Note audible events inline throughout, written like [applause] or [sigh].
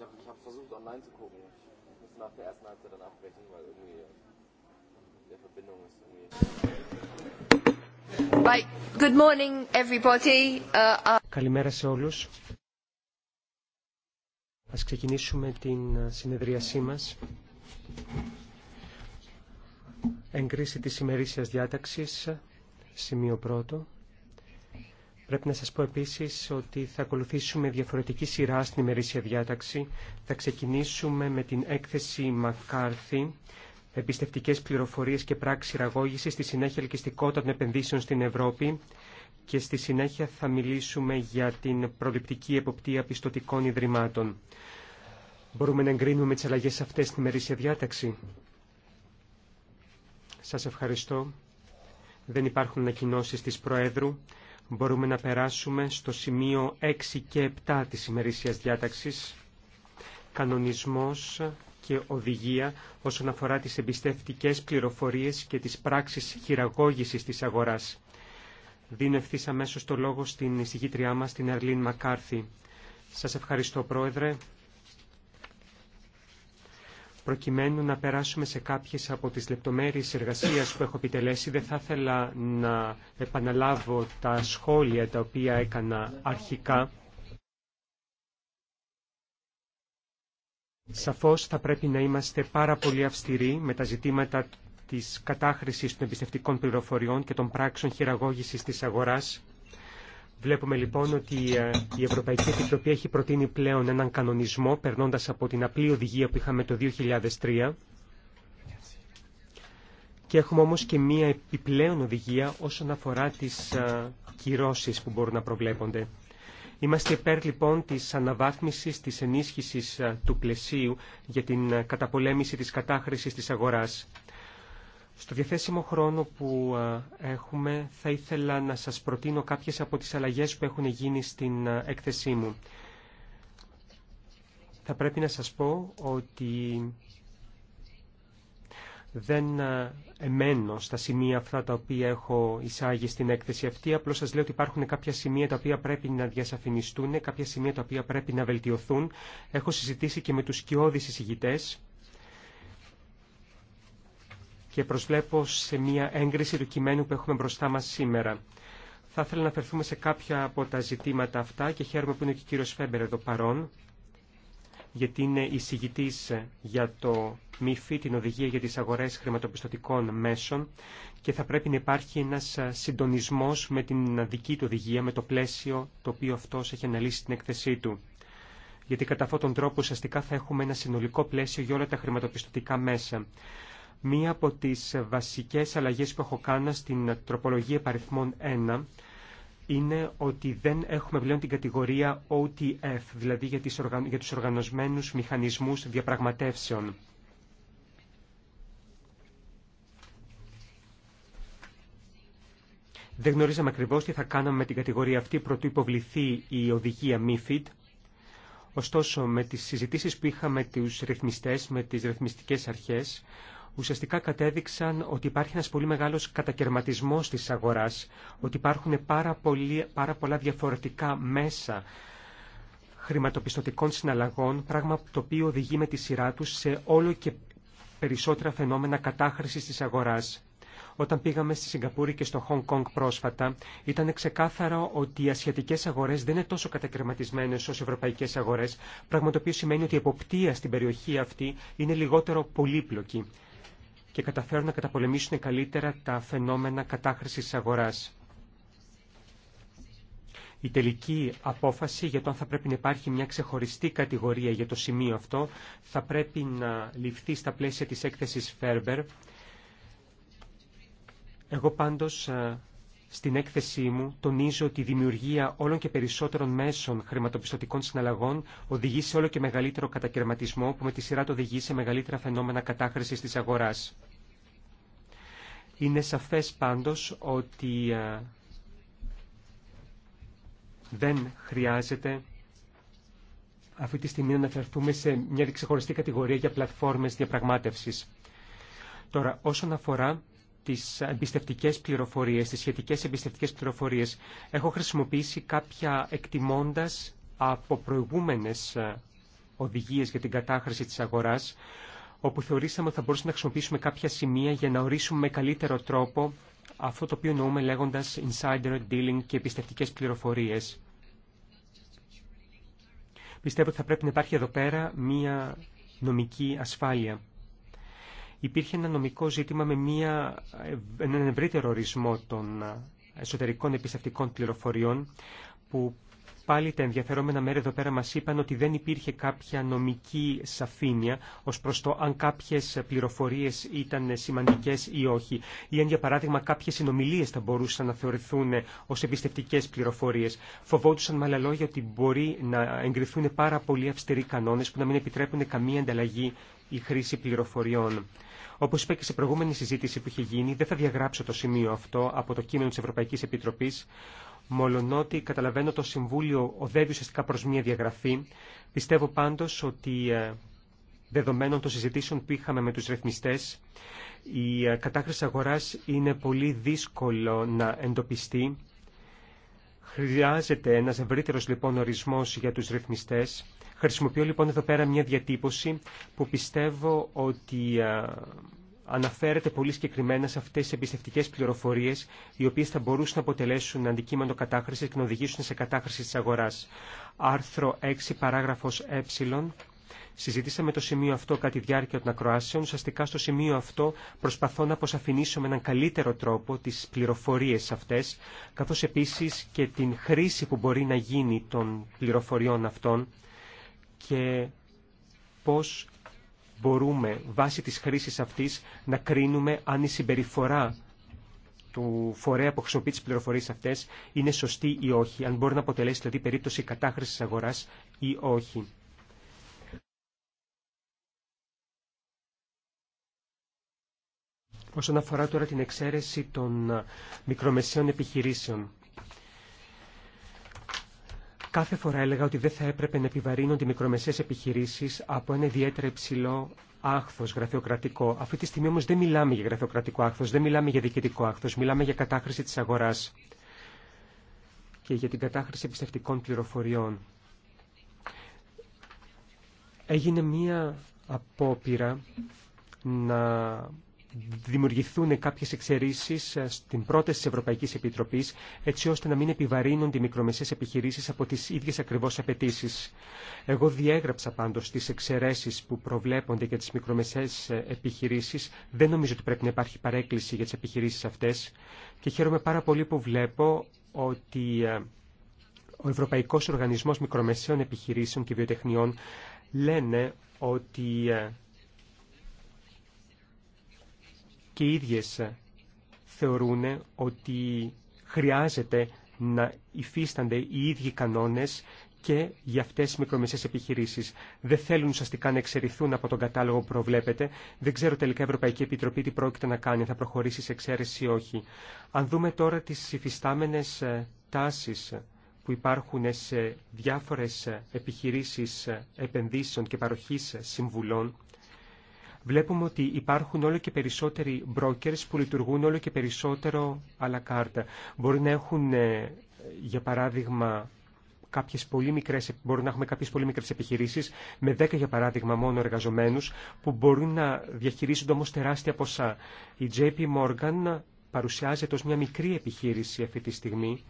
Ich habe ich hab versucht, online zu gucken. Ich muss nach der ersten Halbzeit dann abbrechen, weil irgendwie die Verbindung ist irgendwie... Right. Good morning, everybody. Uh, uh... Καλημέρα σε όλους. Ας ξεκινήσουμε την συνεδρίασή μας. Εγκρίση της ημερήσιας διάταξης, σημείο πρώτο. Πρέπει να σας πω επίσης ότι θα ακολουθήσουμε διαφορετική σειρά στην ημερήσια διάταξη. Θα ξεκινήσουμε με την έκθεση Μακάρθη, εμπιστευτικές πληροφορίες και πράξη ραγώγηση στη συνέχεια ελκυστικότητα των επενδύσεων στην Ευρώπη και στη συνέχεια θα μιλήσουμε για την προληπτική εποπτεία πιστοτικών ιδρυμάτων. Μπορούμε να εγκρίνουμε τις αλλαγές αυτές στην ημερήσια διάταξη. Σας ευχαριστώ. Δεν υπάρχουν ανακοινώσει της Προέδρου μπορούμε να περάσουμε στο σημείο 6 και 7 της ημερήσιας διάταξης, κανονισμός και οδηγία όσον αφορά τις εμπιστευτικές πληροφορίες και τις πράξεις χειραγώγησης της αγοράς. Δίνω ευθύ αμέσω το λόγο στην εισηγήτριά μας, την Ερλίν Μακάρθη. Σας ευχαριστώ, Πρόεδρε προκειμένου να περάσουμε σε κάποιες από τις λεπτομέρειες εργασίας που έχω επιτελέσει. Δεν θα ήθελα να επαναλάβω τα σχόλια τα οποία έκανα αρχικά. Σαφώς θα πρέπει να είμαστε πάρα πολύ αυστηροί με τα ζητήματα της κατάχρησης των εμπιστευτικών πληροφοριών και των πράξεων χειραγώγησης της αγοράς Βλέπουμε λοιπόν ότι ε, η Ευρωπαϊκή Επιτροπή έχει προτείνει πλέον έναν κανονισμό περνώντας από την απλή οδηγία που είχαμε το 2003 και έχουμε όμως και μία επιπλέον οδηγία όσον αφορά τις ε, κυρώσεις που μπορούν να προβλέπονται. Είμαστε υπέρ λοιπόν της αναβάθμισης της ενίσχυσης ε, του πλαισίου για την καταπολέμηση της κατάχρησης της αγοράς. Στο διαθέσιμο χρόνο που έχουμε θα ήθελα να σας προτείνω κάποιες από τις αλλαγές που έχουν γίνει στην έκθεσή μου. Θα πρέπει να σας πω ότι δεν εμένω στα σημεία αυτά τα οποία έχω εισάγει στην έκθεση αυτή. Απλώς σας λέω ότι υπάρχουν κάποια σημεία τα οποία πρέπει να διασαφινιστούν, κάποια σημεία τα οποία πρέπει να βελτιωθούν. Έχω συζητήσει και με τους κοιόδης εισηγητές και προσβλέπω σε μια έγκριση του κειμένου που έχουμε μπροστά μας σήμερα. Θα ήθελα να αφαιρθούμε σε κάποια από τα ζητήματα αυτά και χαίρομαι που είναι και ο κύριος Φέμπερ εδώ παρόν, γιατί είναι εισηγητής για το ΜΥΦΗ, την Οδηγία για τις Αγορές Χρηματοπιστωτικών Μέσων και θα πρέπει να υπάρχει ένας συντονισμός με την δική του οδηγία, με το πλαίσιο το οποίο αυτός έχει αναλύσει την έκθεσή του γιατί κατά αυτόν τον τρόπο ουσιαστικά θα έχουμε ένα συνολικό πλαίσιο για όλα τα χρηματοπιστωτικά μέσα. Μία από τις βασικές αλλαγές που έχω κάνει στην τροπολογία παριθμών 1 είναι ότι δεν έχουμε πλέον την κατηγορία OTF, δηλαδή για, τις οργαν... για τους οργανωσμένους μηχανισμούς διαπραγματεύσεων. Δεν γνωρίζαμε ακριβώ τι θα κάναμε με την κατηγορία αυτή πρωτού υποβληθεί η οδηγία MIFID. Ωστόσο, με τις συζητήσεις που είχαμε τους ρυθμιστές, με τις ρυθμιστικές αρχές, ουσιαστικά κατέδειξαν ότι υπάρχει ένας πολύ μεγάλος κατακαιρματισμός της αγοράς, ότι υπάρχουν πάρα, πολύ, πάρα πολλά διαφορετικά μέσα χρηματοπιστωτικών συναλλαγών, πράγμα το οποίο οδηγεί με τη σειρά του σε όλο και περισσότερα φαινόμενα κατάχρησης της αγοράς. Όταν πήγαμε στη Σιγκαπούρη και στο Χονγκ Κονγκ πρόσφατα, ήταν ξεκάθαρο ότι οι ασιατικέ αγορέ δεν είναι τόσο κατακρεματισμένε οι ευρωπαϊκέ αγορέ, πράγμα το οποίο σημαίνει ότι η εποπτεία στην περιοχή αυτή είναι λιγότερο πολύπλοκη και καταφέρουν να καταπολεμήσουν καλύτερα τα φαινόμενα κατάχρησης αγοράς. Η τελική απόφαση για το αν θα πρέπει να υπάρχει μια ξεχωριστή κατηγορία για το σημείο αυτό θα πρέπει να ληφθεί στα πλαίσια της έκθεσης Φέρμπερ. Εγώ πάντως στην έκθεσή μου τονίζω ότι η δημιουργία όλων και περισσότερων μέσων χρηματοπιστωτικών συναλλαγών οδηγεί σε όλο και μεγαλύτερο κατακαιρματισμό που με τη σειρά του οδηγεί σε μεγαλύτερα φαινόμενα κατάχρησης της αγοράς. Είναι σαφές πάντως ότι ε, δεν χρειάζεται αυτή τη στιγμή να αναφερθούμε σε μια ξεχωριστή κατηγορία για πλατφόρμες διαπραγμάτευσης. Τώρα, όσον αφορά τις εμπιστευτικές πληροφορίες, τις σχετικές εμπιστευτικές πληροφορίες. Έχω χρησιμοποιήσει κάποια εκτιμώντας από προηγούμενες ε, οδηγίες για την κατάχρηση της αγοράς, όπου θεωρήσαμε ότι θα μπορούσαμε να χρησιμοποιήσουμε κάποια σημεία για να ορίσουμε με καλύτερο τρόπο αυτό το οποίο νοούμε λέγοντας insider dealing και εμπιστευτικές πληροφορίες. Πιστεύω ότι θα πρέπει να υπάρχει εδώ πέρα μία νομική ασφάλεια υπήρχε ένα νομικό ζήτημα με μια, έναν ευρύτερο ορισμό των εσωτερικών επιστευτικών πληροφοριών που πάλι τα ενδιαφερόμενα μέρη εδώ πέρα μας είπαν ότι δεν υπήρχε κάποια νομική σαφήνεια ως προς το αν κάποιες πληροφορίες ήταν σημαντικές ή όχι ή αν για παράδειγμα κάποιες συνομιλίες θα μπορούσαν να θεωρηθούν ως εμπιστευτικές πληροφορίες. Φοβόντουσαν με άλλα λόγια ότι μπορεί να εγκριθούν πάρα πολύ αυστηροί κανόνες που να μην επιτρέπουν καμία ανταλλαγή ή χρήση πληροφοριών. Όπω είπα και σε προηγούμενη συζήτηση που είχε γίνει, δεν θα διαγράψω το σημείο αυτό από το κείμενο τη Ευρωπαϊκή Επιτροπή, μολονότι καταλαβαίνω το Συμβούλιο οδεύει ουσιαστικά προ μία διαγραφή. Πιστεύω πάντω ότι ε, δεδομένων των συζητήσεων που είχαμε με τους ρυθμιστές, η ε, κατάχρηση αγοράς είναι πολύ δύσκολο να εντοπιστεί. Χρειάζεται ένας ευρύτερος λοιπόν ορισμός για τους ρυθμιστές Χρησιμοποιώ λοιπόν εδώ πέρα μια διατύπωση που πιστεύω ότι αναφέρεται πολύ συγκεκριμένα σε αυτές τις εμπιστευτικές πληροφορίες οι οποίες θα μπορούσαν να αποτελέσουν αντικείμενο κατάχρησης και να οδηγήσουν σε κατάχρηση της αγοράς. Άρθρο 6 παράγραφος ε Συζήτησα με το σημείο αυτό κατά τη διάρκεια των ακροάσεων. Ουσιαστικά στο σημείο αυτό προσπαθώ να αποσαφηνίσω με έναν καλύτερο τρόπο τι πληροφορίε αυτέ, καθώ επίση και την χρήση που μπορεί να γίνει των πληροφοριών αυτών και πώς μπορούμε βάσει της χρήσης αυτής να κρίνουμε αν η συμπεριφορά του φορέα που χρησιμοποιεί τις πληροφορίες αυτές είναι σωστή ή όχι, αν μπορεί να αποτελέσει δηλαδή περίπτωση κατάχρησης αγοράς ή όχι. Όσον αφορά τώρα την εξαίρεση των μικρομεσαίων επιχειρήσεων, Κάθε φορά έλεγα ότι δεν θα έπρεπε να επιβαρύνονται οι μικρομεσαίες επιχειρήσεις από ένα ιδιαίτερα υψηλό άχθο γραφειοκρατικό. Αυτή τη στιγμή όμω δεν μιλάμε για γραφειοκρατικό άχθο, δεν μιλάμε για διοικητικό άχθο, μιλάμε για κατάχρηση τη αγορά και για την κατάχρηση εμπιστευτικών πληροφοριών. Έγινε μία απόπειρα να δημιουργηθούν κάποιες εξαιρήσεις ε, στην πρόταση της Ευρωπαϊκής Επιτροπής, έτσι ώστε να μην επιβαρύνονται οι μικρομεσαίες επιχειρήσεις από τις ίδιες ακριβώς απαιτήσει. Εγώ διέγραψα πάντως τις εξαιρέσεις που προβλέπονται για τις μικρομεσαίες ε, επιχειρήσεις. Δεν νομίζω ότι πρέπει να υπάρχει παρέκκληση για τις επιχειρήσεις αυτές και χαίρομαι πάρα πολύ που βλέπω ότι ε, ο Ευρωπαϊκός Οργανισμός Μικρομεσαίων Επιχειρήσεων και Βιοτεχνιών λένε ότι και οι ίδιες θεωρούν ότι χρειάζεται να υφίστανται οι ίδιοι κανόνες και για αυτές τις μικρομεσαίες επιχειρήσεις. Δεν θέλουν ουσιαστικά να εξαιρεθούν από τον κατάλογο που προβλέπετε. Δεν ξέρω τελικά η Ευρωπαϊκή Επιτροπή τι πρόκειται να κάνει, θα προχωρήσει σε εξαίρεση ή όχι. Αν δούμε τώρα τις υφιστάμενες ε, τάσεις που υπάρχουν σε διάφορες ε, επιχειρήσεις ε, επενδύσεων και παροχής συμβουλών, βλέπουμε ότι υπάρχουν όλο και περισσότεροι brokers που λειτουργούν όλο και περισσότερο à carte. Μπορεί να έχουν, ε, για παράδειγμα, κάποιες πολύ μικρές, μπορούν να έχουμε κάποιες πολύ μικρές επιχειρήσεις με 10 για παράδειγμα μόνο εργαζομένους που μπορούν να διαχειρίζονται όμως τεράστια ποσά. Η JP Morgan παρουσιάζεται ως μια μικρή επιχείρηση αυτή τη στιγμή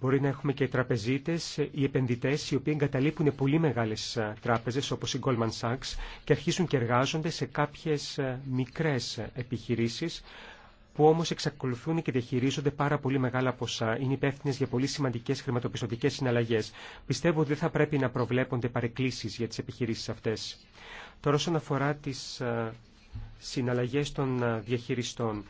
Μπορεί να έχουμε και τραπεζίτες ή επενδυτές οι οποίοι εγκαταλείπουν πολύ μεγάλες ε, τράπεζες όπως η Goldman Sachs και αρχίζουν και εργάζονται σε κάποιες ε, μικρές επιχειρήσεις που όμως εξακολουθούν και διαχειρίζονται πάρα πολύ μεγάλα ποσά. Είναι υπεύθυνε για πολύ σημαντικές χρηματοπιστωτικές συναλλαγές. Πιστεύω ότι δεν θα πρέπει να προβλέπονται παρεκκλήσεις για τις επιχειρήσεις αυτές. Τώρα όσον αφορά τις ε, συναλλαγές των διαχειριστών.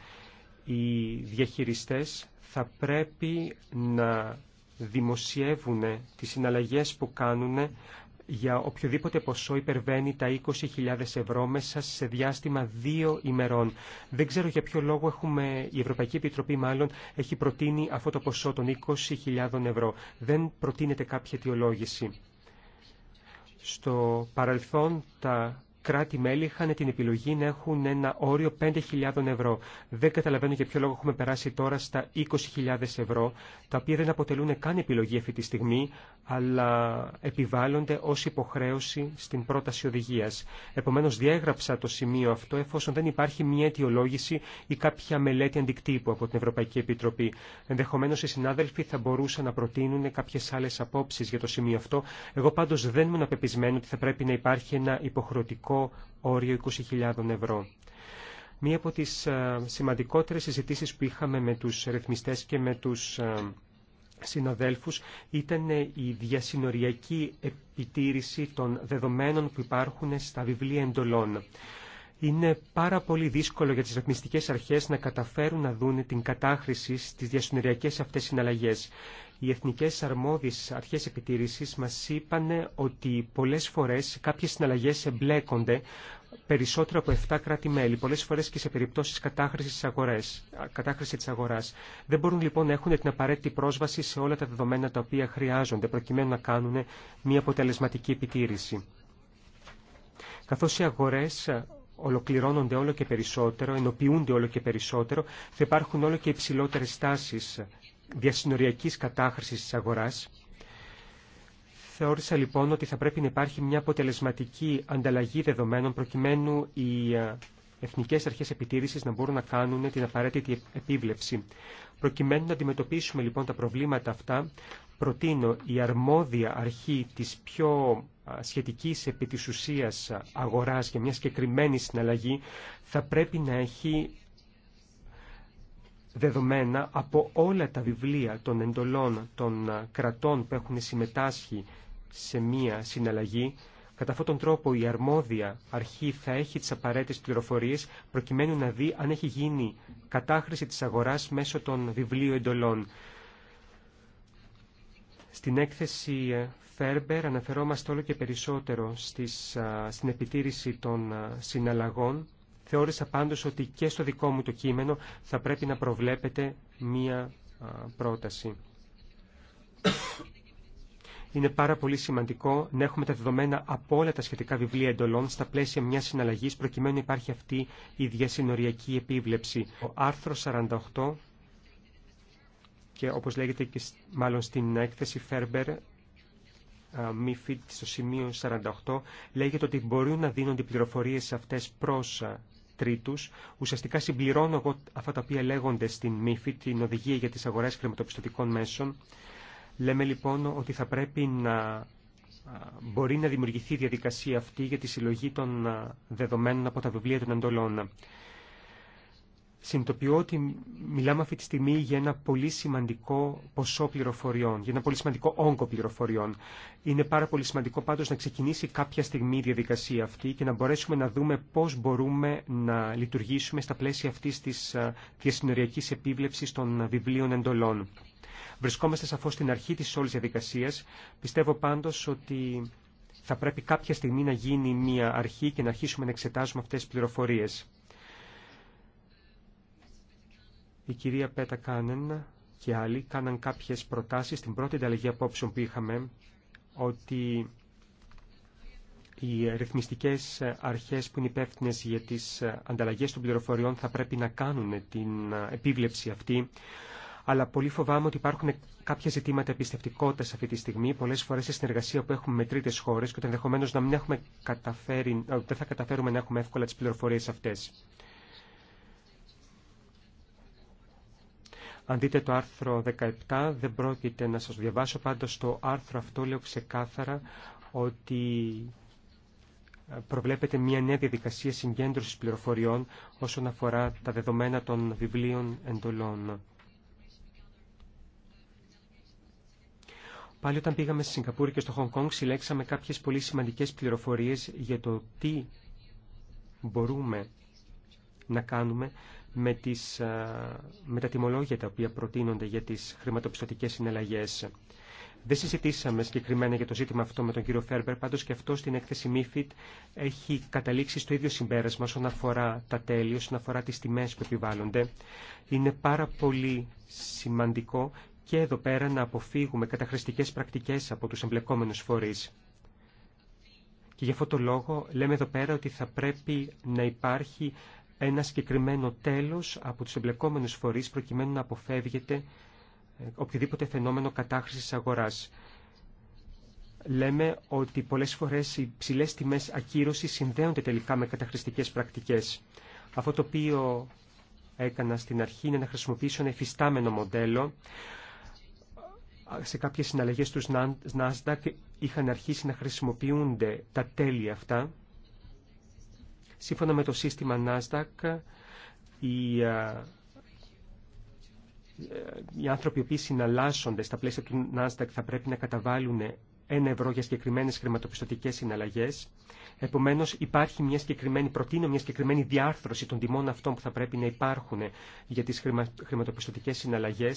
Οι διαχειριστές θα πρέπει να δημοσιεύουν τις συναλλαγές που κάνουν για οποιοδήποτε ποσό υπερβαίνει τα 20.000 ευρώ μέσα σε διάστημα δύο ημερών. Δεν ξέρω για ποιο λόγο έχουμε, η Ευρωπαϊκή Επιτροπή μάλλον έχει προτείνει αυτό το ποσό των 20.000 ευρώ. Δεν προτείνεται κάποια αιτιολόγηση. Στο παρελθόν τα κράτη-μέλη είχαν την επιλογή να έχουν ένα όριο 5.000 ευρώ. Δεν καταλαβαίνω για ποιο λόγο έχουμε περάσει τώρα στα 20.000 ευρώ, τα οποία δεν αποτελούν καν επιλογή αυτή τη στιγμή, αλλά επιβάλλονται ως υποχρέωση στην πρόταση οδηγίας. Επομένως, διέγραψα το σημείο αυτό, εφόσον δεν υπάρχει μια αιτιολόγηση ή κάποια μελέτη αντικτύπου από την Ευρωπαϊκή Επιτροπή. Ενδεχομένως, οι συνάδελφοι θα μπορούσαν να προτείνουν κάποιες άλλες απόψει για το σημείο αυτό. Εγώ πάντως δεν ήμουν απεπισμένο ότι θα πρέπει να υπάρχει ένα υποχρεωτικό μεσογειακό όριο 20.000 ευρώ. Μία από τις ε, σημαντικότερες συζητήσεις που είχαμε με τους ρυθμιστές και με τους ε, συναδέλφους ήταν ε, η διασυνοριακή επιτήρηση των δεδομένων που υπάρχουν στα βιβλία εντολών. Είναι πάρα πολύ δύσκολο για τις ρυθμιστικές αρχές να καταφέρουν να δουν την κατάχρηση στις διασυνοριακές αυτές συναλλαγές οι εθνικές αρμόδιες αρχές επιτήρησης μας είπαν ότι πολλές φορές κάποιες συναλλαγές εμπλέκονται περισσότερο από 7 κράτη-μέλη, πολλές φορές και σε περιπτώσεις κατάχρησης της, αγορές, κατάχρηση της αγοράς. Δεν μπορούν λοιπόν να έχουν την απαραίτητη πρόσβαση σε όλα τα δεδομένα τα οποία χρειάζονται, προκειμένου να κάνουν μια αποτελεσματική επιτήρηση. Καθώς οι αγορές ολοκληρώνονται όλο και περισσότερο, ενοποιούνται όλο και περισσότερο, θα υπάρχουν όλο και υψηλότερε τάσει διασυνοριακής κατάχρησης της αγοράς. Θεώρησα λοιπόν ότι θα πρέπει να υπάρχει μια αποτελεσματική ανταλλαγή δεδομένων προκειμένου οι ε, εθνικές αρχές επιτήρησης να μπορούν να κάνουν την απαραίτητη επίβλεψη. Προκειμένου να αντιμετωπίσουμε λοιπόν τα προβλήματα αυτά, προτείνω η αρμόδια αρχή της πιο σχετικής επί της ουσίας αγοράς για μια συγκεκριμένη συναλλαγή θα πρέπει να έχει δεδομένα από όλα τα βιβλία των εντολών των ε, κρατών που έχουν συμμετάσχει σε μία συναλλαγή. Κατά αυτόν τον τρόπο η αρμόδια αρχή θα έχει τις απαραίτητες πληροφορίες προκειμένου να δει αν έχει γίνει κατάχρηση της αγοράς μέσω των βιβλίων εντολών. Στην έκθεση ε, Φέρμπερ αναφερόμαστε όλο και περισσότερο στις, ε, στην επιτήρηση των συναλλαγών Θεώρησα πάντως ότι και στο δικό μου το κείμενο θα πρέπει να προβλέπετε μία πρόταση. Είναι πάρα πολύ σημαντικό να έχουμε τα δεδομένα από όλα τα σχετικά βιβλία εντολών στα πλαίσια μιας συναλλαγής προκειμένου να υπάρχει αυτή η διασυνοριακή επίβλεψη. Ο άρθρο 48 και όπως λέγεται και μάλλον στην έκθεση Φέρμπερ φίτη στο σημείο 48 λέγεται ότι μπορούν να δίνονται πληροφορίες αυτές προς τρίτους. Ουσιαστικά συμπληρώνω εγώ αυτά τα οποία λέγονται στην ΜΥΦΗ, την Οδηγία για τις αγορέ Χρηματοπιστωτικών Μέσων. Λέμε λοιπόν ότι θα πρέπει να μπορεί να δημιουργηθεί η διαδικασία αυτή για τη συλλογή των δεδομένων από τα βιβλία των εντολών. Συνειδητοποιώ ότι μιλάμε αυτή τη στιγμή για ένα πολύ σημαντικό ποσό πληροφοριών, για ένα πολύ σημαντικό όγκο πληροφοριών. Είναι πάρα πολύ σημαντικό πάντως να ξεκινήσει κάποια στιγμή η διαδικασία αυτή και να μπορέσουμε να δούμε πώς μπορούμε να λειτουργήσουμε στα πλαίσια αυτής της διασυνοριακής ε, επίβλεψης των βιβλίων εντολών. Βρισκόμαστε σαφώς στην αρχή της όλης διαδικασίας. Πιστεύω πάντως ότι θα πρέπει κάποια στιγμή να γίνει μια αρχή και να αρχίσουμε να εξετάζουμε αυτές τις πληροφορίες. η κυρία Πέτα Κάνεν και άλλοι κάναν κάποιες προτάσεις στην πρώτη ανταλλαγή απόψεων που είχαμε ότι οι ρυθμιστικές αρχές που είναι υπεύθυνε για τις ανταλλαγές των πληροφοριών θα πρέπει να κάνουν την επίβλεψη αυτή. Αλλά πολύ φοβάμαι ότι υπάρχουν κάποια ζητήματα εμπιστευτικότητα αυτή τη στιγμή. Πολλέ φορέ σε συνεργασία που έχουμε με τρίτε χώρε και ότι ενδεχομένω να μην έχουμε καταφέρει, ε, δεν θα καταφέρουμε να έχουμε εύκολα τι πληροφορίε αυτέ. Αν δείτε το άρθρο 17, δεν πρόκειται να σας διαβάσω, πάντως το άρθρο αυτό λέω ξεκάθαρα ότι ε, προβλέπεται μια νέα διαδικασία συγκέντρωσης πληροφοριών όσον αφορά τα δεδομένα των βιβλίων εντολών. Πάλι όταν πήγαμε στη Σιγκαπούρη και στο Χονγκ Κόνγκ συλλέξαμε κάποιες πολύ σημαντικές πληροφορίες για το τι μπορούμε να κάνουμε με, τις, με τα τιμολόγια τα οποία προτείνονται για τις χρηματοπιστωτικές συναλλαγές. Δεν συζητήσαμε συγκεκριμένα για το ζήτημα αυτό με τον κύριο Φέρμπερ, πάντως και αυτό στην έκθεση ΜΥΦΙΤ έχει καταλήξει στο ίδιο συμπέρασμα όσον αφορά τα τέλη, όσον αφορά τις τιμές που επιβάλλονται. Είναι πάρα πολύ σημαντικό και εδώ πέρα να αποφύγουμε καταχρηστικές πρακτικές από τους εμπλεκόμενους φορείς. Και γι' αυτό το λόγο λέμε εδώ πέρα ότι θα πρέπει να υπάρχει ένα συγκεκριμένο τέλος από τους εμπλεκόμενους φορείς προκειμένου να αποφεύγεται ε, οποιοδήποτε φαινόμενο κατάχρησης αγοράς. Λέμε ότι πολλές φορές οι ψηλές τιμές ακύρωσης συνδέονται τελικά με καταχρηστικές πρακτικές. Αυτό το οποίο έκανα στην αρχή είναι να χρησιμοποιήσω ένα εφιστάμενο μοντέλο. Σε κάποιες συναλλαγές του Nasdaq είχαν αρχίσει να χρησιμοποιούνται τα τέλη αυτά Σύμφωνα με το σύστημα Nasdaq, οι, οι άνθρωποι που συναλλάσσονται στα πλαίσια του Nasdaq θα πρέπει να καταβάλουν ένα ευρώ για συγκεκριμένε χρηματοπιστωτικέ συναλλαγέ. Επομένω, υπάρχει μια συγκεκριμένη, προτείνω μια συγκεκριμένη διάρθρωση των τιμών αυτών που θα πρέπει να υπάρχουν για τι χρηματοπιστωτικέ συναλλαγέ,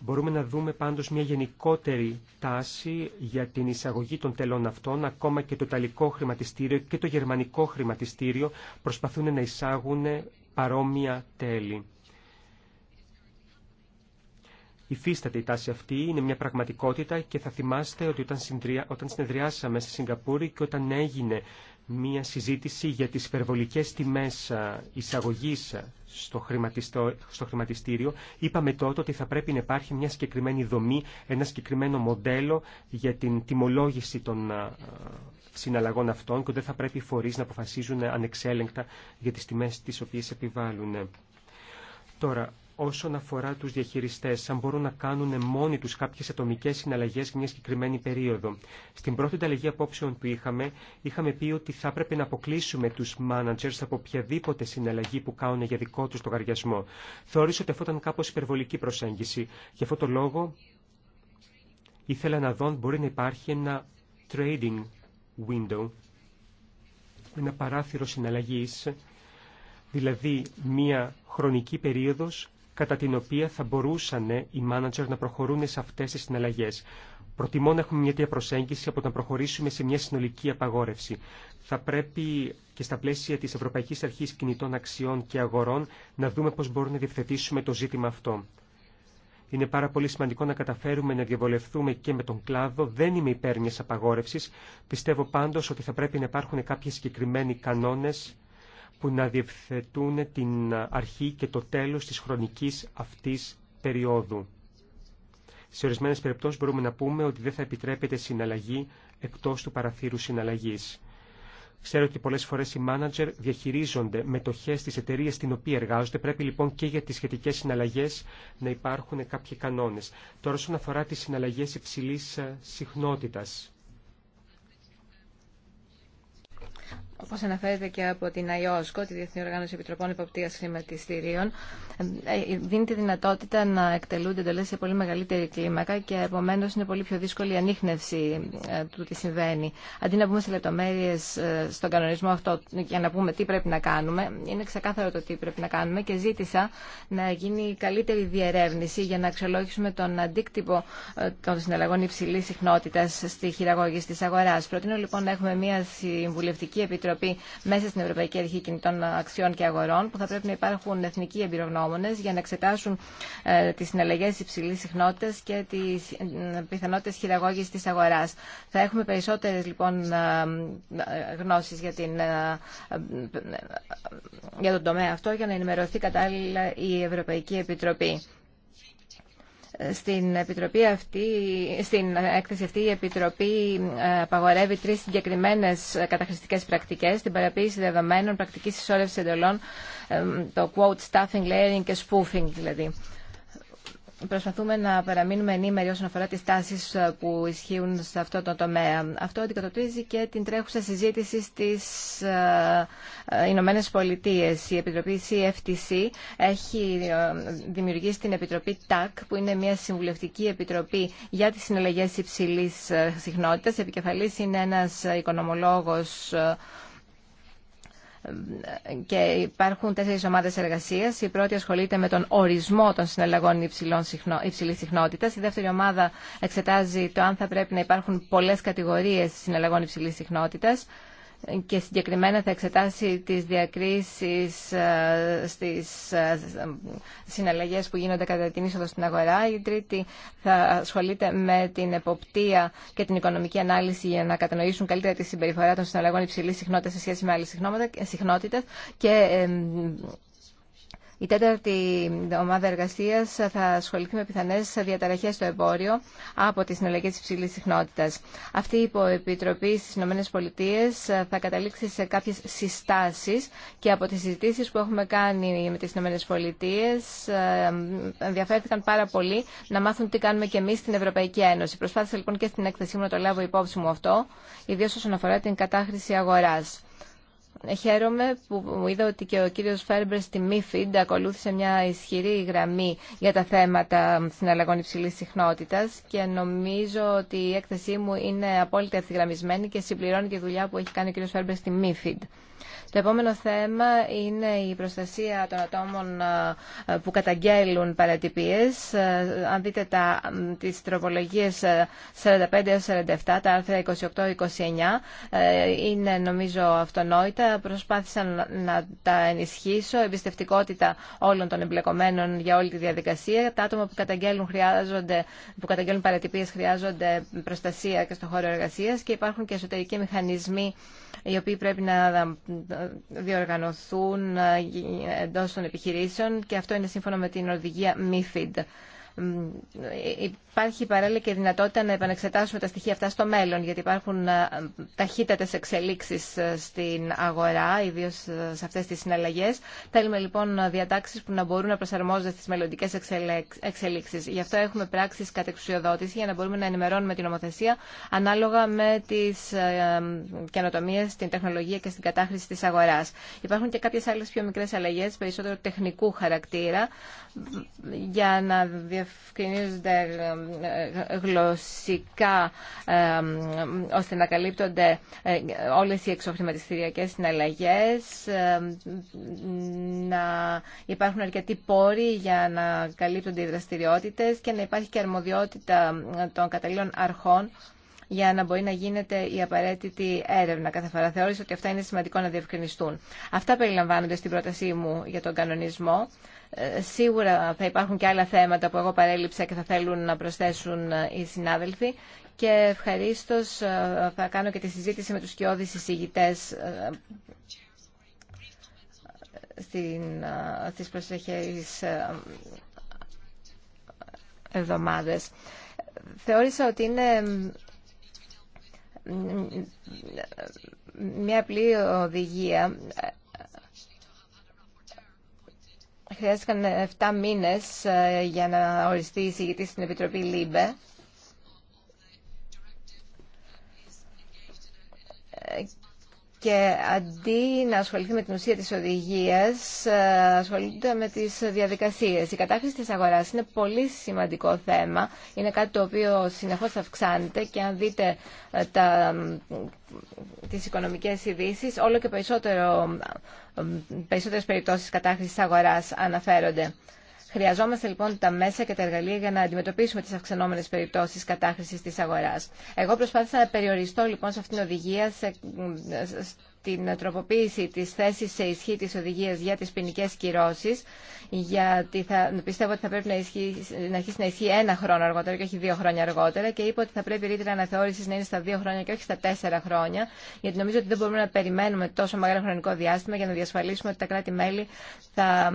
Μπορούμε να δούμε πάντως μια γενικότερη τάση για την εισαγωγή των τελών αυτών, ακόμα και το Ιταλικό χρηματιστήριο και το Γερμανικό χρηματιστήριο προσπαθούν να εισάγουν παρόμοια τέλη. Υφίσταται η τάση αυτή, είναι μια πραγματικότητα και θα θυμάστε ότι όταν, συνεδριάσαμε στη Σιγκαπούρη και όταν έγινε μία συζήτηση για τις υπερβολικές τιμές εισαγωγής στο, χρηματιστήριο. Είπαμε τότε ότι θα πρέπει να υπάρχει μια συγκεκριμένη δομή, ένα συγκεκριμένο μοντέλο για την τιμολόγηση των συναλλαγών αυτών και δεν θα πρέπει οι φορείς να αποφασίζουν ανεξέλεγκτα για τις τιμές τις οποίες επιβάλλουν. Τώρα, όσον αφορά τους διαχειριστές, αν μπορούν να κάνουν μόνοι τους κάποιες ατομικές συναλλαγές για μια συγκεκριμένη περίοδο. Στην πρώτη ανταλλαγή απόψεων που είχαμε, είχαμε πει ότι θα έπρεπε να αποκλείσουμε τους managers από οποιαδήποτε συναλλαγή που κάνουν για δικό τους λογαριασμό. Θεωρήσω ότι αυτό ήταν κάπως υπερβολική προσέγγιση. Γι' αυτό το λόγο ήθελα να δω αν μπορεί να υπάρχει ένα trading window, ένα παράθυρο συναλλαγής, δηλαδή μία χρονική περίοδος κατά την οποία θα μπορούσαν οι μάνατζερ να προχωρούν σε αυτές τις συναλλαγές. Προτιμώ να έχουμε μια τέτοια προσέγγιση από να προχωρήσουμε σε μια συνολική απαγόρευση. Θα πρέπει και στα πλαίσια της Ευρωπαϊκής Αρχής Κινητών Αξιών και Αγορών να δούμε πώς μπορούμε να διευθετήσουμε το ζήτημα αυτό. Είναι πάρα πολύ σημαντικό να καταφέρουμε να διαβολευτούμε και με τον κλάδο. Δεν είμαι υπέρ μιας απαγόρευσης. Πιστεύω πάντως ότι θα πρέπει να υπάρχουν κάποιοι συγκεκριμένοι κανόνες που να διευθετούν την αρχή και το τέλος της χρονικής αυτής περίοδου. Σε ορισμένε περιπτώσεις μπορούμε να πούμε ότι δεν θα επιτρέπεται συναλλαγή εκτός του παραθύρου συναλλαγής. Ξέρω ότι πολλές φορές οι μάνατζερ διαχειρίζονται μετοχέ της εταιρείας στην οποία εργάζονται. Πρέπει λοιπόν και για τις σχετικές συναλλαγές να υπάρχουν κάποιοι κανόνες. Τώρα, όσον αφορά τις συναλλαγές υψηλή ε, συχνότητας. Όπω αναφέρεται και από την ΑΙΟΣΚΟ, τη Διεθνή Οργάνωση Επιτροπών Υποπτία Χρηματιστηρίων, ε, ε, δίνει τη δυνατότητα να εκτελούνται εντολέ σε πολύ μεγαλύτερη κλίμακα και επομένω είναι πολύ πιο δύσκολη η ανείχνευση ε, του τι συμβαίνει. Αντί να μπούμε σε λεπτομέρειε στον κανονισμό αυτό για να πούμε τι πρέπει να κάνουμε, είναι ξεκάθαρο το τι πρέπει να κάνουμε και ζήτησα να γίνει καλύτερη διερεύνηση για να αξιολόγησουμε τον αντίκτυπο των συναλλαγών υψηλή συχνότητα στη χειραγώγηση τη αγορά. Προτείνω λοιπόν να έχουμε μια συμβουλευτική επιτροπή Επιτροπή μέσα στην Ευρωπαϊκή Αρχή Κινητών Αξιών και Αγορών, που θα πρέπει να υπάρχουν εθνικοί εμπειρογνώμονε για να εξετάσουν ε, τι συναλλαγέ υψηλή συχνότητα και τι ε, πιθανότητε χειραγώγηση τη αγορά. Θα έχουμε περισσότερε λοιπόν ε, γνώσει για, την... για τον τομέα αυτό για να ενημερωθεί κατάλληλα η Ευρωπαϊκή Επιτροπή. Στην, επιτροπή αυτή, στην έκθεση αυτή η Επιτροπή ε, απαγορεύει τρεις συγκεκριμένε καταχρηστικές πρακτικές, την παραποίηση δεδομένων, πρακτική συσσόρευση εντολών, ε, το quote stuffing, layering και spoofing δηλαδή προσπαθούμε να παραμείνουμε ενήμεροι όσον αφορά τις τάσεις ε, που ισχύουν σε αυτό το τομέα. Αυτό αντικατοπτρίζει και την τρέχουσα συζήτηση στις ε, ε, Ηνωμένε Πολιτείε. Η Επιτροπή CFTC έχει δημιουργήσει την Επιτροπή TAC, που είναι μια συμβουλευτική επιτροπή για τις συναλλαγές υψηλής συχνότητας. Επικεφαλής είναι ένας οικονομολόγος και υπάρχουν τέσσερις ομάδες εργασίας. Η πρώτη ασχολείται με τον ορισμό των συναλλαγών υψηλής συχνότητας. Η δεύτερη ομάδα εξετάζει το αν θα πρέπει να υπάρχουν πολλές κατηγορίες συναλλαγών υψηλής συχνότητας και συγκεκριμένα θα εξετάσει τις διακρίσεις ε, στις ε, ε, συναλλαγές που γίνονται κατά την είσοδο στην αγορά. Η τρίτη θα ασχολείται με την εποπτεία και την οικονομική ανάλυση για να κατανοήσουν καλύτερα τη συμπεριφορά των συναλλαγών υψηλής συχνότητας σε σχέση με άλλες συχνότητες και η τέταρτη ομάδα εργασία θα ασχοληθεί με πιθανέ διαταραχέ στο εμπόριο από τι συναλλαγέ υψηλή συχνότητα. Αυτή η υποεπιτροπή στι ΗΠΑ θα καταλήξει σε κάποιε συστάσει και από τι συζητήσει που έχουμε κάνει με τι ΗΠΑ ε, ενδιαφέρθηκαν πάρα πολύ να μάθουν τι κάνουμε και εμεί στην Ευρωπαϊκή Ένωση. Προσπάθησα λοιπόν και στην έκθεσή μου να το λάβω υπόψη μου αυτό, ιδίω όσον αφορά την κατάχρηση αγορά. Χαίρομαι που είδα ότι και ο κύριος Φέρμπερ στη ΜΥΦΙΝΤ ακολούθησε μια ισχυρή γραμμή για τα θέματα συναλλαγών υψηλής συχνότητας και νομίζω ότι η έκθεσή μου είναι απόλυτα ευθυγραμμισμένη και συμπληρώνει τη δουλειά που έχει κάνει ο κύριος Φέρμπερ στη ΜΥΦΙΝΤ. Το επόμενο θέμα είναι η προστασία των ατόμων που καταγγέλουν παρατυπίες. Αν δείτε τα, τις τροπολογίες 45 47, τα άρθρα 28-29, ε, είναι νομίζω αυτονόητα. Προσπάθησαν να τα ενισχύσω. Εμπιστευτικότητα όλων των εμπλεκομένων για όλη τη διαδικασία. Τα άτομα που καταγγέλουν, χρειάζονται, που καταγγέλουν παρατυπίες χρειάζονται προστασία και στο χώρο εργασίας και υπάρχουν και εσωτερικοί μηχανισμοί οι οποίοι πρέπει να διοργανωθούν ε, εντός των επιχειρήσεων και αυτό είναι σύμφωνα με την οδηγία MIFID. Ε, υπάρχει παράλληλα και δυνατότητα να επανεξετάσουμε τα στοιχεία αυτά στο μέλλον, γιατί υπάρχουν ε, ταχύτατε εξελίξει ε, στην αγορά, ιδίω σε αυτέ τι συναλλαγέ. Θέλουμε λοιπόν διατάξει που να μπορούν να προσαρμόζονται στι μελλοντικέ εξελίξει. Γι' αυτό έχουμε πράξεις κατεξουσιοδότηση για να μπορούμε να ενημερώνουμε την νομοθεσία ανάλογα με τι καινοτομίε, στην τεχνολογία και στην κατάχρηση τη αγορά. Υπάρχουν και κάποιε άλλε πιο μικρέ αλλαγέ περισσότερο τεχνικού χαρακτήρα, για να διευκρινίζονται ε, ε, γλωσσικά ε, ώστε να καλύπτονται όλες οι εξοχρηματιστηριακές συναλλαγές, να υπάρχουν αρκετοί πόροι για να καλύπτονται οι δραστηριότητες και να υπάρχει και αρμοδιότητα των καταλλήλων αρχών για να μπορεί να γίνεται η απαραίτητη έρευνα κάθε φορά. Θεώρησα ότι αυτά είναι σημαντικό να διευκρινιστούν. Αυτά περιλαμβάνονται στην πρότασή μου για τον κανονισμό. Ε, σίγουρα θα υπάρχουν και άλλα θέματα που εγώ παρέλειψα και θα θέλουν να προσθέσουν ε, οι συνάδελφοι και ευχαρίστω ε, θα κάνω και τη συζήτηση με τους κοιόδης εισηγητές στις προσεχέ εβδομάδες. Θεώρησα ότι είναι μια απλή οδηγία χρειάστηκαν 7 μήνε ε, για να οριστεί η συγητή στην Επιτροπή ΛΥΜΠΕ και αντί να ασχοληθεί με την ουσία της οδηγίας, ε, ασχολείται με τις διαδικασίες. Η κατάχρηση της αγοράς είναι πολύ σημαντικό θέμα. Είναι κάτι το οποίο συνεχώς αυξάνεται και αν δείτε ε, τα, τις οικονομικές ειδήσει, όλο και περισσότερο, περισσότερες περιπτώσεις κατάχρησης αγοράς αναφέρονται. Χρειαζόμαστε λοιπόν τα μέσα και τα εργαλεία για να αντιμετωπίσουμε τι αυξανόμενε περιπτώσει κατάχρηση τη αγορά. Εγώ προσπάθησα να περιοριστώ λοιπόν σε αυτήν την οδηγία σε, την τροποποίηση της θέσης σε ισχύ της οδηγίας για τις ποινικέ κυρώσεις, γιατί θα, πιστεύω ότι θα πρέπει να, να αρχίσει να ισχύει ένα χρόνο αργότερα και όχι δύο χρόνια αργότερα και είπε ότι θα πρέπει η ρήτρα αναθεώρησης να είναι στα δύο χρόνια και όχι στα τέσσερα χρόνια, γιατί νομίζω ότι δεν μπορούμε να περιμένουμε τόσο μεγάλο χρονικό διάστημα για να διασφαλίσουμε ότι τα κράτη-μέλη θα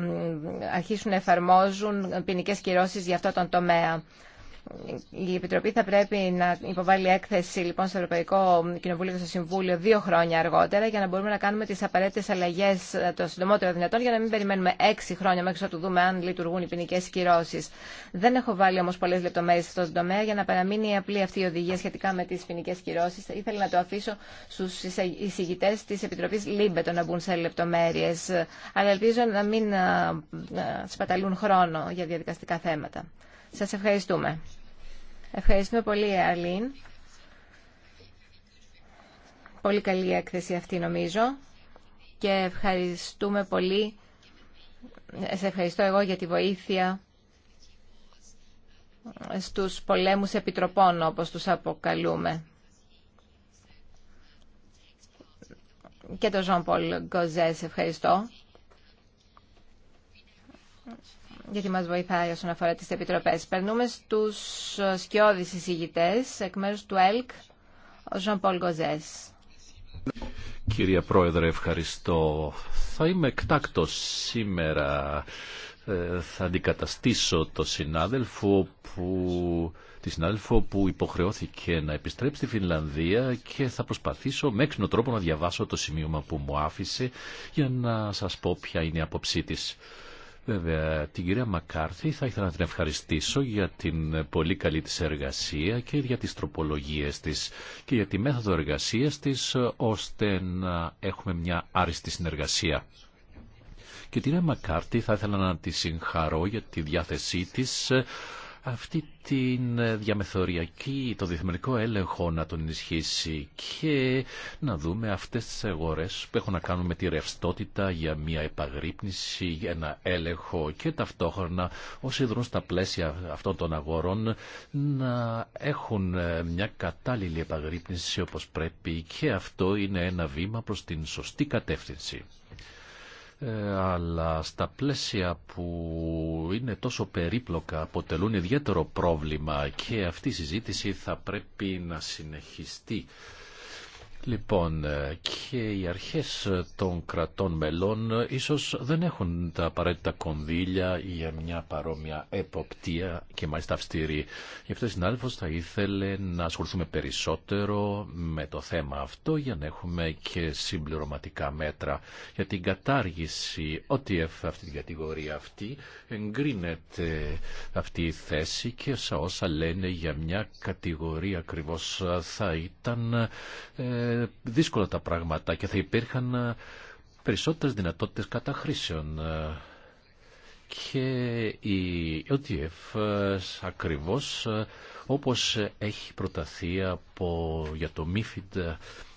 αρχίσουν να εφαρμόζουν ποινικέ κυρώσεις για αυτό τον τομέα. Η Επιτροπή θα πρέπει να υποβάλει έκθεση λοιπόν στο Ευρωπαϊκό Κοινοβούλιο και στο Συμβούλιο δύο χρόνια αργότερα για να μπορούμε να κάνουμε τι απαραίτητε αλλαγέ ε, το συντομότερο δυνατόν για να μην περιμένουμε έξι χρόνια μέχρι να του δούμε αν λειτουργούν οι ποινικέ κυρώσει. Δεν έχω βάλει όμω πολλέ λεπτομέρειε σε αυτό το τομέα για να παραμείνει απλή αυτή η οδηγία σχετικά με τι ποινικέ κυρώσει. Ήθελα να το αφήσω στου εισηγητέ τη Επιτροπή Λίμπετο να μπουν σε λεπτομέρειε. Ε, αλλά ελπίζω να μην ε, σπαταλούν χρόνο για διαδικαστικά θέματα. Σας ευχαριστούμε. Ευχαριστούμε πολύ, Αρλίν. Πολύ καλή έκθεση αυτή, νομίζω. Και ευχαριστούμε πολύ. Ε, σε ευχαριστώ εγώ για τη βοήθεια στους πολέμους επιτροπών, όπως τους αποκαλούμε. Και τον Ζων Πολ Γκοζέ, ευχαριστώ γιατί μας βοηθάει όσον αφορά τις επιτροπές. Περνούμε στους σκιώδεις εισηγητές, εκ μέρου του ΕΛΚ, ο Ζαν Πολ Γκοζές. Κύριε Πρόεδρε, ευχαριστώ. Θα είμαι εκτάκτος σήμερα. Ε, θα αντικαταστήσω το συνάδελφο που, τη συνάδελφο που υποχρεώθηκε να επιστρέψει στη Φινλανδία και θα προσπαθήσω με έξινο τρόπο να διαβάσω το σημείωμα που μου άφησε για να σας πω ποια είναι η άποψή της. Βέβαια, την κυρία Μακάρθη θα ήθελα να την ευχαριστήσω για την πολύ καλή της εργασία και για τις τροπολογίες της και για τη μέθοδο εργασίας της, ώστε να έχουμε μια άριστη συνεργασία. Και την κυρία Μακάρθη θα ήθελα να τη συγχαρώ για τη διάθεσή της αυτή την ε, διαμεθοριακή, το διεθνικό έλεγχο να τον ενισχύσει και να δούμε αυτές τις αγορές που έχουν να κάνουν με τη ρευστότητα για μια επαγρύπνηση, για ένα έλεγχο και ταυτόχρονα όσοι δρούν στα πλαίσια αυτών των αγορών να έχουν ε, μια κατάλληλη επαγρύπνηση όπως πρέπει και αυτό είναι ένα βήμα προς την σωστή κατεύθυνση. Ε, αλλά στα πλαίσια που είναι τόσο περίπλοκα αποτελούν ιδιαίτερο πρόβλημα και αυτή η συζήτηση θα πρέπει να συνεχιστεί. Λοιπόν, ε, και οι αρχές των κρατών μελών ε, ίσως δεν έχουν τα απαραίτητα κονδύλια για μια παρόμοια εποπτεία και μάλιστα αυστηρή. Γι' αυτό συνάδελφος θα ήθελε να ασχοληθούμε περισσότερο με το θέμα αυτό για να έχουμε και συμπληρωματικά μέτρα για την κατάργηση ότι αυτή την κατηγορία αυτή εγκρίνεται αυτή η θέση και σε όσα λένε για μια κατηγορία ακριβώ θα ήταν ε, δύσκολα τα πράγματα και θα υπήρχαν ε, περισσότερες δυνατότητες καταχρήσεων. Ε, και η OTF ε, ακριβώς όπως έχει προταθεί από, για το MIFID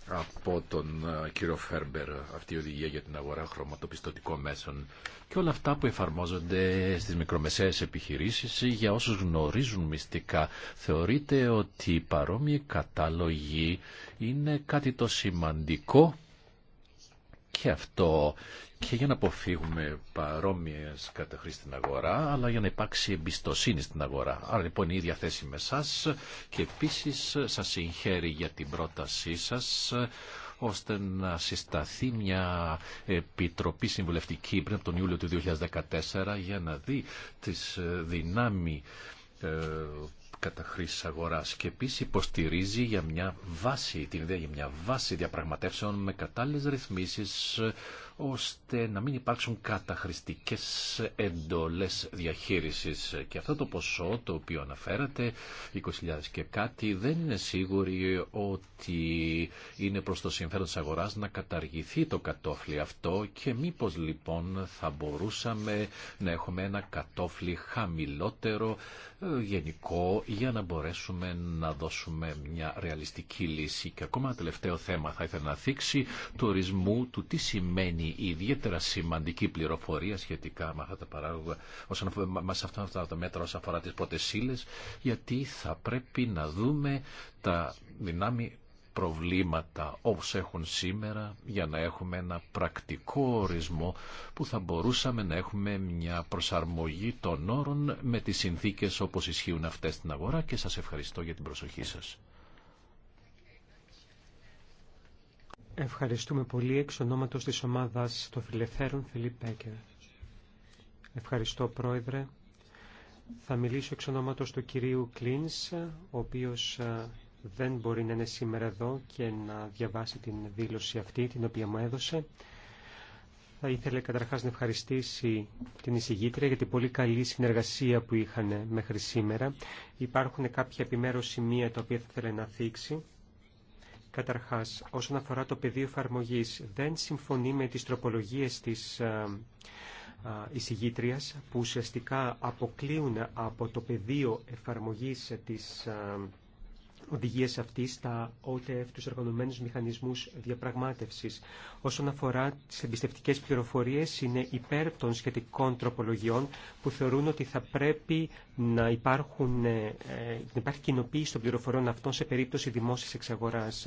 από τον ε, κύριο Φέρμπερ αυτή η οδηγία για την αγορά χρωματοπιστωτικών μέσων και όλα αυτά που εφαρμόζονται στις μικρομεσαίες επιχειρήσεις για όσους γνωρίζουν μυστικά θεωρείται ότι η παρόμοιοι κατάλογοι είναι κάτι το σημαντικό και αυτό και για να αποφύγουμε παρόμοιε καταχρήσει στην αγορά, αλλά για να υπάρξει εμπιστοσύνη στην αγορά. Άρα λοιπόν η ίδια θέση με εσά και επίση σα συγχαίρει για την πρότασή σα ώστε να συσταθεί μια επιτροπή συμβουλευτική πριν από τον Ιούλιο του 2014 για να δει τις ε, δυνάμει ε, χρήση αγορά και επίσης υποστηρίζει για μια βάση, την ιδέα για μια βάση διαπραγματεύσεων με κατάλληλες ρυθμίσεις ώστε να μην υπάρξουν καταχρηστικές εντολές διαχείρισης. Και αυτό το ποσό το οποίο αναφέρατε, 20.000 και κάτι, δεν είναι σίγουροι ότι είναι προς το συμφέρον της αγοράς να καταργηθεί το κατόφλι αυτό και μήπως λοιπόν θα μπορούσαμε να έχουμε ένα κατόφλι χαμηλότερο ε, γενικό για να μπορέσουμε να δώσουμε μια ρεαλιστική λύση. Και ακόμα ένα τελευταίο θέμα θα ήθελα να θίξει ορισμού του τι σημαίνει ιδιαίτερα σημαντική πληροφορία σχετικά με αυτά τα παράγωγα, όσον αφορά αυτά, τα μέτρα όσον αφορά τις πρώτες γιατί θα πρέπει να δούμε τα δυνάμει προβλήματα όπως έχουν σήμερα για να έχουμε ένα πρακτικό ορισμό που θα μπορούσαμε να έχουμε μια προσαρμογή των όρων με τις συνθήκες όπως ισχύουν αυτές στην αγορά και σας ευχαριστώ για την προσοχή σας. Ευχαριστούμε πολύ εξ ονόματος της ομάδας των Φιλεφέρων, Φιλίπ Πέκερ. Ευχαριστώ Πρόεδρε. Θα μιλήσω εξ ονόματος του κυρίου Κλίνς, ο οποίος ε, δεν μπορεί να είναι σήμερα εδώ και να διαβάσει την δήλωση αυτή την οποία μου έδωσε. Θα ήθελε καταρχάς να ευχαριστήσει την εισηγήτρια για την πολύ καλή συνεργασία που είχαν μέχρι σήμερα. Υπάρχουν κάποια επιμέρους σημεία τα οποία θα ήθελε να θίξει. Καταρχάς, όσον αφορά το πεδίο εφαρμογή, δεν συμφωνεί με τις τροπολογίες της ε, ε, εισηγήτριας που ουσιαστικά αποκλείουν από το πεδίο εφαρμογής της ε, οδηγίες αυτής στα ΟΤΕΕΦ, τους Εργανομένους μηχανισμούς διαπραγμάτευσης. Όσον αφορά τις εμπιστευτικές πληροφορίες, είναι υπέρ των σχετικών τροπολογιών που θεωρούν ότι θα πρέπει να, υπάρχουν, ε, να υπάρχει κοινοποίηση των πληροφοριών αυτών σε περίπτωση δημόσιας εξαγοράς.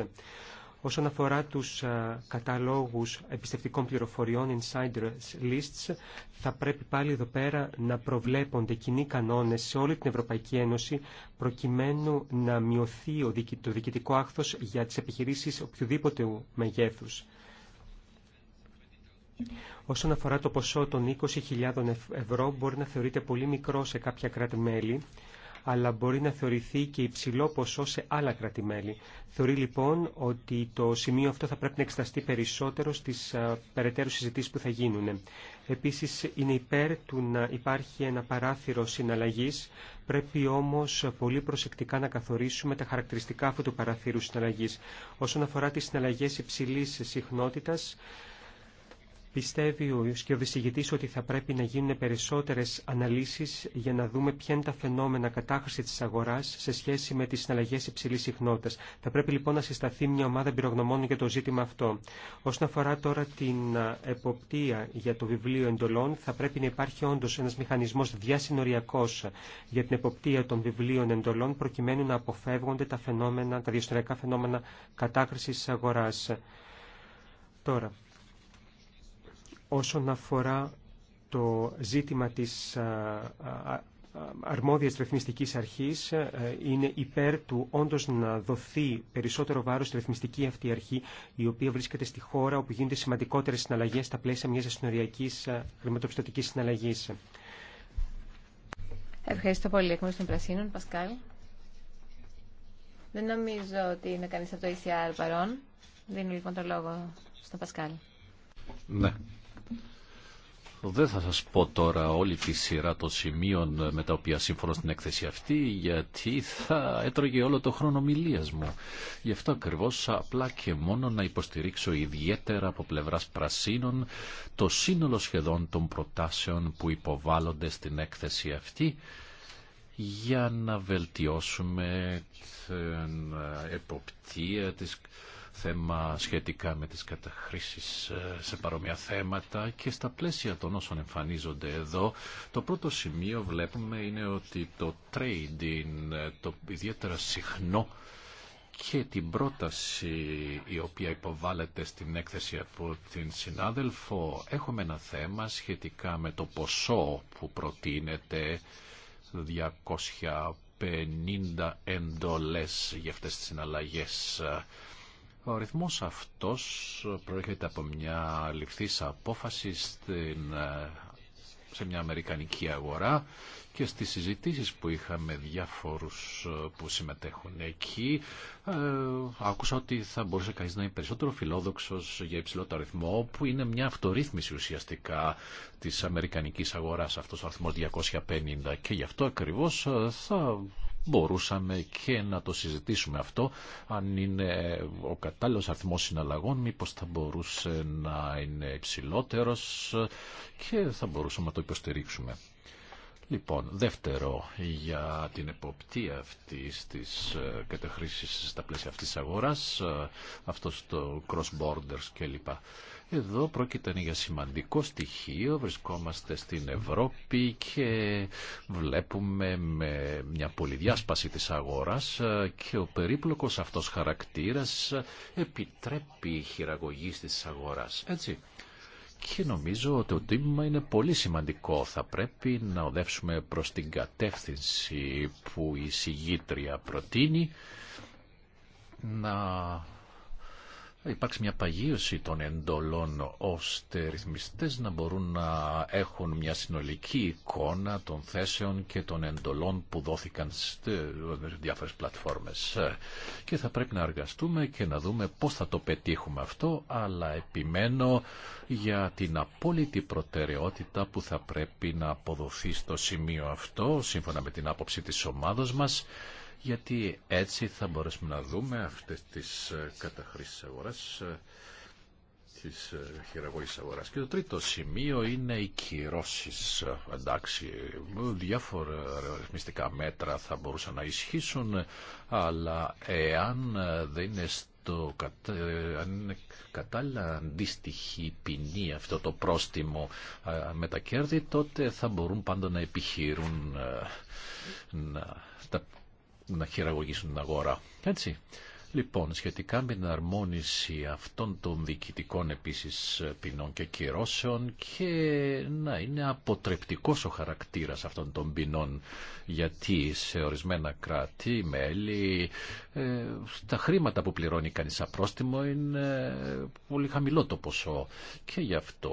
Όσον αφορά τους ε, καταλόγους εμπιστευτικών πληροφοριών, insiders lists, θα πρέπει πάλι εδώ πέρα να προβλέπονται κοινοί κανόνες σε όλη την Ευρωπαϊκή Ένωση, προκειμένου να μειωθεί το διοικητικό άχθος για τις επιχειρήσεις οποιοδήποτε μεγέθους. Όσον αφορά το ποσό των 20.000 ευρώ, μπορεί να θεωρείται πολύ μικρό σε κάποια κράτη-μέλη, αλλά μπορεί να θεωρηθεί και υψηλό ποσό σε άλλα κρατημέλη. Θεωρεί λοιπόν ότι το σημείο αυτό θα πρέπει να εξεταστεί περισσότερο στις περαιτέρω συζητήσεις που θα γίνουν. Επίσης είναι υπέρ του να υπάρχει ένα παράθυρο συναλλαγής, πρέπει όμως πολύ προσεκτικά να καθορίσουμε τα χαρακτηριστικά αυτού του παραθύρου συναλλαγής. Όσον αφορά τις συναλλαγές υψηλής συχνότητας, Πιστεύει ο σκιωδησηγητής ότι θα πρέπει να γίνουν περισσότερες αναλύσεις για να δούμε ποια είναι τα φαινόμενα κατάχρηση της αγοράς σε σχέση με τις συναλλαγές υψηλής συχνότητας. Θα πρέπει λοιπόν να συσταθεί μια ομάδα εμπειρογνωμών για το ζήτημα αυτό. Όσον αφορά τώρα την εποπτεία για το βιβλίο εντολών, θα πρέπει να υπάρχει όντως ένας μηχανισμός διασυνοριακός για την εποπτεία των βιβλίων εντολών, προκειμένου να αποφεύγονται τα, φαινόμενα, τα διασυνοριακά φαινόμενα κατάχρησης της αγοράς. Τώρα, όσον αφορά το ζήτημα της αρμόδιας ρυθμιστικής αρχής ε, είναι υπέρ του όντως να δοθεί περισσότερο βάρος στη ρυθμιστική αυτή αρχή η οποία βρίσκεται στη χώρα όπου γίνονται σημαντικότερες συναλλαγές στα πλαίσια μιας ασυνοριακής ε, χρηματοπιστωτικής συναλλαγής. Ευχαριστώ πολύ εκ των Πρασίνων. Πασκάλ. Δεν νομίζω ότι είναι κανείς από το ECR παρόν. Δίνω λοιπόν το λόγο στον Πασκάλ. Ναι. Δεν θα σας πω τώρα όλη τη σειρά των σημείων με τα οποία σύμφωνα στην έκθεση αυτή, γιατί θα έτρωγε όλο το χρόνο μιλία μου. Γι' αυτό ακριβώ απλά και μόνο να υποστηρίξω ιδιαίτερα από πλευράς πρασίνων το σύνολο σχεδόν των προτάσεων που υποβάλλονται στην έκθεση αυτή για να βελτιώσουμε την εποπτεία της θέμα σχετικά με τις καταχρήσεις ε, σε παρόμοια θέματα και στα πλαίσια των όσων εμφανίζονται εδώ το πρώτο σημείο βλέπουμε είναι ότι το trading ε, το ιδιαίτερα συχνό και την πρόταση η οποία υποβάλλεται στην έκθεση από την συνάδελφο έχουμε ένα θέμα σχετικά με το ποσό που προτείνεται 250 εντολές για αυτές τις συναλλαγές ο αριθμός αυτός προέρχεται από μια ληφθής απόφαση στην, σε μια αμερικανική αγορά και στις συζητήσεις που είχαμε διάφορους που συμμετέχουν εκεί ε, άκουσα ότι θα μπορούσε κανείς να είναι περισσότερο φιλόδοξος για υψηλότερο αριθμό που είναι μια αυτορύθμιση ουσιαστικά της αμερικανικής αγοράς αυτός ο αριθμός 250 και γι' αυτό ακριβώς ε, θα μπορούσαμε και να το συζητήσουμε αυτό. Αν είναι ο κατάλληλος αριθμός συναλλαγών, μήπως θα μπορούσε να είναι υψηλότερος και θα μπορούσαμε να το υποστηρίξουμε. Λοιπόν, δεύτερο, για την εποπτεία αυτής της ε, καταχρήσης στα πλαίσια αυτής της αγοράς, ε, αυτός το cross-borders κλπ. Εδώ πρόκειται για σημαντικό στοιχείο. Βρισκόμαστε στην Ευρώπη και βλέπουμε με μια πολυδιάσπαση της αγοράς ε, και ο περίπλοκος αυτός χαρακτήρας ε, επιτρέπει χειραγωγή της αγοράς. Έτσι. Και νομίζω ότι το τίμημα είναι πολύ σημαντικό. Θα πρέπει να οδεύσουμε προς την κατεύθυνση που η συγγήτρια προτείνει να υπάρξει μια παγίωση των εντολών ώστε ρυθμιστές να μπορούν να έχουν μια συνολική εικόνα των θέσεων και των εντολών που δόθηκαν στις διάφορες πλατφόρμες. Και θα πρέπει να εργαστούμε και να δούμε πώς θα το πετύχουμε αυτό, αλλά επιμένω για την απόλυτη προτεραιότητα που θα πρέπει να αποδοθεί στο σημείο αυτό, σύμφωνα με την άποψη της ομάδος μας, γιατί έτσι θα μπορέσουμε να δούμε αυτές τις ε, καταχρήσεις αγοράς ε, της ε, χειραγωγής αγοράς. Και το τρίτο σημείο είναι οι κυρώσει. Εντάξει, διάφορα ρυθμιστικά μέτρα θα μπορούσαν να ισχύσουν, αλλά εάν δεν είναι στο κατάλληλα αντίστοιχη ποινή αυτό το πρόστιμο με τα κέρδη, τότε θα μπορούν πάντα να επιχειρούν να να χειραγωγήσουν την αγορά. Έτσι. Λοιπόν, σχετικά με την αρμόνιση αυτών των διοικητικών επίσης ποινών και κυρώσεων και να είναι αποτρεπτικός ο χαρακτήρας αυτών των ποινών γιατί σε ορισμένα κράτη, μέλη, ε, τα χρήματα που πληρώνει κανείς απρόστιμο είναι πολύ χαμηλό το ποσό και γι' αυτό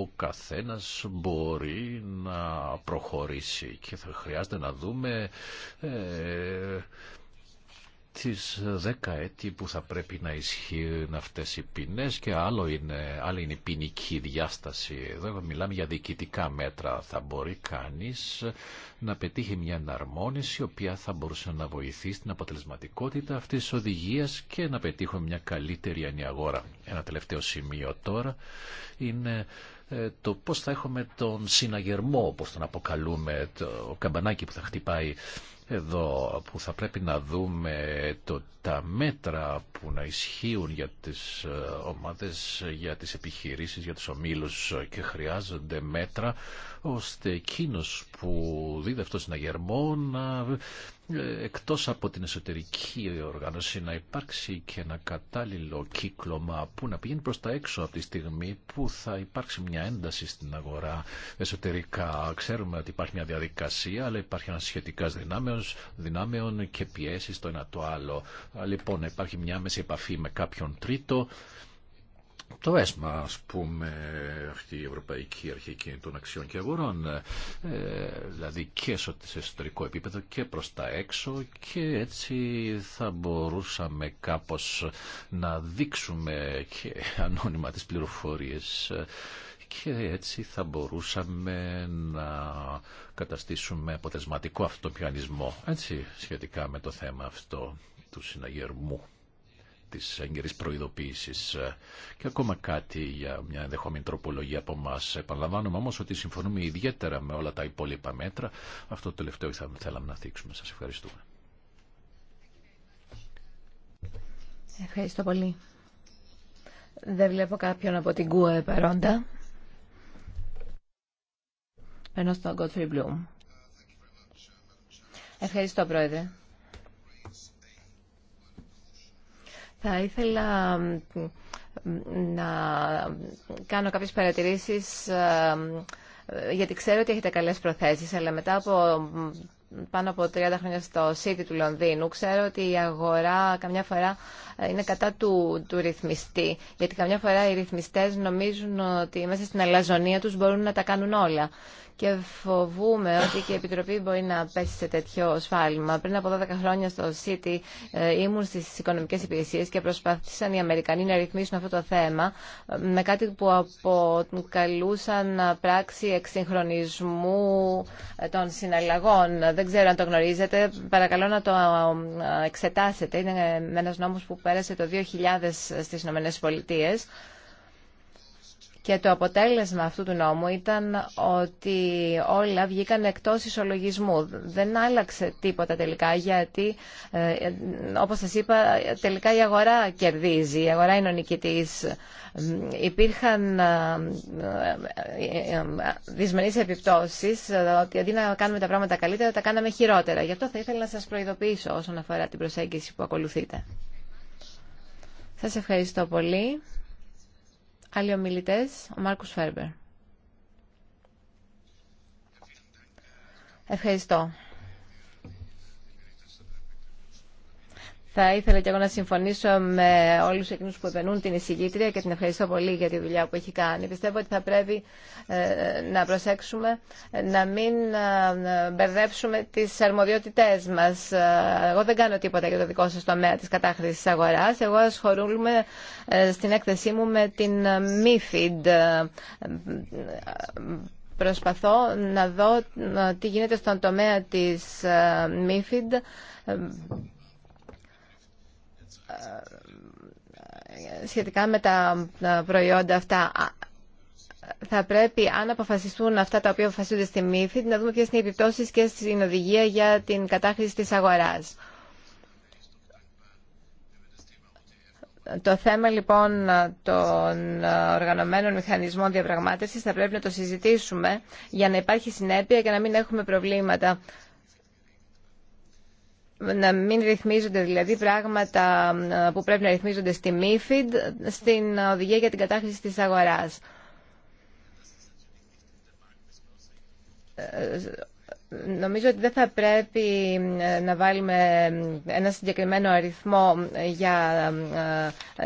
ο καθένας μπορεί να προχωρήσει και θα χρειάζεται να δούμε... Ε, τις δέκα έτη που θα πρέπει να ισχύουν αυτές οι ποινές και άλλο είναι, άλλη είναι η ποινική διάσταση. Εδώ μιλάμε για διοικητικά μέτρα. Θα μπορεί κανείς να πετύχει μια εναρμόνιση η οποία θα μπορούσε να βοηθήσει την αποτελεσματικότητα αυτής της οδηγίας και να πετύχουμε μια καλύτερη ανιαγόρα. Ένα τελευταίο σημείο τώρα είναι ε, το πώς θα έχουμε τον συναγερμό, όπως τον αποκαλούμε, το καμπανάκι που θα χτυπάει εδώ που θα πρέπει να δούμε το, τα μέτρα που να ισχύουν για τις ε, ομάδες, για τις επιχειρήσεις, για τους ομίλους ε, και χρειάζονται μέτρα ώστε εκείνο που δίδει αυτό συναγερμό να ε, εκτός από την εσωτερική οργάνωση να υπάρξει και ένα κατάλληλο κύκλωμα που να πηγαίνει προς τα έξω από τη στιγμή που θα υπάρξει μια ένταση στην αγορά εσωτερικά. Ξέρουμε ότι υπάρχει μια διαδικασία αλλά υπάρχει ένα σχετικά δυνάμεων και πιέσεις το ένα το άλλο. Λοιπόν, υπάρχει μια μέση επαφή με κάποιον τρίτο το ΕΣΜΑ, ας πούμε, αυτή η Ευρωπαϊκή Αρχή Κινητών Αξιών και Αγορών, ε, δηλαδή και σε εσωτερικό επίπεδο και προς τα έξω και έτσι θα μπορούσαμε κάπως να δείξουμε και [laughs] ανώνυμα τις πληροφορίες ε, και έτσι θα μπορούσαμε να καταστήσουμε αποτελεσματικό αυτοπιανισμό έτσι, σχετικά με το θέμα αυτό του συναγερμού της έγκαιρης προειδοποίηση ε, και ακόμα κάτι για μια ενδεχόμενη τροπολογία από εμά. Επαναλαμβάνουμε όμως ότι συμφωνούμε ιδιαίτερα με όλα τα υπόλοιπα μέτρα. Αυτό το τελευταίο θα θέλαμε να θίξουμε. Σας ευχαριστούμε. Ευχαριστώ πολύ. Δεν βλέπω κάποιον από την ΚΟΕ παρόντα. Περνώ στον Godfrey Bloom. Ευχαριστώ, Πρόεδρε. Θα ήθελα να κάνω κάποιες παρατηρήσεις ε, ε, γιατί ξέρω ότι έχετε καλές προθέσεις, αλλά μετά από πάνω από 30 χρόνια στο City του Λονδίνου, ξέρω ότι η αγορά καμιά φορά ε, είναι κατά του, του ρυθμιστή. Γιατί καμιά φορά οι ρυθμιστές νομίζουν ότι μέσα στην αλαζονία τους μπορούν να τα κάνουν όλα και φοβούμαι ότι και η Επιτροπή μπορεί να πέσει σε τέτοιο σφάλμα. Πριν από 12 χρόνια στο City ε, ήμουν στι οικονομικέ υπηρεσίε και προσπάθησαν οι Αμερικανοί να ρυθμίσουν αυτό το θέμα ε, με κάτι που αποκαλούσαν πράξη εξυγχρονισμού ε, των συναλλαγών. Δεν ξέρω αν το γνωρίζετε. Παρακαλώ να το εξετάσετε. Είναι ένα νόμο που πέρασε το 2000 στι ΗΠΑ. Και το αποτέλεσμα αυτού του νόμου ήταν ότι όλα βγήκαν εκτός ισολογισμού. Δεν άλλαξε τίποτα τελικά γιατί, ε, όπως σας είπα, τελικά η αγορά κερδίζει, η αγορά είναι ο νικητής. Υπήρχαν ε, ε, δυσμενείς επιπτώσεις ότι αντί να κάνουμε τα πράγματα καλύτερα, τα κάναμε χειρότερα. Γι' αυτό θα ήθελα να σας προειδοποιήσω όσον αφορά την προσέγγιση που ακολουθείτε. Σας ευχαριστώ πολύ. Άλλοι ομιλητέ, ο Μάρκος Φέρμπερ. Ευχαριστώ. Θα ήθελα και εγώ να συμφωνήσω με όλους εκείνους που επενούν την εισηγήτρια και την ευχαριστώ πολύ για τη δουλειά που έχει κάνει. Πιστεύω ότι θα πρέπει ε, να προσέξουμε ε, να μην ε, μπερδέψουμε τις αρμοδιότητές μας. Εγώ δεν κάνω τίποτα για το δικό σας τομέα της κατάχρησης της αγοράς. Εγώ ασχολούμαι στην έκθεσή μου με την MIFID προσπαθώ να δω τι γίνεται στον τομέα της MIFID σχετικά με τα προϊόντα αυτά θα πρέπει αν αποφασιστούν αυτά τα οποία αποφασίζονται στη μύθη, να δούμε ποιες είναι οι επιπτώσεις και στην οδηγία για την κατάχρηση της αγοράς. Το θέμα λοιπόν των οργανωμένων μηχανισμών διαπραγμάτευσης θα πρέπει να το συζητήσουμε για να υπάρχει συνέπεια και να μην έχουμε προβλήματα να μην ρυθμίζονται δηλαδή πράγματα ε, που πρέπει να ρυθμίζονται στη MIFID στην οδηγία για την κατάχρηση της αγοράς. Ε, νομίζω ότι δεν θα πρέπει ε, να βάλουμε ένα συγκεκριμένο αριθμό για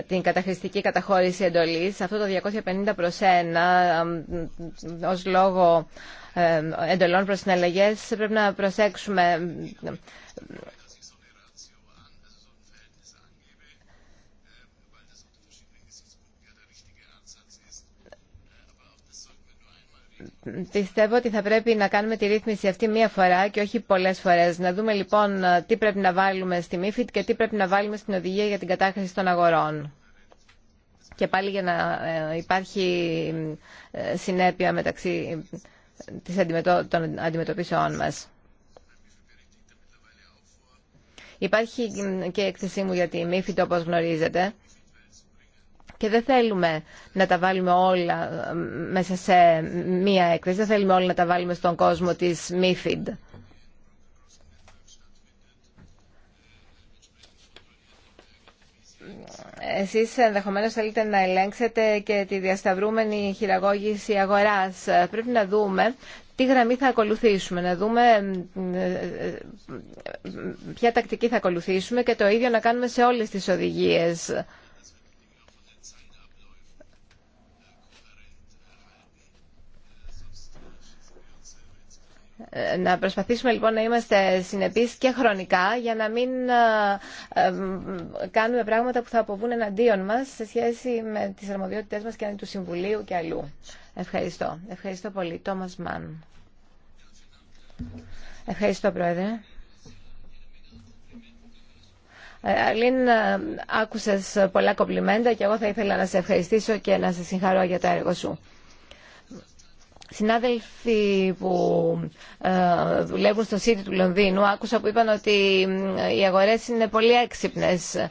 την καταχρηστική καταχώρηση εντολής. Αυτό το 250 προς 1 ως λόγο εντολών προς συναλλαγές πρέπει να προσέξουμε πιστεύω ότι θα πρέπει να κάνουμε τη ρύθμιση αυτή μία φορά και όχι πολλές φορές. Να δούμε λοιπόν τι πρέπει να βάλουμε στη MIFID και τι πρέπει να βάλουμε στην οδηγία για την κατάχρηση των αγορών. Και πάλι για να ε, υπάρχει ε, συνέπεια μεταξύ ε, των αντιμετωπίσεών μας. Υπάρχει και έκθεσή μου για τη MIFID όπως γνωρίζετε και δεν θέλουμε να τα βάλουμε όλα ε, μέσα σε μία έκθεση. Δεν θέλουμε όλα να τα βάλουμε στον κόσμο της MIFID. Εσείς ενδεχομένως θέλετε να ελέγξετε και τη διασταυρούμενη χειραγώγηση αγοράς. Πρέπει να δούμε τι γραμμή θα ακολουθήσουμε, να δούμε ε, ε, ποια τακτική θα ακολουθήσουμε και το ίδιο να κάνουμε σε όλες τις οδηγίες. Ε, να προσπαθήσουμε λοιπόν να είμαστε συνεπείς και χρονικά για να μην ε, ε, κάνουμε πράγματα που θα αποβούν εναντίον μας σε σχέση με τις αρμοδιότητές μας και του Συμβουλίου και αλλού. Ευχαριστώ. Ευχαριστώ πολύ. Τόμας Μάν. Ευχαριστώ Πρόεδρε. Αλήν, άκουσες πολλά κομπλιμέντα και εγώ θα ήθελα να σε ευχαριστήσω και να σε συγχαρώ για το έργο σου συνάδελφοι που ε, δουλεύουν στο City του Λονδίνου άκουσα που είπαν ότι ε, οι αγορές είναι πολύ έξυπνες. Ε,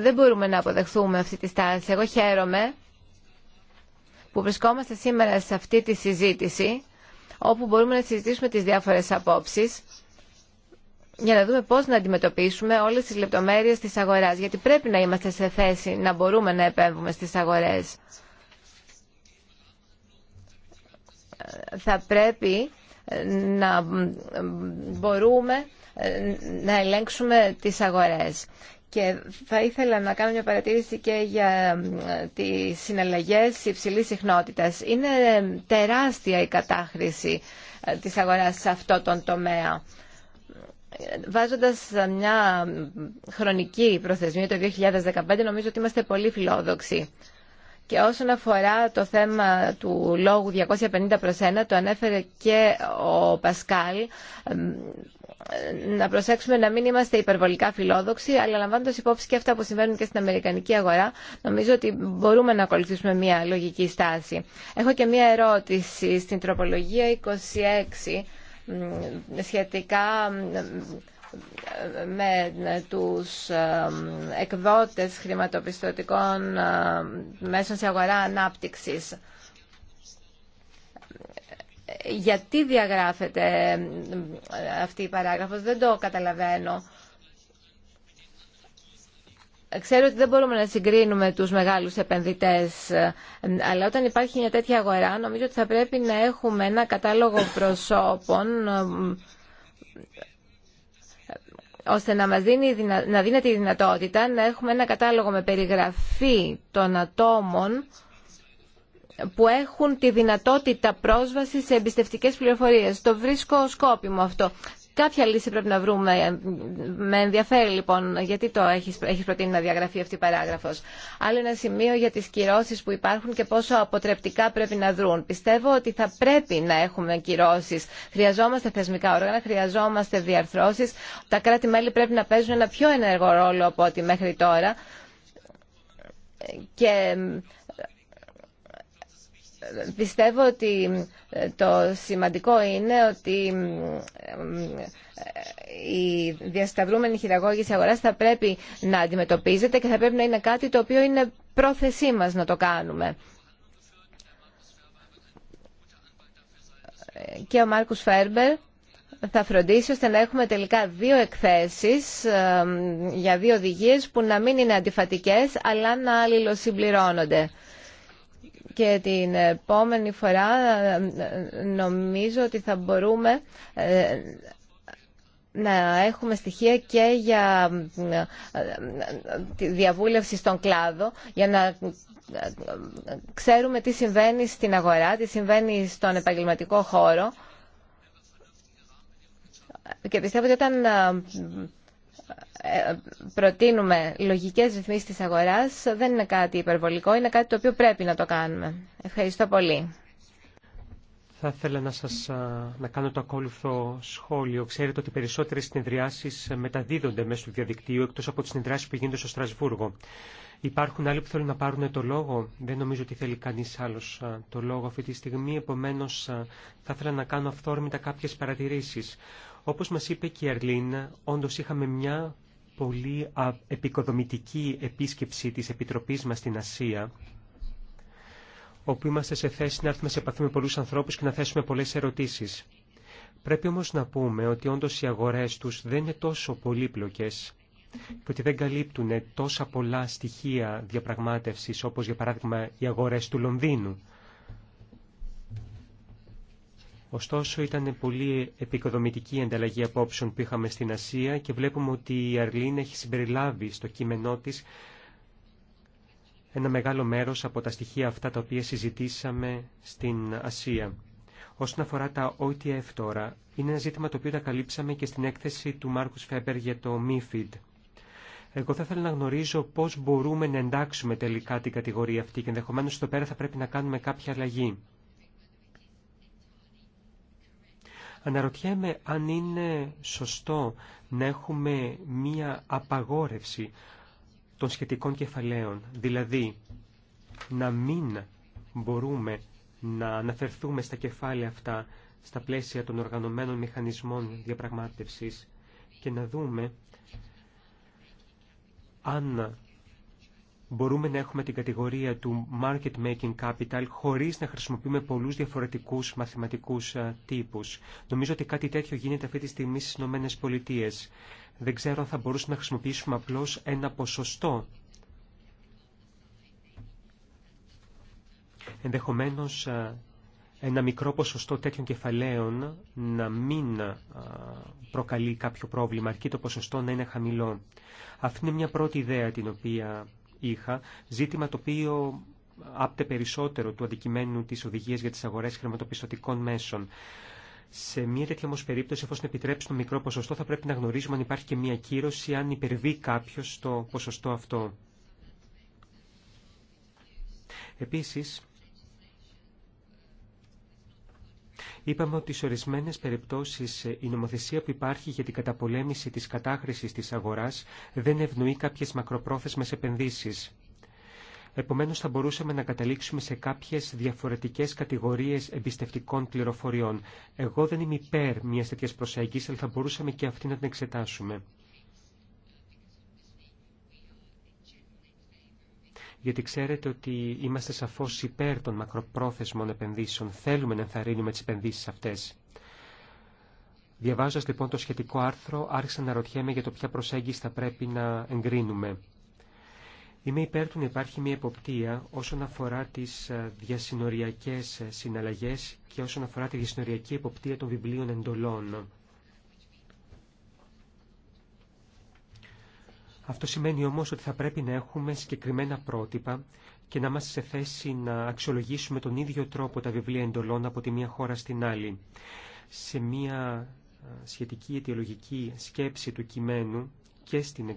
δεν μπορούμε να αποδεχθούμε αυτή τη στάση. Εγώ χαίρομαι που βρισκόμαστε σήμερα σε αυτή τη συζήτηση όπου μπορούμε να συζητήσουμε τις διάφορες απόψεις για να δούμε πώς να αντιμετωπίσουμε όλες τις λεπτομέρειες της αγοράς, γιατί πρέπει να είμαστε σε θέση να μπορούμε να επέμβουμε στις αγορές. Θα πρέπει ε, να μπορούμε ε, να ελέγξουμε τις αγορές. Και θα ήθελα να κάνω μια παρατήρηση και για ε, τις συναλλαγές υψηλής συχνότητας. Είναι τεράστια η κατάχρηση της αγοράς σε αυτό τον τομέα βάζοντας μια χρονική προθεσμία το 2015 νομίζω ότι είμαστε πολύ φιλόδοξοι. Και όσον αφορά το θέμα του λόγου 250 προς 1, το ανέφερε και ο Πασκάλ, να προσέξουμε να μην είμαστε υπερβολικά φιλόδοξοι, αλλά λαμβάνοντα υπόψη και αυτά που συμβαίνουν και στην Αμερικανική αγορά, νομίζω ότι μπορούμε να ακολουθήσουμε μια λογική στάση. Έχω και μια ερώτηση στην τροπολογία 26 σχετικά με τους εκδότες χρηματοπιστωτικών μέσων σε αγορά ανάπτυξης. Γιατί διαγράφεται αυτή η παράγραφος, δεν το καταλαβαίνω. Ξέρω ότι δεν μπορούμε να συγκρίνουμε τους μεγάλους επενδυτές, ε, αλλά όταν υπάρχει μια τέτοια αγορά, νομίζω ότι θα πρέπει να έχουμε ένα κατάλογο προσώπων ε, ώστε να μας δίνει, να δίνεται η δυνατότητα να έχουμε ένα κατάλογο με περιγραφή των ατόμων που έχουν τη δυνατότητα πρόσβαση σε εμπιστευτικές πληροφορίες. Το βρίσκω σκόπιμο αυτό. Κάποια λύση πρέπει να βρούμε. Με ενδιαφέρει λοιπόν γιατί το έχεις, προτείνει να διαγραφεί αυτή η παράγραφος. Άλλο ένα σημείο για τις κυρώσεις που υπάρχουν και πόσο αποτρεπτικά πρέπει να δρουν. Πιστεύω ότι θα πρέπει να έχουμε κυρώσεις. Χρειαζόμαστε θεσμικά όργανα, χρειαζόμαστε διαρθρώσεις. Τα κράτη-μέλη πρέπει να παίζουν ένα πιο ενεργό ρόλο από ό,τι μέχρι τώρα. Και Πιστεύω ότι ε, το σημαντικό είναι ότι ε, η διασταυρούμενη χειραγώγηση αγοράς θα πρέπει να αντιμετωπίζεται και θα πρέπει να είναι κάτι το οποίο είναι πρόθεσή μας να το κάνουμε. Και ο Μάρκους Φέρμπερ θα φροντίσει ώστε να έχουμε τελικά δύο εκθέσεις ε, για δύο οδηγίες που να μην είναι αντιφατικές αλλά να αλληλοσυμπληρώνονται και την επόμενη φορά ε, νομίζω ότι θα μπορούμε ε, να έχουμε στοιχεία και για ε, τη διαβούλευση στον κλάδο, για να ξέρουμε τι συμβαίνει στην αγορά, τι συμβαίνει στον επαγγελματικό χώρο. Και πιστεύω ότι όταν ε, προτείνουμε λογικές ρυθμίσεις της αγοράς δεν είναι κάτι υπερβολικό, είναι κάτι το οποίο πρέπει να το κάνουμε. Ευχαριστώ πολύ. Θα ήθελα να σας να κάνω το ακόλουθο σχόλιο. Ξέρετε ότι περισσότερες συνεδριάσεις ε, μεταδίδονται μέσω του διαδικτύου εκτός από τις συνεδριάσεις που γίνονται στο Στρασβούργο. Υπάρχουν άλλοι που θέλουν να πάρουν το λόγο. Δεν νομίζω ότι θέλει κανείς άλλος το λόγο αυτή τη στιγμή. Επομένως, θα ήθελα να κάνω αυθόρμητα κάποιες παρατηρήσεις. Όπως μας είπε και η Αρλίνα, όντως είχαμε μια πολύ επικοδομητική επίσκεψη της Επιτροπής μας στην Ασία, όπου είμαστε σε θέση να έρθουμε σε επαφή με πολλούς ανθρώπους και να θέσουμε πολλές ερωτήσεις. Πρέπει όμως να πούμε ότι όντως οι αγορές τους δεν είναι τόσο πολύπλοκες και ότι δεν καλύπτουν τόσα πολλά στοιχεία διαπραγμάτευσης όπως για παράδειγμα οι αγορές του Λονδίνου. Ωστόσο ήταν πολύ επικοδομητική η ανταλλαγή απόψεων που είχαμε στην Ασία και βλέπουμε ότι η Αρλίν έχει συμπεριλάβει στο κείμενό τη ένα μεγάλο μέρο από τα στοιχεία αυτά τα οποία συζητήσαμε στην Ασία. Όσον αφορά τα OTF τώρα, είναι ένα ζήτημα το οποίο τα καλύψαμε και στην έκθεση του Μάρκου Φέμπερ για το MIFID. Εγώ θα ήθελα να γνωρίζω πώ μπορούμε να εντάξουμε τελικά την κατηγορία αυτή και ενδεχομένω εδώ πέρα θα πρέπει να κάνουμε κάποια αλλαγή. Αναρωτιέμαι αν είναι σωστό να έχουμε μία απαγόρευση των σχετικών κεφαλαίων, δηλαδή να μην μπορούμε να αναφερθούμε στα κεφάλαια αυτά στα πλαίσια των οργανωμένων μηχανισμών διαπραγμάτευσης και να δούμε αν μπορούμε να έχουμε την κατηγορία του market making capital χωρίς να χρησιμοποιούμε πολλούς διαφορετικούς μαθηματικούς ε, τύπους. Νομίζω ότι κάτι τέτοιο γίνεται αυτή τη στιγμή στις Ηνωμένες Πολιτείες. Δεν ξέρω αν θα μπορούσαμε να χρησιμοποιήσουμε απλώς ένα ποσοστό. Ενδεχομένως ε, ένα μικρό ποσοστό τέτοιων κεφαλαίων να μην ε, προκαλεί κάποιο πρόβλημα, αρκεί το ποσοστό να είναι χαμηλό. Αυτή είναι μια πρώτη ιδέα την οποία είχα, ζήτημα το οποίο άπτε περισσότερο του αντικειμένου της οδηγίας για τις αγορές χρηματοπιστωτικών μέσων. Σε μια τέτοια όμω περίπτωση, εφόσον επιτρέψει το μικρό ποσοστό, θα πρέπει να γνωρίζουμε αν υπάρχει και μια κύρωση, αν υπερβεί κάποιο το ποσοστό αυτό. Επίσης, Είπαμε ότι σε ορισμένε περιπτώσει ε, η νομοθεσία που υπάρχει για την καταπολέμηση τη κατάχρηση τη αγορά δεν ευνοεί κάποιε μακροπρόθεσμε επενδύσει. Επομένως θα μπορούσαμε να καταλήξουμε σε κάποιες διαφορετικές κατηγορίες εμπιστευτικών πληροφοριών. Εγώ δεν είμαι υπέρ μιας τέτοια προσέγγισης, αλλά θα μπορούσαμε και αυτή να την εξετάσουμε. γιατί ξέρετε ότι είμαστε σαφώς υπέρ των μακροπρόθεσμων επενδύσεων. Θέλουμε να ενθαρρύνουμε τις επενδύσεις αυτές. Διαβάζοντας λοιπόν το σχετικό άρθρο, άρχισα να ρωτιέμαι για το ποια προσέγγιση θα πρέπει να εγκρίνουμε. Είμαι υπέρ του να υπάρχει μια εποπτεία όσον αφορά τις ε, διασυνοριακές ε, συναλλαγές και όσον αφορά τη διασυνοριακή εποπτεία των βιβλίων εντολών. Αυτό σημαίνει όμως ότι θα πρέπει να έχουμε συγκεκριμένα πρότυπα και να είμαστε σε θέση να αξιολογήσουμε τον ίδιο τρόπο τα βιβλία εντολών από τη μία χώρα στην άλλη. Σε μία σχετική αιτιολογική σκέψη του κειμένου και στην ε,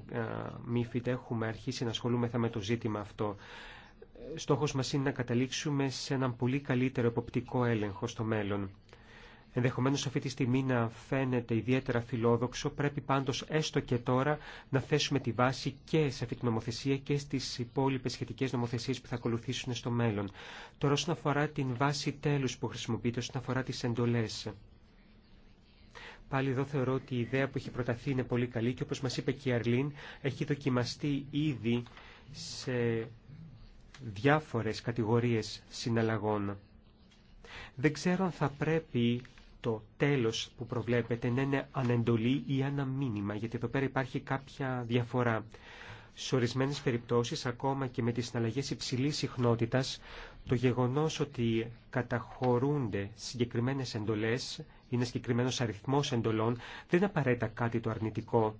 ΜΥΦΙΤ έχουμε αρχίσει να ασχολούμεθα με το ζήτημα αυτό. Στόχος μας είναι να καταλήξουμε σε έναν πολύ καλύτερο εποπτικό έλεγχο στο μέλλον ενδεχομένως αυτή τη στιγμή να φαίνεται ιδιαίτερα φιλόδοξο, πρέπει πάντως έστω και τώρα να θέσουμε τη βάση και σε αυτή τη νομοθεσία και στις υπόλοιπες σχετικές νομοθεσίες που θα ακολουθήσουν στο μέλλον. Τώρα όσον αφορά την βάση τέλους που χρησιμοποιείται, όσον αφορά τις εντολές. Πάλι εδώ θεωρώ ότι η ιδέα που έχει προταθεί είναι πολύ καλή και όπως μας είπε και η Αρλίν, έχει δοκιμαστεί ήδη σε διάφορες κατηγορίες συναλλαγών. Δεν ξέρω αν θα πρέπει το τέλος που προβλέπεται να είναι ανεντολή ή αναμήνυμα, γιατί εδώ πέρα υπάρχει κάποια διαφορά. Σε ορισμένε περιπτώσεις, ακόμα και με τις συναλλαγές υψηλής συχνότητας, το γεγονός ότι καταχωρούνται συγκεκριμένες εντολές, είναι συγκεκριμένο αριθμός εντολών, δεν απαραίτητα κάτι το αρνητικό.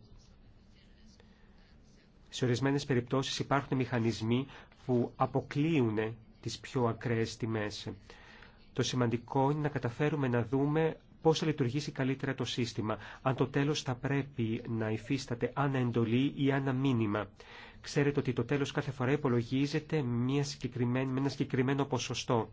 Σε ορισμένε περιπτώσεις υπάρχουν μηχανισμοί που αποκλείουν τις πιο ακραίες τιμές. Το σημαντικό είναι να καταφέρουμε να δούμε πώς θα λειτουργήσει καλύτερα το σύστημα, αν το τέλος θα πρέπει να υφίσταται ανά εντολή ή ανά μήνυμα. Ξέρετε ότι το τέλος κάθε φορά υπολογίζεται μια συγκεκριμένη, με ένα συγκεκριμένο ποσοστό.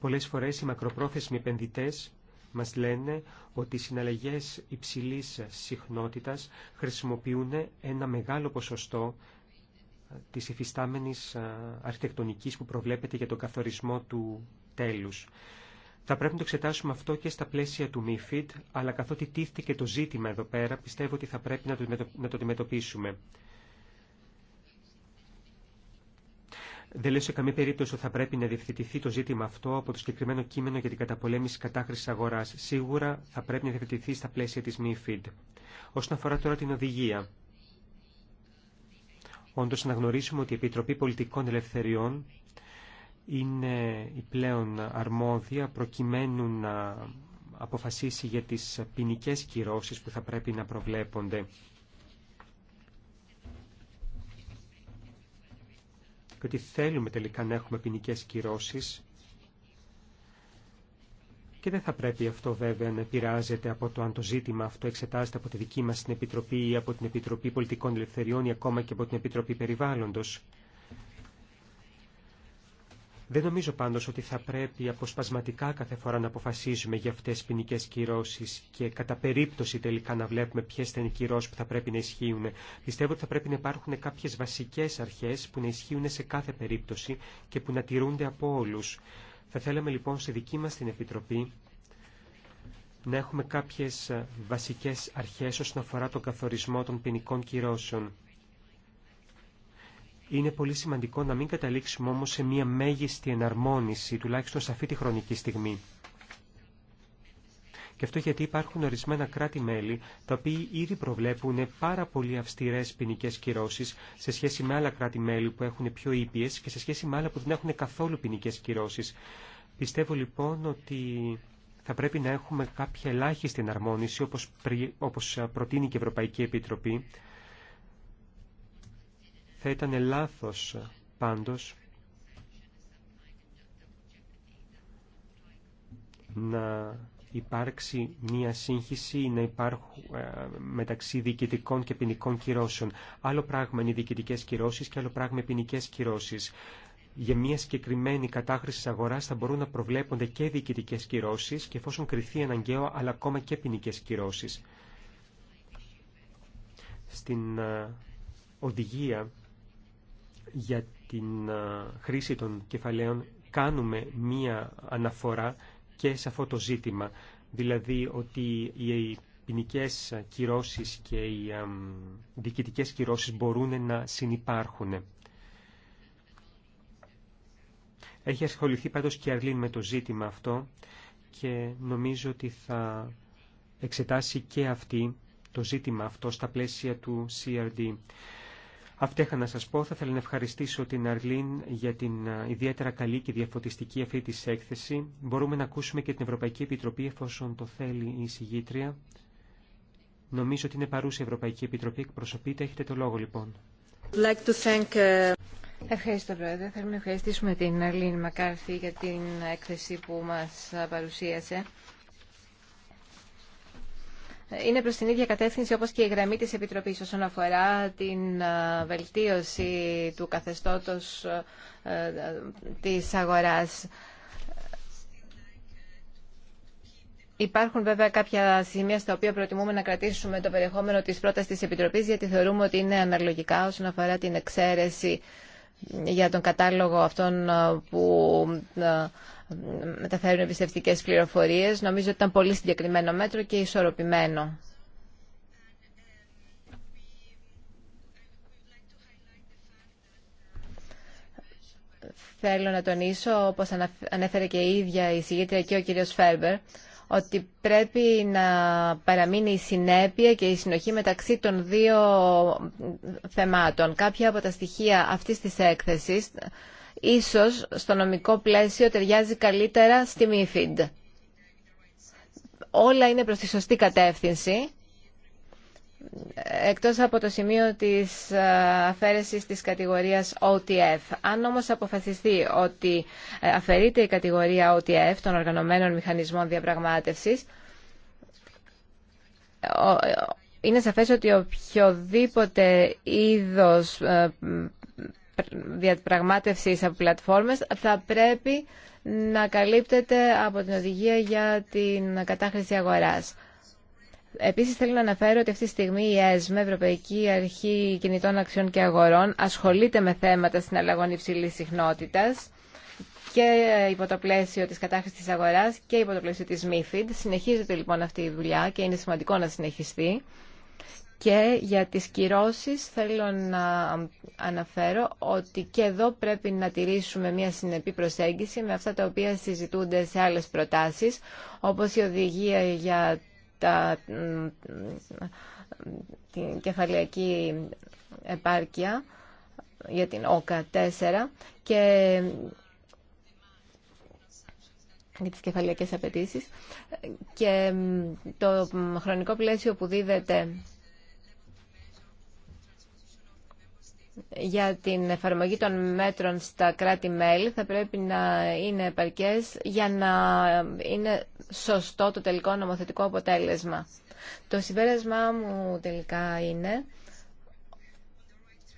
Πολλές φορές οι μακροπρόθεσμοι επενδυτές μας λένε ότι οι συναλλαγές υψηλής συχνότητας χρησιμοποιούν ένα μεγάλο ποσοστό της υφιστάμενης αρχιτεκτονικής που προβλέπεται για τον καθορισμό του τέλους. Θα πρέπει να το εξετάσουμε αυτό και στα πλαίσια του MIFID, αλλά καθότι τίθηκε το ζήτημα εδώ πέρα, πιστεύω ότι θα πρέπει να το αντιμετωπίσουμε. Δεν λέω σε καμία περίπτωση ότι θα πρέπει να διευθετηθεί το ζήτημα αυτό από το συγκεκριμένο κείμενο για την καταπολέμηση κατάχρηση αγορά. Σίγουρα θα πρέπει να διευθετηθεί στα πλαίσια τη MIFID. Όσον αφορά τώρα την οδηγία, όντως να γνωρίσουμε ότι η Επιτροπή Πολιτικών Ελευθεριών είναι η πλέον αρμόδια προκειμένου να αποφασίσει για τις ποινικέ κυρώσεις που θα πρέπει να προβλέπονται. Και ότι θέλουμε τελικά να έχουμε ποινικέ κυρώσεις και δεν θα πρέπει αυτό βέβαια να επηρεάζεται από το αν το ζήτημα αυτό εξετάζεται από τη δική μας την Επιτροπή ή από την Επιτροπή Πολιτικών Ελευθεριών ή ακόμα και από την Επιτροπή Περιβάλλοντος. Δεν νομίζω πάντως ότι θα πρέπει αποσπασματικά κάθε φορά να αποφασίζουμε για αυτές τις ποινικέ κυρώσει και κατά περίπτωση τελικά να βλέπουμε ποιες θα είναι οι κυρώσει που θα πρέπει να ισχύουν. Πιστεύω ότι θα πρέπει να υπάρχουν κάποιες βασικές αρχές που να ισχύουν σε κάθε περίπτωση και που να τηρούνται από όλου. Θα θέλαμε λοιπόν στη δική μας την Επιτροπή να έχουμε κάποιες ε, βασικές αρχές όσον αφορά τον καθορισμό των ποινικών κυρώσεων. Είναι πολύ σημαντικό να μην καταλήξουμε όμως σε μία μέγιστη εναρμόνιση, τουλάχιστον σε αυτή τη χρονική στιγμή. Και αυτό γιατί υπάρχουν ορισμένα κράτη-μέλη, τα οποία ήδη προβλέπουν πάρα πολύ αυστηρέ ποινικέ κυρώσει σε σχέση με άλλα κράτη-μέλη που έχουν πιο ήπιε και σε σχέση με άλλα που δεν έχουν καθόλου ποινικέ κυρώσει. Πιστεύω λοιπόν ότι θα πρέπει να έχουμε κάποια ελάχιστη εναρμόνιση, όπως, όπως προτείνει και η Ευρωπαϊκή Επιτροπή. Θα ήταν λάθος πάντως να υπάρξει μία σύγχυση να υπάρχουν ε, μεταξύ διοικητικών και ποινικών κυρώσεων. Άλλο πράγμα είναι οι διοικητικές κυρώσεις και άλλο πράγμα οι ποινικές κυρώσεις. Για μια συγκεκριμένη κατάχρηση τη αγορά θα μπορούν να προβλέπονται και διοικητικέ κυρώσει και εφόσον κριθεί αναγκαίο, αλλά ακόμα και ποινικέ κυρώσει. Στην ε, οδηγία για την ε, χρήση των κεφαλαίων κάνουμε μία αναφορά και σε αυτό το ζήτημα. Δηλαδή ότι οι ποινικέ κυρώσεις και οι διοικητικές κυρώσεις μπορούν να συνεπάρχουν. Έχει ασχοληθεί πάντως και η Αρλίν με το ζήτημα αυτό και νομίζω ότι θα εξετάσει και αυτή το ζήτημα αυτό στα πλαίσια του CRD. Αυτά είχα να σας πω. Θα ήθελα να ευχαριστήσω την Αρλίν για την ε, ιδιαίτερα καλή και διαφωτιστική αυτή της έκθεση. Μπορούμε να ακούσουμε και την Ευρωπαϊκή Επιτροπή εφόσον το θέλει η συγγήτρια. Νομίζω ότι είναι παρούσα η Ευρωπαϊκή Επιτροπή. Εκπροσωπείτε. Έχετε το λόγο λοιπόν. Like to thank... Ε, Ευχαριστώ, Πρόεδρε. Θέλουμε να ευχαριστήσουμε την Αρλίν Μακάρθη για την έκθεση που μας παρουσίασε είναι προς την ίδια κατεύθυνση όπως και η γραμμή της Επιτροπής όσον αφορά την ε, βελτίωση του καθεστώτος ε, της αγοράς. Υπάρχουν βέβαια κάποια σημεία στα οποία προτιμούμε να κρατήσουμε το περιεχόμενο της πρότασης της Επιτροπής γιατί θεωρούμε ότι είναι αναλογικά όσον αφορά την εξαίρεση για τον κατάλογο αυτών ε, που μεταφέρουν εμπιστευτικέ πληροφορίε, Νομίζω ότι ήταν πολύ συγκεκριμένο μέτρο και ισορροπημένο. Θέλω να τονίσω, όπως ανέφερε και η ίδια η συγγήτρια και ο κύριος Φέρμπερ, ότι πρέπει να παραμείνει η συνέπεια και η συνοχή μεταξύ των δύο θεμάτων. Κάποια από τα στοιχεία αυτής της έκθεσης ίσως στο νομικό πλαίσιο ταιριάζει καλύτερα στη MIFID. Όλα είναι προς τη σωστή κατεύθυνση, εκτός από το σημείο της ε, αφαίρεσης της κατηγορίας OTF. Αν όμως αποφασιστεί ότι ε, αφαιρείται η κατηγορία OTF των οργανωμένων μηχανισμών διαπραγμάτευσης, ε, είναι σαφές ότι οποιοδήποτε είδος διαπραγμάτευσης από πλατφόρμες θα πρέπει να καλύπτεται από την οδηγία για την κατάχρηση αγοράς. Επίσης θέλω να αναφέρω ότι αυτή τη στιγμή η ΕΣΜΕ, Ευρωπαϊκή Αρχή Κινητών Αξιών και Αγορών, ασχολείται με θέματα συναλλαγών υψηλής συχνότητας και υπό το πλαίσιο της κατάχρησης της αγοράς και υπό το πλαίσιο της MIFID. Συνεχίζεται λοιπόν αυτή η δουλειά και είναι σημαντικό να συνεχιστεί. Και για τις κυρώσεις θέλω να αναφέρω ότι και εδώ πρέπει να τηρήσουμε μια συνεπή προσέγγιση με αυτά τα οποία συζητούνται σε άλλες προτάσεις, όπως η οδηγία για τα, την κεφαλαιακή επάρκεια, για την ΟΚΑ 4 και για τις κεφαλαιακές απαιτήσεις και το χρονικό πλαίσιο που δίδεται για την εφαρμογή των μέτρων στα κράτη-μέλη θα πρέπει να είναι επαρκές για να είναι σωστό το τελικό νομοθετικό αποτέλεσμα. Το συμπέρασμά μου τελικά είναι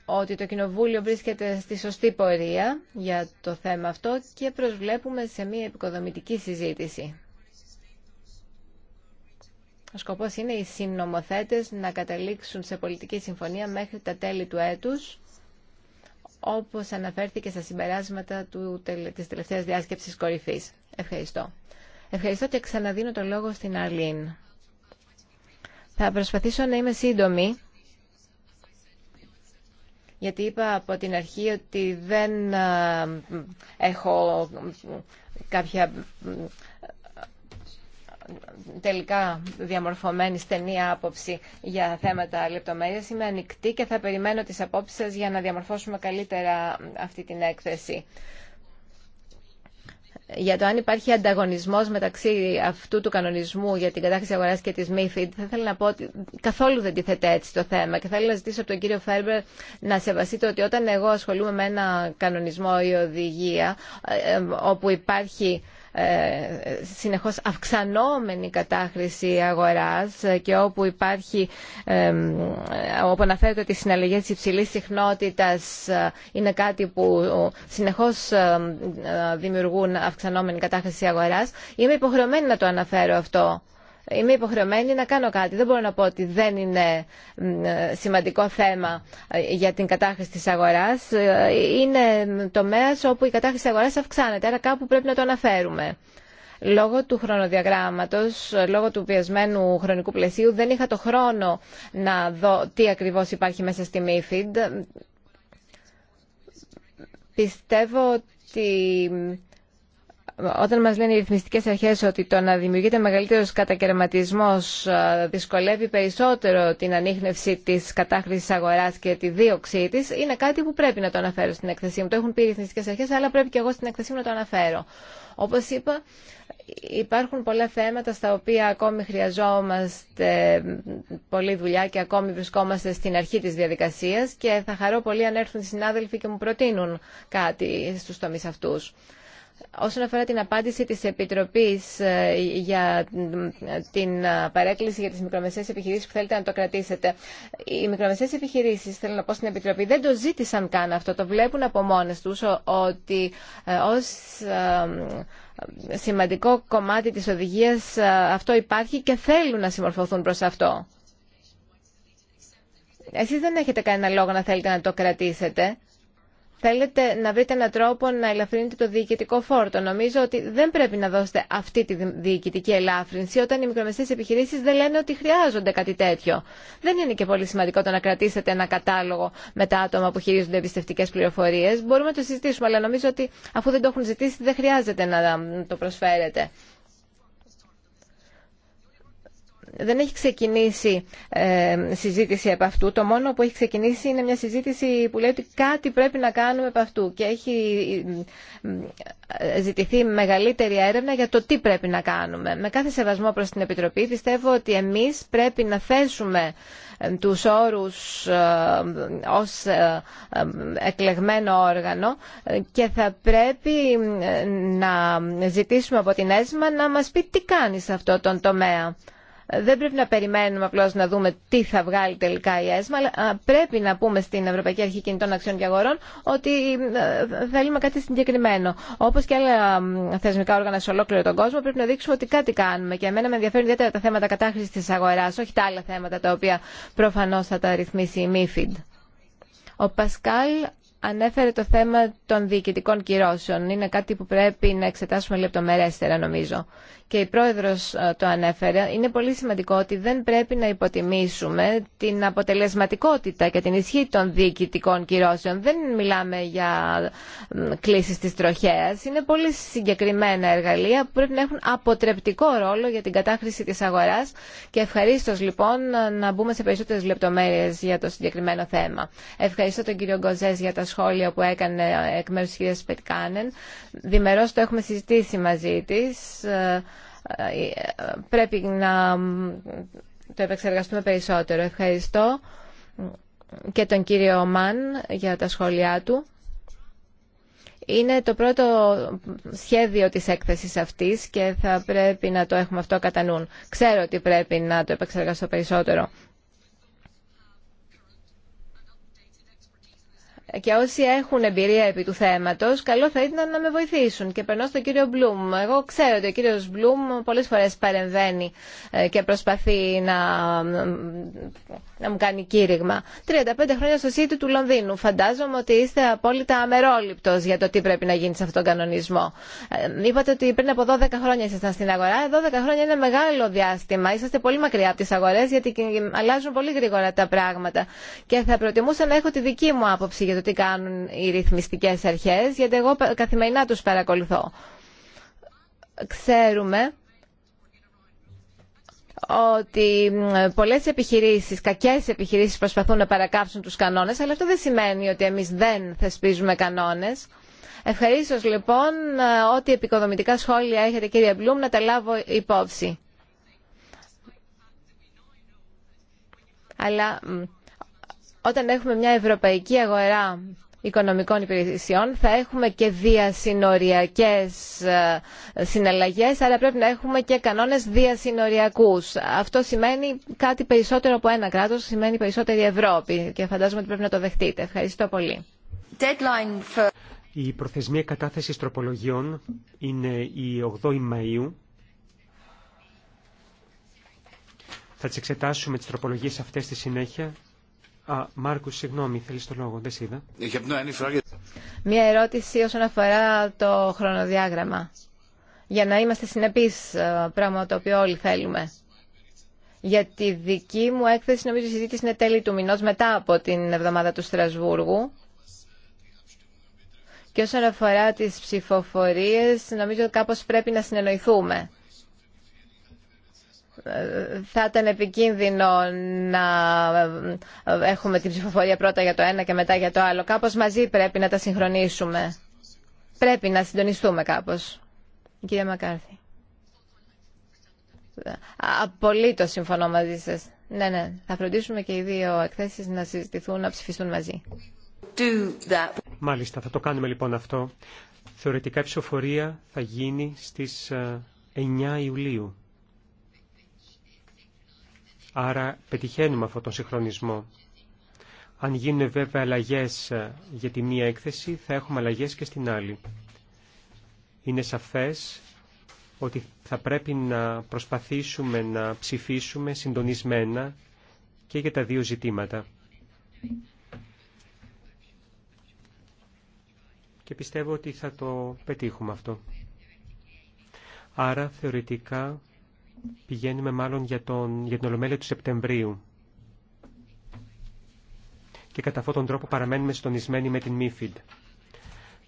ότι το Κοινοβούλιο βρίσκεται στη σωστή πορεία για το θέμα αυτό και προσβλέπουμε σε μια επικοδομητική συζήτηση. Ο σκοπός είναι οι συνομοθέτες να καταλήξουν σε πολιτική συμφωνία μέχρι τα τέλη του έτους όπως αναφέρθηκε στα συμπεράσματα του, της τελευταίας διάσκεψης κορυφής. Ευχαριστώ. Ευχαριστώ και ξαναδίνω το λόγο στην Αρλίν. Θα προσπαθήσω να είμαι σύντομη, γιατί είπα από την αρχή ότι δεν ε, έχω κάποια τελικά διαμορφωμένη στενή άποψη για θέματα λεπτομέρεια. Είμαι ανοιχτή και θα περιμένω τις απόψεις σας για να διαμορφώσουμε καλύτερα αυτή την έκθεση. Για το αν υπάρχει ανταγωνισμό μεταξύ αυτού του κανονισμού για την κατάχρηση αγορά και τη MIFID, θα ήθελα να πω ότι καθόλου δεν τίθεται έτσι το θέμα και θα ήθελα να ζητήσω από τον κύριο Φέρμπερ να σεβαστείτε ότι όταν εγώ ασχολούμαι με ένα κανονισμό ή οδηγία ε, ε, όπου υπάρχει ε, συνεχώς αυξανόμενη κατάχρηση αγοράς και όπου υπάρχει όπου αναφέρεται ότι οι συναλλαγές υψηλής συχνότητας ε, είναι κάτι που συνεχώς ε, δημιουργούν αυξανόμενη κατάχρηση αγοράς είμαι υποχρεωμένη να το αναφέρω αυτό είμαι υποχρεωμένη να κάνω κάτι. Δεν μπορώ να πω ότι δεν είναι σημαντικό θέμα ε, για την κατάχρηση της αγοράς. Ε, είναι τομέας όπου η κατάχρηση της αγοράς αυξάνεται, άρα κάπου πρέπει να το αναφέρουμε. Λόγω του χρονοδιαγράμματος, λόγω του πιεσμένου χρονικού πλαισίου, δεν είχα το χρόνο να δω τι ακριβώς υπάρχει μέσα στη MIFID. Πιστεύω ότι όταν μας λένε οι ρυθμιστικές αρχές ότι το να δημιουργείται μεγαλύτερος κατακαιρματισμός ε, δυσκολεύει περισσότερο την ανείχνευση της κατάχρησης αγοράς και τη δίωξή της, είναι κάτι που πρέπει να το αναφέρω στην εκθεσή μου. Το έχουν πει οι ρυθμιστικές αρχές, αλλά πρέπει και εγώ στην εκθεσή μου να το αναφέρω. Όπως είπα, υπάρχουν πολλά θέματα στα οποία ακόμη χρειαζόμαστε πολλή δουλειά και ακόμη βρισκόμαστε στην αρχή της διαδικασίας και θα χαρώ πολύ αν έρθουν οι συνάδελφοι και μου προτείνουν κάτι στους τομείς αυτούς. Όσον αφορά την απάντηση της Επιτροπής ε, για την παρέκκληση για τις μικρομεσαίες επιχειρήσεις που θέλετε να το κρατήσετε, οι μικρομεσαίες επιχειρήσεις, θέλω να πω στην Επιτροπή, δεν το ζήτησαν καν αυτό. Το βλέπουν από μόνες τους ότι ε, ως ε, σημαντικό κομμάτι της οδηγίας αυτό υπάρχει και θέλουν να συμμορφωθούν προς αυτό. Εσείς δεν έχετε κανένα λόγο να θέλετε να το κρατήσετε. Θέλετε να βρείτε έναν τρόπο να ελαφρύνετε το διοικητικό φόρτο. Νομίζω ότι δεν πρέπει να δώσετε αυτή τη διοικητική ελάφρυνση όταν οι μικρομεσαίες επιχειρήσεις δεν λένε ότι χρειάζονται κάτι τέτοιο. Δεν είναι και πολύ σημαντικό το να κρατήσετε ένα κατάλογο με τα άτομα που χειρίζονται εμπιστευτικέ πληροφορίε. Μπορούμε να το συζητήσουμε, αλλά νομίζω ότι αφού δεν το έχουν ζητήσει δεν χρειάζεται να το προσφέρετε δεν έχει ξεκινήσει ε, συζήτηση από αυτού. Το μόνο που έχει ξεκινήσει είναι μια συζήτηση που λέει ότι κάτι πρέπει να κάνουμε από αυτού και έχει ε, ζητηθεί μεγαλύτερη έρευνα για το τι πρέπει να κάνουμε. Με κάθε σεβασμό προς την Επιτροπή πιστεύω ότι εμείς πρέπει να θέσουμε ε, τους όρους ως εκλεγμένο όργανο και θα πρέπει να ζητήσουμε από την ΕΣΜΑ να μας πει τι κάνει σε αυτό τον τομέα δεν πρέπει να περιμένουμε απλώ να δούμε τι θα βγάλει τελικά η ΕΣΜΑ, αλλά πρέπει να πούμε στην Ευρωπαϊκή Αρχή Κινητών Αξιών και Αγορών ότι ε, θέλουμε κάτι συγκεκριμένο. Όπω και άλλα θεσμικά όργανα σε ολόκληρο τον κόσμο, πρέπει να δείξουμε ότι κάτι κάνουμε. Και εμένα με ενδιαφέρουν ιδιαίτερα τα θέματα κατάχρηση τη αγορά, όχι τα άλλα θέματα τα οποία προφανώ θα τα ρυθμίσει η MIFID. Ο Πασκάλ ανέφερε το θέμα των διοικητικών κυρώσεων. Είναι κάτι που πρέπει να εξετάσουμε λεπτομερέστερα, νομίζω και η πρόεδρος ε, το ανέφερε, είναι πολύ σημαντικό ότι δεν πρέπει να υποτιμήσουμε την αποτελεσματικότητα και την ισχύ των διοικητικών κυρώσεων. Δεν μιλάμε για κλήσεις της τροχέας. Είναι πολύ συγκεκριμένα εργαλεία που πρέπει να έχουν αποτρεπτικό ρόλο για την κατάχρηση της αγοράς και ευχαρίστω λοιπόν να μπούμε σε περισσότερες λεπτομέρειες για το συγκεκριμένο θέμα. Ευχαριστώ τον κύριο Γκοζές για τα σχόλια που έκανε εκ μέρους της κυρίας Πετκάνεν. Διμερώς το έχουμε συζητήσει μαζί της ε, πρέπει να το επεξεργαστούμε περισσότερο. Ευχαριστώ και τον κύριο Μαν για τα σχόλιά του. Είναι το πρώτο σχέδιο της έκθεσης αυτής και θα πρέπει να το έχουμε αυτό κατά νου. Ξέρω ότι πρέπει να το επεξεργαστώ περισσότερο. και όσοι έχουν εμπειρία επί του θέματο, καλό θα ήταν να με βοηθήσουν. Και περνώ στον κύριο Μπλουμ. Εγώ ξέρω ότι ο κύριο Μπλουμ πολλέ φορέ παρεμβαίνει ε, και προσπαθεί να, να μου κάνει κήρυγμα. 35 χρόνια στο City του Λονδίνου. Φαντάζομαι ότι είστε απόλυτα αμερόληπτος για το τι πρέπει να γίνει σε αυτόν τον κανονισμό. Ε, είπατε ότι πριν από 12 χρόνια ήσασταν στην αγορά. 12 ε, χρόνια είναι μεγάλο διάστημα. Είσαστε πολύ μακριά από τι αγορέ γιατί αλλάζουν πολύ γρήγορα τα πράγματα. Και θα προτιμούσα να έχω τη δική μου άποψη το τι κάνουν οι ρυθμιστικές αρχές, γιατί εγώ καθημερινά τους παρακολουθώ. Ξέρουμε ότι πολλές επιχειρήσεις, κακές επιχειρήσεις προσπαθούν να παρακάψουν τους κανόνες, αλλά αυτό δεν σημαίνει ότι εμείς δεν θεσπίζουμε κανόνες. Ευχαρίστως λοιπόν ό,τι επικοδομητικά σχόλια έχετε κύριε Μπλουμ να τα λάβω υπόψη. Αλλά όταν έχουμε μια ευρωπαϊκή αγορά οικονομικών υπηρεσιών θα έχουμε και διασυνοριακές ε, συναλλαγές αλλά πρέπει να έχουμε και κανόνες διασυνοριακούς. Αυτό σημαίνει κάτι περισσότερο από ένα κράτος, σημαίνει περισσότερη Ευρώπη και φαντάζομαι ότι πρέπει να το δεχτείτε. Ευχαριστώ πολύ. Η προθεσμία κατάθεση τροπολογιών είναι η 8η Μαΐου. Θα τις εξετάσουμε τις τροπολογίες αυτές στη συνέχεια Α, Μάρκου, συγγνώμη, θέλει το λόγο, δεν Μία ερώτηση όσον αφορά το χρονοδιάγραμμα. Για να είμαστε συνεπείς, ε, πράγμα το οποίο όλοι θέλουμε. Για τη δική μου έκθεση, νομίζω η συζήτηση είναι τέλη του μηνός μετά από την εβδομάδα του Στρασβούργου. Και όσον αφορά τις ψηφοφορίες, νομίζω κάπως πρέπει να συνεννοηθούμε θα ήταν επικίνδυνο να ε, έχουμε την ψηφοφορία πρώτα για το ένα και μετά για το άλλο. Κάπως μαζί πρέπει να τα συγχρονίσουμε. Πρέπει να συντονιστούμε κάπως. Κύριε Μακάρθη. Απολύτως συμφωνώ μαζί σας. Ναι, ναι. Θα φροντίσουμε και οι δύο εκθέσεις να συζητηθούν, να ψηφιστούν μαζί. Μάλιστα, θα το κάνουμε λοιπόν αυτό. Θεωρητικά η ψηφοφορία θα γίνει στις 9 ε, Ιουλίου. Άρα πετυχαίνουμε αυτόν τον συγχρονισμό. Αν γίνουν βέβαια αλλαγέ ε, για τη μία έκθεση, θα έχουμε αλλαγέ και στην άλλη. Είναι σαφές ότι θα πρέπει να προσπαθήσουμε να ψηφίσουμε συντονισμένα και για τα δύο ζητήματα. Και πιστεύω ότι θα το πετύχουμε αυτό. Άρα θεωρητικά Πηγαίνουμε μάλλον για, τον, για την Ολομέλεια του Σεπτεμβρίου. Και κατά αυτόν τον τρόπο παραμένουμε συντονισμένοι με την ΜΥΦΙΔ.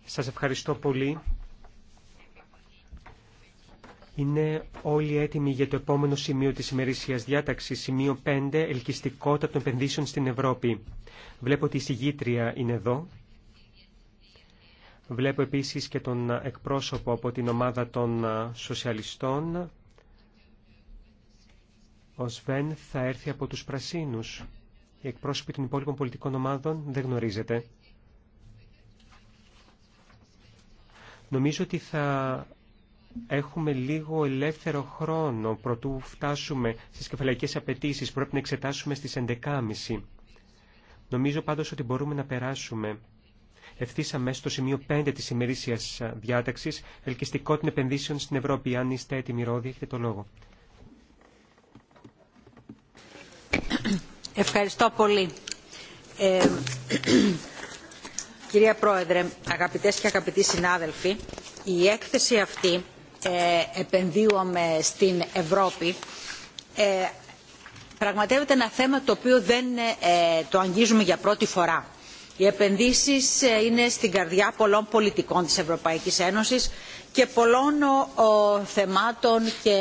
Σας ευχαριστώ πολύ. Είναι όλοι έτοιμοι για το επόμενο σημείο της ημερήσιας διάταξης, σημείο 5, ελκυστικότητα των επενδύσεων στην Ευρώπη. Βλέπω ότι η συγγήτρια είναι εδώ. Βλέπω επίσης και τον εκπρόσωπο από την ομάδα των σοσιαλιστών. Ο Σβέν θα έρθει από τους Πρασίνους. Οι εκπρόσωποι των υπόλοιπων πολιτικών ομάδων δεν γνωρίζετε. Νομίζω ότι θα έχουμε λίγο ελεύθερο χρόνο προτού φτάσουμε στις κεφαλαϊκές απαιτήσει. Πρέπει να εξετάσουμε στις 11.30. Νομίζω πάντως ότι μπορούμε να περάσουμε ευθύ αμέσω στο σημείο 5 της ημερήσιας διάταξης ελκυστικό των επενδύσεων στην Ευρώπη. Αν είστε έτοιμοι ρόδι, έχετε το λόγο. Ευχαριστώ πολύ. Ε, κυρία Πρόεδρε, αγαπητές και αγαπητοί συνάδελφοι, η έκθεση αυτή ε, «Επενδύομαι στην Ευρώπη» ε, πραγματεύεται ένα θέμα το οποίο δεν το αγγίζουμε για πρώτη φορά. Οι επενδύσεις είναι στην καρδιά πολλών πολιτικών της Ευρωπαϊκής Ένωσης και πολλών θεμάτων και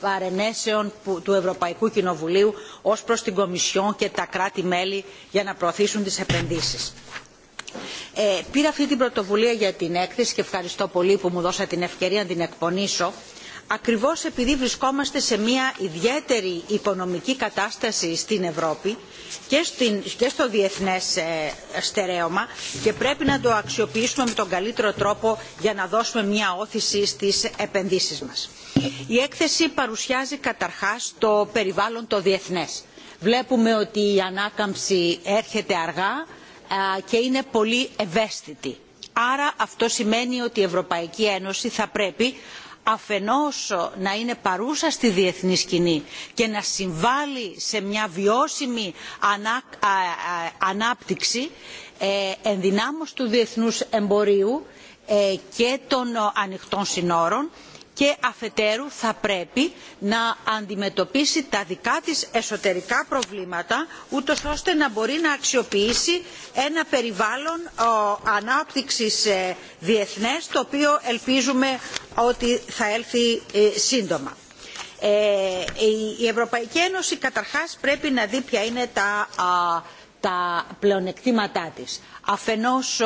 παρενέσεων του Ευρωπαϊκού Κοινοβουλίου ως προς την Κομισιόν και τα κράτη-μέλη για να προωθήσουν τις επενδύσεις. Ε, πήρα αυτή την πρωτοβουλία για την έκθεση και ευχαριστώ πολύ που μου δώσατε την ευκαιρία να την εκπονήσω ακριβώς επειδή βρισκόμαστε σε μια ιδιαίτερη οικονομική κατάσταση στην Ευρώπη και στο διεθνές ε, στερέωμα και πρέπει να το αξιοποιήσουμε με τον καλύτερο τρόπο για να δώσουμε μια όθηση στις επενδύσεις μας. Η έκθεση παρουσιάζει καταρχάς το περιβάλλον το διεθνές. Βλέπουμε ότι η ανάκαμψη έρχεται αργά και είναι πολύ ευαίσθητη. Άρα αυτό σημαίνει ότι η Ευρωπαϊκή Ένωση θα πρέπει αφενός να είναι παρούσα στη διεθνή σκηνή και να συμβάλλει σε μια βιώσιμη ανάπτυξη ε, ενδυνάμωση του διεθνούς εμπορίου ε, και των ανοιχτών συνόρων και αφετέρου θα πρέπει να αντιμετωπίσει τα δικά της εσωτερικά προβλήματα ούτως ώστε να μπορεί να αξιοποιήσει ένα περιβάλλον ανάπτυξης ε, διεθνές το οποίο ελπίζουμε ότι θα έλθει ε, σύντομα. Ε, η Ευρωπαϊκή Ένωση καταρχάς πρέπει να δει ποια είναι τα, τα πλεονεκτήματά της αφενός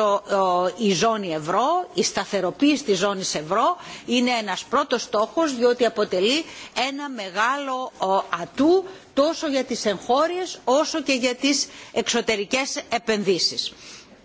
η ζώνη ευρώ, η σταθεροποίηση της ζώνης ευρώ είναι ένας πρώτος στόχος διότι αποτελεί ένα μεγάλο ατού τόσο για τις εγχώριες όσο και για τις εξωτερικές επενδύσεις.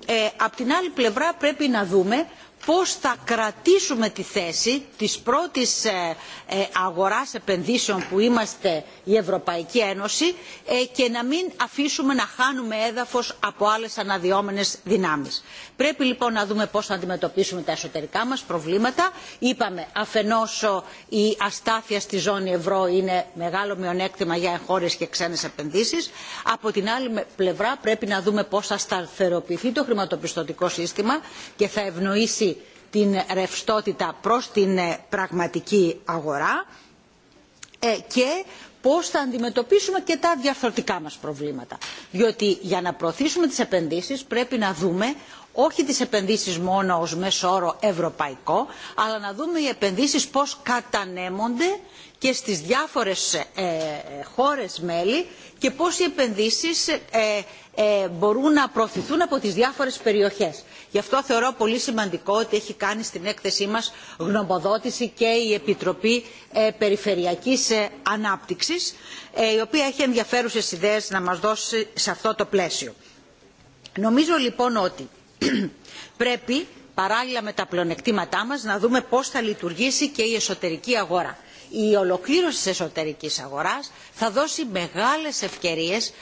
Ε, απ' την άλλη πλευρά πρέπει να δούμε πώς θα κρατήσουμε τη θέση της πρώτης ε, ε, αγοράς επενδύσεων που είμαστε η Ευρωπαϊκή Ένωση ε, και να μην αφήσουμε να χάνουμε έδαφος από άλλες αναδυόμενες δυνάμεις. Πρέπει λοιπόν να δούμε πώς θα αντιμετωπίσουμε τα εσωτερικά μας προβλήματα. Είπαμε αφενός η αστάθεια στη ζώνη ευρώ είναι μεγάλο μειονέκτημα για εγχώριες και ξένες επενδύσεις. Από την άλλη πλευρά πρέπει να δούμε πώς θα σταθεροποιηθεί το χρηματοπιστωτικό σύστημα και θα ευνοήσει την ρευστότητα προς την ε, πραγματική αγορά ε, και πώς θα αντιμετωπίσουμε και τα διαφορετικά μας προβλήματα. Διότι για να προωθήσουμε τις επενδύσεις πρέπει να δούμε όχι τις επενδύσεις μόνο ως μέσο όρο ευρωπαϊκό, αλλά να δούμε οι επενδύσεις πώς κατανέμονται και στις διάφορες ε, ε, χώρες μέλη και πώς οι επενδύσεις ε, μπορούν να προωθηθούν από τις διάφορες περιοχές. Γι' αυτό θεωρώ πολύ σημαντικό ότι έχει κάνει στην έκθεσή μας γνωμοδότηση και η Επιτροπή Περιφερειακής Ανάπτυξης, η οποία έχει ενδιαφέρουσες ιδέες να μας δώσει σε αυτό το πλαίσιο. Νομίζω λοιπόν ότι πρέπει παράλληλα με τα πλεονεκτήματά μας να δούμε πώς θα λειτουργήσει και η εσωτερική αγορά. Η ολοκλήρωση της εσωτερικής αγοράς θα δώσει μεγάλες ευκαιρίες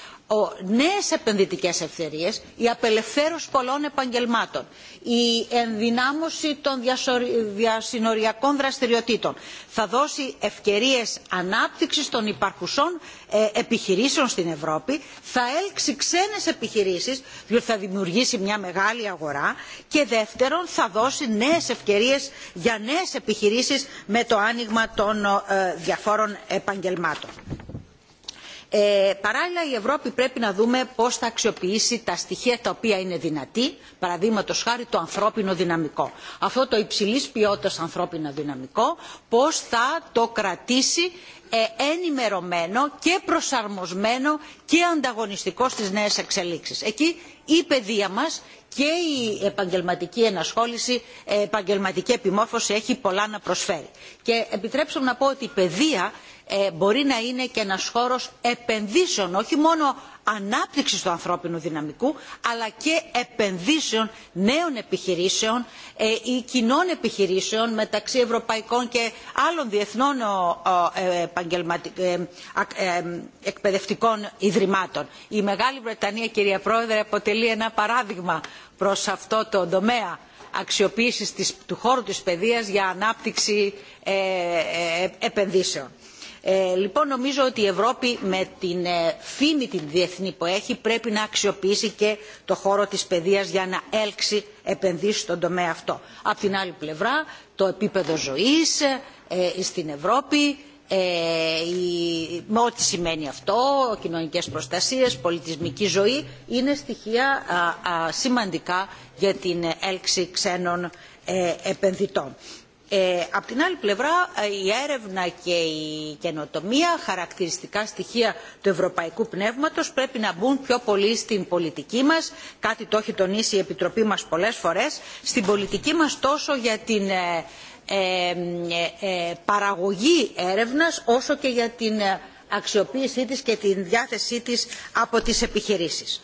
νέες επενδυτικές ευκαιρίες, η απελευθέρωση πολλών επαγγελμάτων, η ενδυνάμωση των διασυνοριακών δραστηριοτήτων θα δώσει ευκαιρίες ανάπτυξης των υπαρχουσών ε, επιχειρήσεων στην Ευρώπη, θα έλξει ξένες επιχειρήσεις, διότι θα δημιουργήσει μια μεγάλη αγορά και δεύτερον θα δώσει νέες ευκαιρίες για νέες επιχειρήσεις με το άνοιγμα των ε, διαφόρων επαγγελμάτων. Ε, παράλληλα η Ευρώπη πρέπει να δούμε πώ θα αξιοποιήσει τα στοιχεία τα οποία είναι δυνατή, παραδείγματο χάρη το ανθρώπινο δυναμικό. Αυτό το υψηλής ποιότητας ανθρώπινο δυναμικό πώ θα το κρατήσει ε, ενημερωμένο και προσαρμοσμένο και ανταγωνιστικό στι νέε εξελίξει. Εκεί η παιδεία μα και η επαγγελματική ενασχόληση, ε, επαγγελματική επιμόρφωση έχει πολλά να προσφέρει. Και επιτρέψτε μου να πω ότι η παιδεία ε, μπορεί να είναι και ένας χώρος επενδύσεων, όχι μόνο ανάπτυξης του ανθρώπινου δυναμικού, αλλά και επενδύσεων νέων επιχειρήσεων ε, ή κοινών επιχειρήσεων μεταξύ ευρωπαϊκών και άλλων διεθνών ε, εκπαιδευτικών ιδρυμάτων. Η Μεγάλη Βρετανία, κυρία Πρόεδρε, αποτελεί ένα παράδειγμα προς αυτό το τομέα αξιοποίησης του χώρου της παιδείας για ανάπτυξη επενδύσεων. Ε, λοιπόν νομίζω ότι η Ευρώπη με την ε, φήμη την διεθνή που έχει πρέπει να αξιοποιήσει και το χώρο της παιδείας για να έλξει επενδύσει στον τομέα αυτό. Απ' την άλλη πλευρά το επίπεδο ζωής ε, στην Ευρώπη ε, η, με ό,τι σημαίνει αυτό, κοινωνικές προστασίες, πολιτισμική ζωή είναι στοιχεία σημαντικά για την έλξη ξένων επενδυτών. Ε, απ' την άλλη πλευρά ε, η έρευνα και η καινοτομία χαρακτηριστικά στοιχεία του ευρωπαϊκού πνεύματος πρέπει να μπουν πιο πολύ στην πολιτική μας κάτι το έχει τονίσει η επιτροπή μας πολλές φορές στην πολιτική μας τόσο για την ε, ε, παραγωγή έρευνας όσο και για την αξιοποίησή της και την διάθεσή της από τις επιχειρήσεις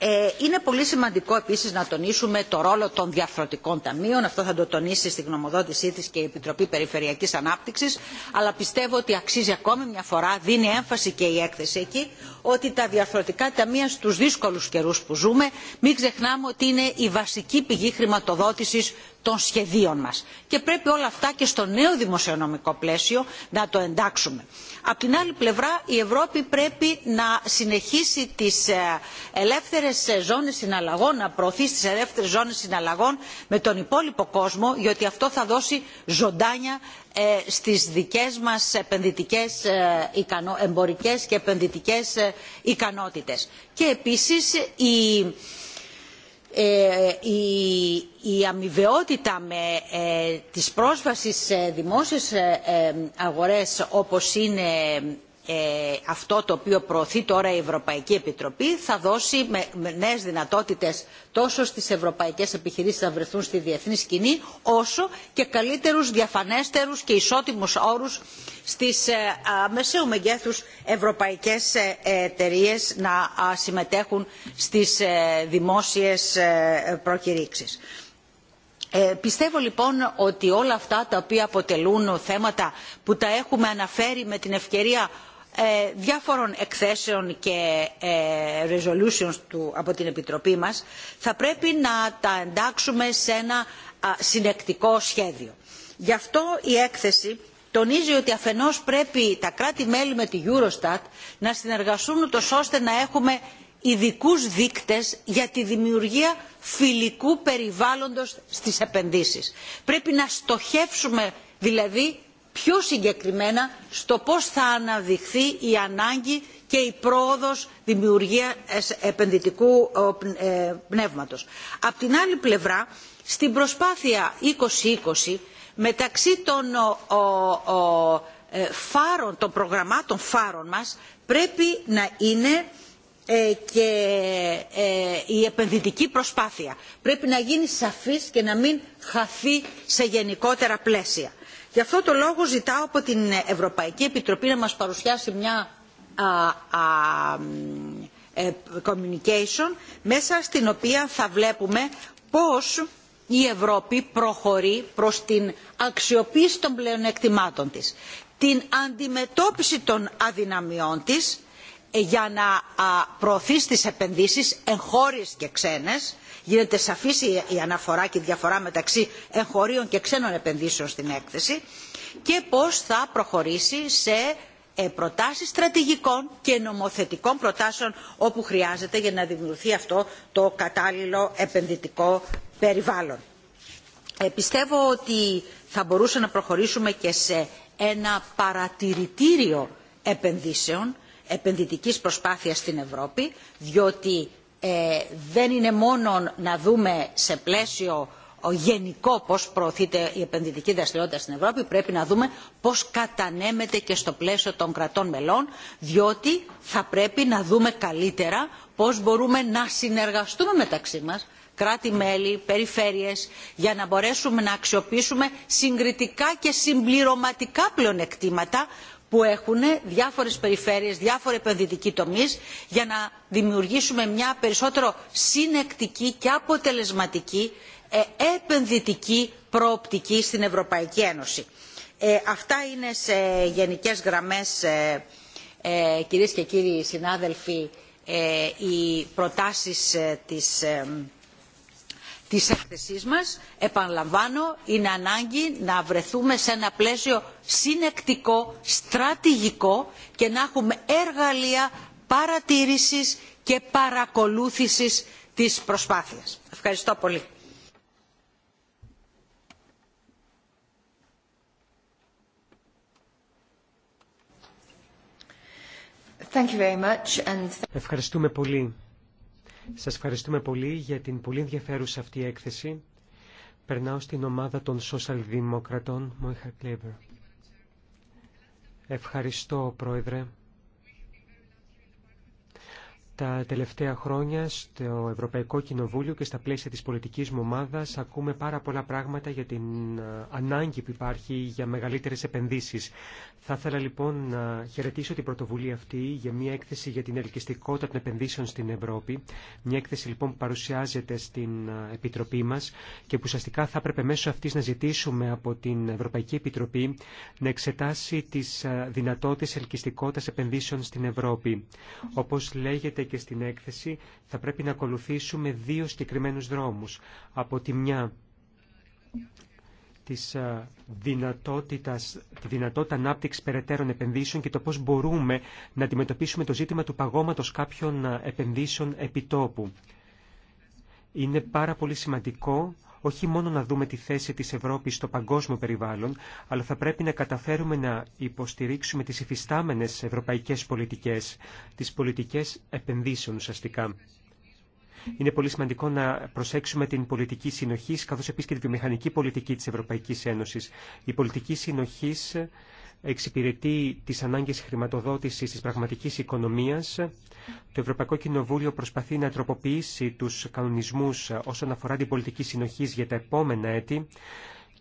ε, είναι πολύ σημαντικό επίσης να τονίσουμε το ρόλο των διαφορετικών ταμείων. Αυτό θα το τονίσει στη γνωμοδότησή της και η Επιτροπή Περιφερειακής Ανάπτυξης. Αλλά πιστεύω ότι αξίζει ακόμη μια φορά, δίνει έμφαση και η έκθεση εκεί, ότι τα διαφορετικά ταμεία στους δύσκολους καιρούς που ζούμε, μην ξεχνάμε ότι είναι η βασική πηγή χρηματοδότησης των σχεδίων μας. Και πρέπει όλα αυτά και στο νέο δημοσιονομικό πλαίσιο να το εντάξουμε. Απ' την άλλη πλευρά η Ευρώπη πρέπει να συνεχίσει τις ε, ελεύθερες ε, ζώνες συναλλαγών, να προωθεί τις ελεύθερες ζώνες συναλλαγών με τον υπόλοιπο κόσμο, γιατί αυτό θα δώσει ζωντάνια ε, στις δικές μας επενδυτικές, εμπορικές και επενδυτικές ικανότητες. Και επίσης η ε, η αμοιβαιότητα με ε, της πρόσβασης σε δημόσιες ε, αγορές όπως είναι ε, αυτό το οποίο προωθεί τώρα η Ευρωπαϊκή Επιτροπή θα δώσει με νέες δυνατότητες τόσο στις ευρωπαϊκές επιχειρήσεις να βρεθούν στη διεθνή σκηνή όσο και καλύτερους, διαφανέστερους και ισότιμους όρους στις ε, μεσαίου μεγέθους ευρωπαϊκές ε, εταιρείε να συμμετέχουν στις δημόσιες προκηρύξεις. πιστεύω λοιπόν ότι όλα αυτά τα οποία αποτελούν θέματα που τα έχουμε αναφέρει με την ευκαιρία ε, διάφορων εκθέσεων και ε, resolutions από την Επιτροπή μας θα πρέπει να τα εντάξουμε σε ένα συνεκτικό σχέδιο. Γι' αυτό η έκθεση τονίζει ότι αφενός πρέπει τα κράτη-μέλη με τη Eurostat να συνεργαστούν ούτως ώστε να έχουμε ειδικού δείκτες για τη δημιουργία φιλικού περιβάλλοντος στις επενδύσεις. Πρέπει να στοχεύσουμε δηλαδή πιο συγκεκριμένα στο πώς θα αναδειχθεί η ανάγκη και η πρόοδος δημιουργίας επενδυτικού ε, πνεύματος. Απ' την άλλη πλευρά, στην προσπάθεια 2020, μεταξύ των ε, φάρων, των προγραμμάτων φάρων μας, πρέπει να είναι ε, και η επενδυτική προσπάθεια. Πρέπει να γίνει σαφής και να μην χαθεί σε γενικότερα πλαίσια. Γι' αυτό το λόγο ζητάω από την Ευρωπαϊκή Επιτροπή να μας παρουσιάσει μια ε, communication μέσα στην οποία θα βλέπουμε πώς η Ευρώπη προχωρεί προς την αξιοποίηση των πλεονεκτημάτων της, την αντιμετώπιση των αδυναμιών της ε, για να προωθεί τις επενδύσεις εγχώριες και ξένες γίνεται σαφής η αναφορά και η διαφορά μεταξύ εγχωρίων και ξένων επενδύσεων στην έκθεση και πώς θα προχωρήσει σε ε, προτάσεις στρατηγικών και νομοθετικών προτάσεων όπου χρειάζεται για να δημιουργηθεί αυτό το κατάλληλο επενδυτικό περιβάλλον. Ε, πιστεύω ότι θα μπορούσε να προχωρήσουμε και σε ένα παρατηρητήριο επενδύσεων, επενδυτικής προσπάθειας στην Ευρώπη, διότι ε, δεν είναι μόνο να δούμε σε πλαίσιο γενικό πώς προωθείται η επενδυτική δραστηριότητα στην Ευρώπη, πρέπει να δούμε πώς κατανέμεται και στο πλαίσιο των κρατών μελών, διότι θα πρέπει να δούμε καλύτερα πώς μπορούμε να συνεργαστούμε μεταξύ μας, κράτη-μέλη, περιφέρειες, για να μπορέσουμε να αξιοποιήσουμε συγκριτικά και συμπληρωματικά πλεονεκτήματα που έχουν διάφορες περιφέρειες, διάφοροι επενδυτικοί τομείς για να δημιουργήσουμε μια περισσότερο συνεκτική και αποτελεσματική ε, επενδυτική προοπτική στην Ευρωπαϊκή Ένωση. Ε, αυτά είναι σε γενικές γραμμές, ε, ε κυρίες και κύριοι συνάδελφοι, οι προτάσεις της της έκθεσής μας επαναλαμβάνω είναι ανάγκη να βρεθούμε σε ένα πλαίσιο συνεκτικό στρατηγικό και να έχουμε εργαλεία παρατήρησης και παρακολούθησης της προσπάθειας. Ευχαριστώ πολύ. πολύ. Σας ευχαριστούμε πολύ για την πολύ ενδιαφέρουσα αυτή έκθεση. Περνάω στην ομάδα των σοσιαλδημοκρατών Μόιχα Κλέβερ. Ευχαριστώ, Πρόεδρε. Τα τελευταία χρόνια στο Ευρωπαϊκό Κοινοβούλιο και στα πλαίσια της πολιτικής μου ομάδας ακούμε πάρα πολλά πράγματα για την ε, ανάγκη που υπάρχει για μεγαλύτερες επενδύσεις. Θα ήθελα λοιπόν να χαιρετήσω την πρωτοβουλία αυτή για μια έκθεση για την ελκυστικότητα των επενδύσεων στην Ευρώπη. Μια έκθεση λοιπόν που παρουσιάζεται στην ε, Επιτροπή μας και που ουσιαστικά θα έπρεπε μέσω αυτής να ζητήσουμε από την Ευρωπαϊκή Επιτροπή να εξετάσει τις ε, δυνατότητες ελκυστικότητας επενδύσεων στην Ευρώπη. Όπως λέγεται και στην έκθεση, θα πρέπει να ακολουθήσουμε δύο συγκεκριμένους δρόμους. Από τη μια της δυνατότητας, τη δυνατότητα ανάπτυξη περαιτέρων επενδύσεων και το πώς μπορούμε να αντιμετωπίσουμε το ζήτημα του παγώματος κάποιων επενδύσεων επιτόπου. Είναι πάρα πολύ σημαντικό όχι μόνο να δούμε τη θέση της Ευρώπης στο παγκόσμιο περιβάλλον, αλλά θα πρέπει να καταφέρουμε να υποστηρίξουμε τις υφιστάμενες ευρωπαϊκές πολιτικές, τις πολιτικές επενδύσεων ουσιαστικά. Είναι πολύ σημαντικό να προσέξουμε την πολιτική συνοχή, καθώς επίσης και τη βιομηχανική πολιτική της Ευρωπαϊκής Ένωσης. Η πολιτική συνοχή εξυπηρετεί τις ανάγκες χρηματοδότησης της πραγματικής οικονομίας. Το Ευρωπαϊκό Κοινοβούλιο προσπαθεί να τροποποιήσει τους κανονισμούς όσον αφορά την πολιτική συνοχής για τα επόμενα έτη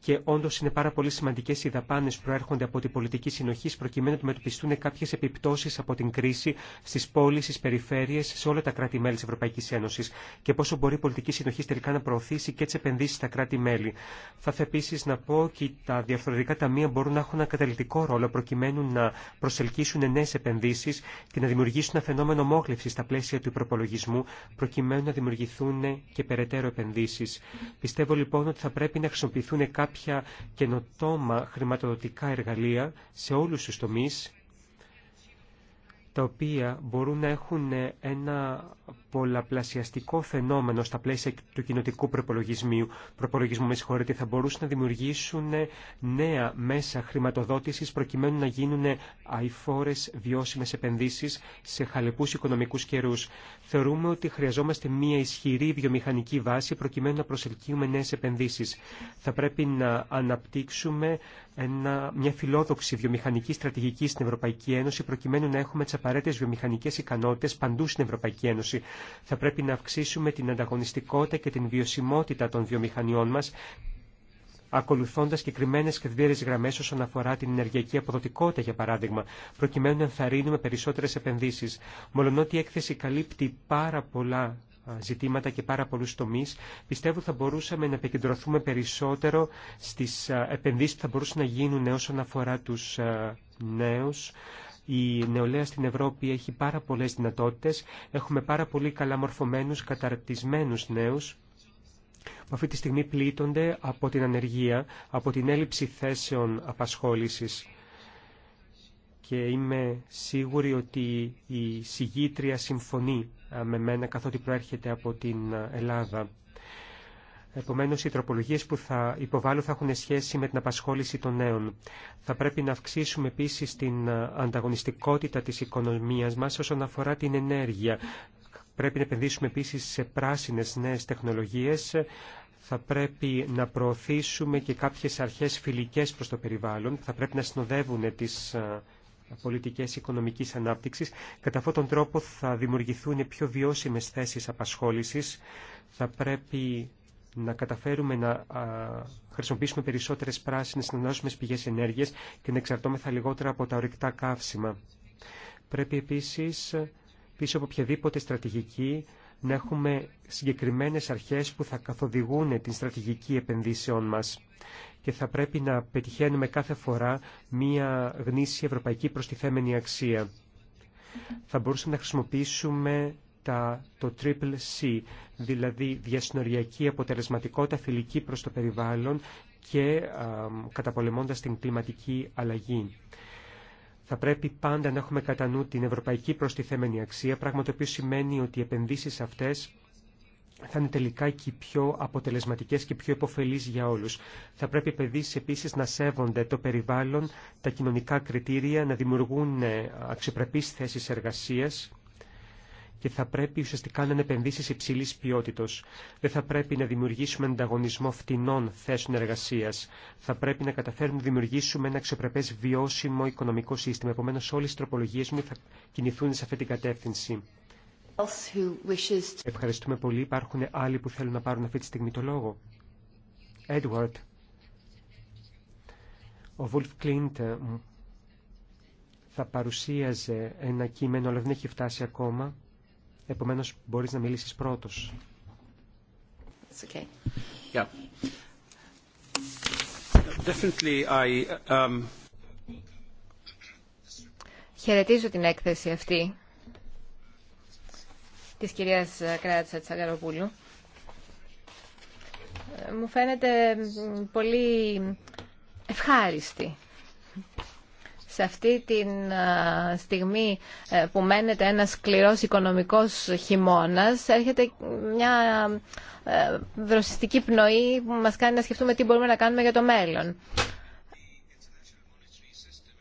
και όντω είναι πάρα πολύ σημαντικέ οι δαπάνε που προέρχονται από την πολιτική συνοχή προκειμένου να αντιμετωπιστούν κάποιε επιπτώσει από την κρίση στι πόλει, στι περιφέρειε, σε όλα τα κράτη-μέλη τη Ευρωπαϊκή Ένωση και πόσο μπορεί η πολιτική συνοχή τελικά να προωθήσει και τι επενδύσει στα κράτη-μέλη. Θα ήθελα επίση να πω ότι τα διαφορετικά ταμεία μπορούν να έχουν ένα καταλητικό ρόλο προκειμένου να προσελκύσουν νέε επενδύσει και να δημιουργήσουν ένα φαινόμενο μόχλευση στα πλαίσια του προπολογισμού προκειμένου να δημιουργηθούν και περαιτέρω επενδύσει. Πιστεύω λοιπόν ότι θα πρέπει να χρησιμοποιηθούν κάποια καινοτόμα χρηματοδοτικά εργαλεία σε όλους τους τομείς τα οποία μπορούν να έχουν ε, ένα πολλαπλασιαστικό φαινόμενο στα πλαίσια του κοινοτικού προπολογισμού. Προπολογισμού, με συγχωρείτε, θα μπορούσαν να δημιουργήσουν ε, νέα μέσα χρηματοδότησης... προκειμένου να γίνουν ε, αηφόρε βιώσιμες επενδύσεις... σε χαλεπούς οικονομικούς καιρού. Θεωρούμε ότι χρειαζόμαστε μια ισχυρή βιομηχανική βάση προκειμένου να προσελκύουμε νέες επενδύσεις. Θα πρέπει να αναπτύξουμε ένα, μια φιλόδοξη βιομηχανική στρατηγική στην Ευρωπαϊκή Ένωση, προκειμένου να έχουμε τι απαραίτητε βιομηχανικέ ικανότητε παντού στην Ευρωπαϊκή Ένωση. Θα πρέπει να αυξήσουμε την ανταγωνιστικότητα και την βιωσιμότητα των βιομηχανιών μα, ακολουθώντα συγκεκριμένε και γραμμέ όσον αφορά την ενεργειακή αποδοτικότητα, για παράδειγμα, προκειμένου να ενθαρρύνουμε περισσότερε επενδύσει. Μολονότι η έκθεση καλύπτει πάρα πολλά ζητήματα και πάρα πολλούς τομείς, πιστεύω θα μπορούσαμε να επικεντρωθούμε περισσότερο στις ε, επενδύσεις που θα μπορούσαν να γίνουν όσον αφορά τους ε, νέους. Η νεολαία στην Ευρώπη έχει πάρα πολλές δυνατότητες. Έχουμε πάρα πολύ καλά μορφωμένους, καταρτισμένους νέους που αυτή τη στιγμή πλήττονται από την ανεργία, από την έλλειψη θέσεων απασχόλησης και είμαι σίγουρη ότι η συγγήτρια συμφωνεί με μένα καθότι προέρχεται από την Ελλάδα. Επομένως, οι τροπολογίες που θα υποβάλω θα έχουν σχέση με την απασχόληση των νέων. Θα πρέπει να αυξήσουμε επίσης την ανταγωνιστικότητα της οικονομίας μας όσον αφορά την ενέργεια. Πρέπει να επενδύσουμε επίσης σε πράσινες νέες τεχνολογίες, θα πρέπει να προωθήσουμε και κάποιες αρχές φιλικές προς το περιβάλλον, θα πρέπει να συνοδεύουν τις πολιτικές οικονομικής ανάπτυξης. Κατά αυτόν τον τρόπο θα δημιουργηθούν πιο βιώσιμες θέσεις απασχόλησης. Θα πρέπει να καταφέρουμε να χρησιμοποιήσουμε περισσότερες πράσινες, να πηγές ενέργειας και να εξαρτώμεθα λιγότερα από τα ορυκτά καύσιμα. Πρέπει επίσης πίσω από οποιαδήποτε στρατηγική να έχουμε συγκεκριμένες αρχές που θα καθοδηγούν την στρατηγική επενδύσεών μας και θα πρέπει να πετυχαίνουμε κάθε φορά μία γνήσια ευρωπαϊκή προστιθέμενη αξία. Θα μπορούσαμε να χρησιμοποιήσουμε τα, το triple C, δηλαδή διασυνοριακή αποτελεσματικότητα φιλική προς το περιβάλλον και α, καταπολεμώντας την κλιματική αλλαγή. Θα πρέπει πάντα να έχουμε κατά νου την ευρωπαϊκή προστιθέμενη αξία, πράγμα το οποίο σημαίνει ότι οι επενδύσεις αυτές θα είναι τελικά και πιο αποτελεσματικές και πιο υποφελείς για όλους. Θα πρέπει οι επίσης να σέβονται το περιβάλλον, τα κοινωνικά κριτήρια, να δημιουργούν ε, αξιοπρεπείς θέσεις εργασίας και θα πρέπει ουσιαστικά να είναι επενδύσει υψηλή ποιότητα. Δεν θα πρέπει να δημιουργήσουμε ανταγωνισμό φτηνών θέσεων εργασία. Θα πρέπει να καταφέρουμε να δημιουργήσουμε ένα αξιοπρεπέ βιώσιμο οικονομικό σύστημα. Επομένω, όλε οι τροπολογίε μου θα κινηθούν σε αυτή την κατεύθυνση. Ευχαριστούμε πολύ. Υπάρχουν άλλοι που θέλουν να πάρουν αυτή τη στιγμή το λόγο. Edward. Ο Βουλφ Κλίντ ε, θα παρουσίαζε ένα κείμενο, αλλά δεν έχει φτάσει ακόμα. Επομένως, μπορείς να μιλήσεις πρώτος. Um, Χαιρετίζω την έκθεση αυτή της κυρίας ε, Κράτσα Τσαγαροπούλου. Ε, μου φαίνεται πολύ ευχάριστη σε αυτή τη ε, στιγμή που μένεται ένας σκληρός οικονομικός χειμώνας έρχεται μια δροσιστική πνοή που μας κάνει να σκεφτούμε τι μπορούμε να κάνουμε για το μέλλον.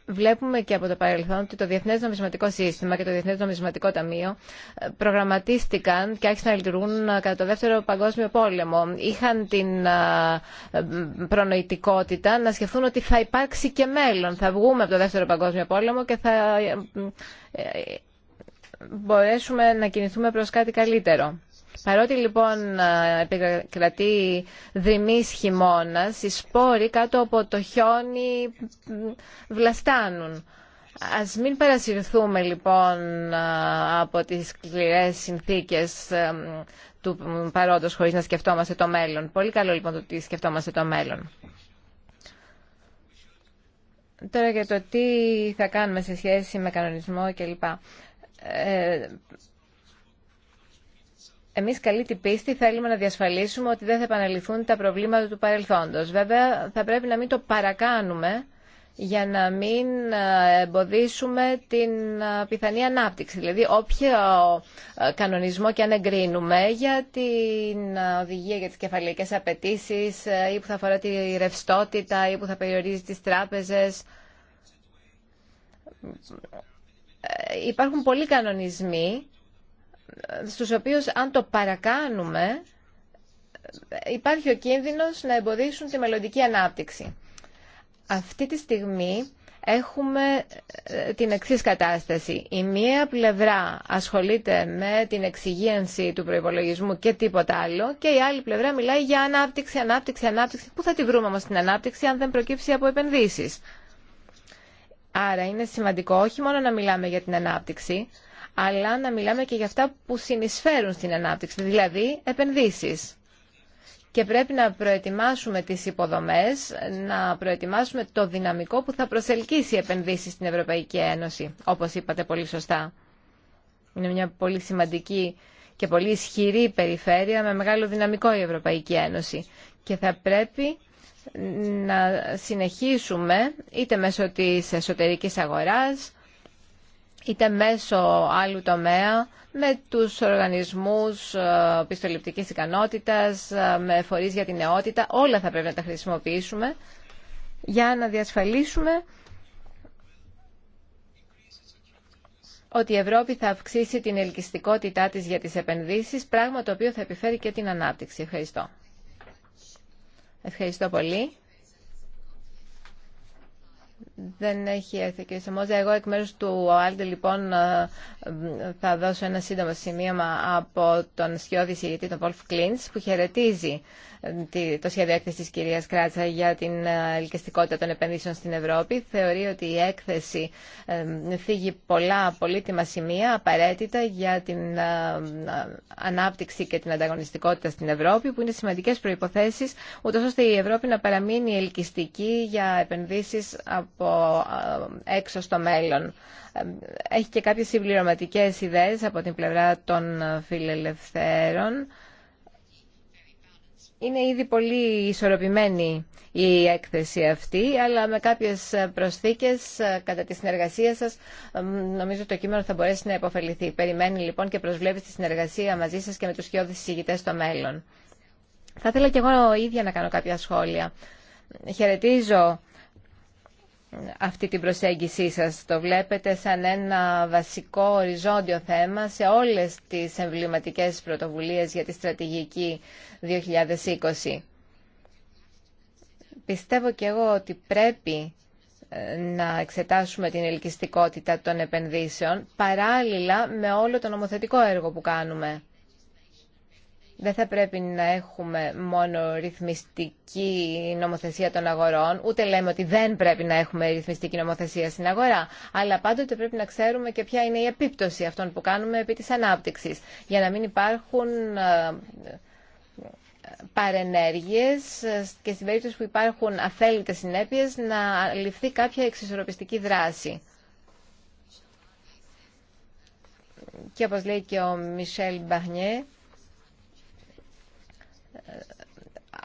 Βλέπουμε και από το παρελθόν ότι το Διεθνές Νομισματικό Σύστημα και το Διεθνές Νομισματικό Ταμείο ε, προγραμματίστηκαν και άρχισαν να λειτουργούν ε, κατά το Δεύτερο Παγκόσμιο Πόλεμο. Είχαν την ε, προνοητικότητα να σκεφτούν ότι θα υπάρξει και μέλλον. Θα βγούμε από το Δεύτερο Παγκόσμιο Πόλεμο και θα μπορέσουμε να κινηθούμε προς κάτι καλύτερο. Παρότι λοιπόν επικρατεί δρυμής χειμώνα, οι σπόροι κάτω από το χιόνι βλαστάνουν. Ας μην παρασυρθούμε λοιπόν από τις σκληρές συνθήκες του παρόντος χωρίς να σκεφτόμαστε το μέλλον. Πολύ καλό λοιπόν το ότι σκεφτόμαστε το μέλλον. Τώρα για το τι θα κάνουμε σε σχέση με κανονισμό κλπ. Ε, εμείς καλή την πίστη θέλουμε να διασφαλίσουμε ότι δεν θα επαναληφθούν τα προβλήματα του παρελθόντος. Βέβαια θα πρέπει να μην το παρακάνουμε για να μην ε, εμποδίσουμε την ε, πιθανή ανάπτυξη. Δηλαδή, όποιο ε, κανονισμό και αν εγκρίνουμε για την οδηγία για τις κεφαλαϊκές απαιτήσει ή που θα αφορά τη ρευστότητα ή που θα περιορίζει τις τράπεζες. Υπάρχουν πολλοί κανονισμοί στους οποίους αν το παρακάνουμε υπάρχει ο κίνδυνος να εμποδίσουν τη μελλοντική ανάπτυξη. Αυτή τη στιγμή έχουμε ε, την εξής κατάσταση. Η μία πλευρά ασχολείται με την εξυγίανση του προϋπολογισμού και τίποτα άλλο και η άλλη πλευρά μιλάει για ανάπτυξη, ανάπτυξη, ανάπτυξη. Πού θα τη βρούμε όμως την ανάπτυξη αν δεν προκύψει από επενδύσεις. Άρα είναι σημαντικό όχι μόνο να μιλάμε για την ανάπτυξη, αλλά να μιλάμε και για αυτά που συνεισφέρουν στην ανάπτυξη, δηλαδή επενδύσεις. Και πρέπει να προετοιμάσουμε τις υποδομές, να προετοιμάσουμε το δυναμικό που θα προσελκύσει επενδύσεις στην Ευρωπαϊκή Ένωση, όπως είπατε πολύ σωστά. Είναι μια πολύ σημαντική και πολύ ισχυρή περιφέρεια με μεγάλο δυναμικό η Ευρωπαϊκή Ένωση. Και θα πρέπει να συνεχίσουμε είτε μέσω της εσωτερικής αγοράς, είτε μέσω άλλου τομέα, με τους οργανισμούς ε, πιστοληπτικής ικανότητας, ε, με φορείς για την νεότητα, όλα θα πρέπει να τα χρησιμοποιήσουμε για να διασφαλίσουμε ότι η Ευρώπη θα αυξήσει την ελκυστικότητά της για τις επενδύσεις, πράγμα το οποίο θα επιφέρει και την ανάπτυξη. Ευχαριστώ. Ευχαριστώ πολύ δεν έχει έρθει και ο Σαμόζα. Εγώ εκ μέρους του ΟΑΛΤΕ λοιπόν ε, θα δώσω ένα σύντομο σημείωμα από τον σκιώδη συγητή τον Βολφ Κλίντς που χαιρετίζει ε, το σχέδιο έκθεση της κυρίας Κράτσα για την ε, ελκυστικότητα των επενδύσεων στην Ευρώπη. Θεωρεί ότι η έκθεση θίγει πολλά πολύτιμα σημεία απαραίτητα για την ανάπτυξη και την ανταγωνιστικότητα στην Ευρώπη που είναι σημαντικές προϋποθέσεις ούτως ώστε η Ευρώπη να παραμείνει ελκυστική για επενδύσεις από από ε, έξω στο μέλλον. Ε, έχει και κάποιες συμπληρωματικές ιδέες από την πλευρά των φιλελευθέρων. Είναι ήδη πολύ ισορροπημένη η έκθεση αυτή, αλλά με κάποιες προσθήκες ε, κατά τη συνεργασία σας νομίζω το κείμενο θα μπορέσει να υποφεληθεί. Περιμένει λοιπόν και προσβλέπει τη συνεργασία μαζί σας και με τους σκιώδεις συζητητές στο μέλλον. Θα ήθελα και εγώ ίδια να κάνω κάποια σχόλια. Χαιρετίζω αυτή την προσέγγισή σας. Το βλέπετε σαν ένα βασικό οριζόντιο θέμα σε όλες τις εμβληματικές πρωτοβουλίες για τη στρατηγική 2020. Πιστεύω και εγώ ότι πρέπει ε, να εξετάσουμε την ελκυστικότητα των επενδύσεων παράλληλα με όλο το νομοθετικό έργο που κάνουμε. Δεν θα πρέπει να έχουμε μόνο ρυθμιστική νομοθεσία των αγορών, ούτε λέμε ότι δεν πρέπει να έχουμε ρυθμιστική νομοθεσία στην αγορά, αλλά πάντοτε πρέπει να ξέρουμε και ποια είναι η επίπτωση αυτών που κάνουμε επί της ανάπτυξης, για να μην υπάρχουν ε, παρενέργειες και στην περίπτωση που υπάρχουν αθέλητες συνέπειες να ληφθεί κάποια εξισορροπιστική δράση. Και όπως λέει και ο Μισελ Μπαχνιέ,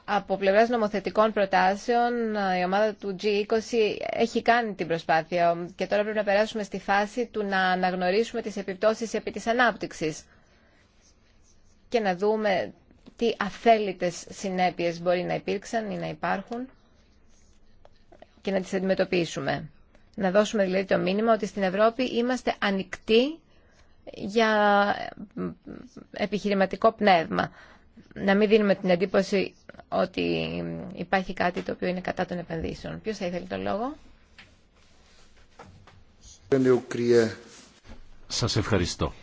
από πλευράς νομοθετικών προτάσεων η ομάδα του G20 έχει κάνει την προσπάθεια και τώρα πρέπει να περάσουμε στη φάση του να αναγνωρίσουμε τις επιπτώσεις επί της ανάπτυξης και να δούμε τι αθέλητες συνέπειες μπορεί να υπήρξαν ή να υπάρχουν και να τις αντιμετωπίσουμε. Να δώσουμε δηλαδή το μήνυμα ότι στην Ευρώπη είμαστε ανοιχτοί για επιχειρηματικό πνεύμα να μην δίνουμε την εντύπωση ότι υπάρχει κάτι το οποίο είναι κατά των επενδύσεων. Ποιος θα ήθελε τον λόγο? Σας ευχαριστώ.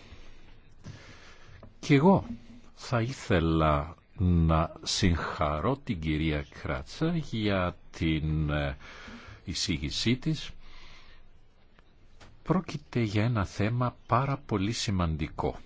Και εγώ θα ήθελα να συγχαρώ την κυρία Κράτσα για την ε, εισήγησή της. Πρόκειται για ένα θέμα πάρα πολύ σημαντικό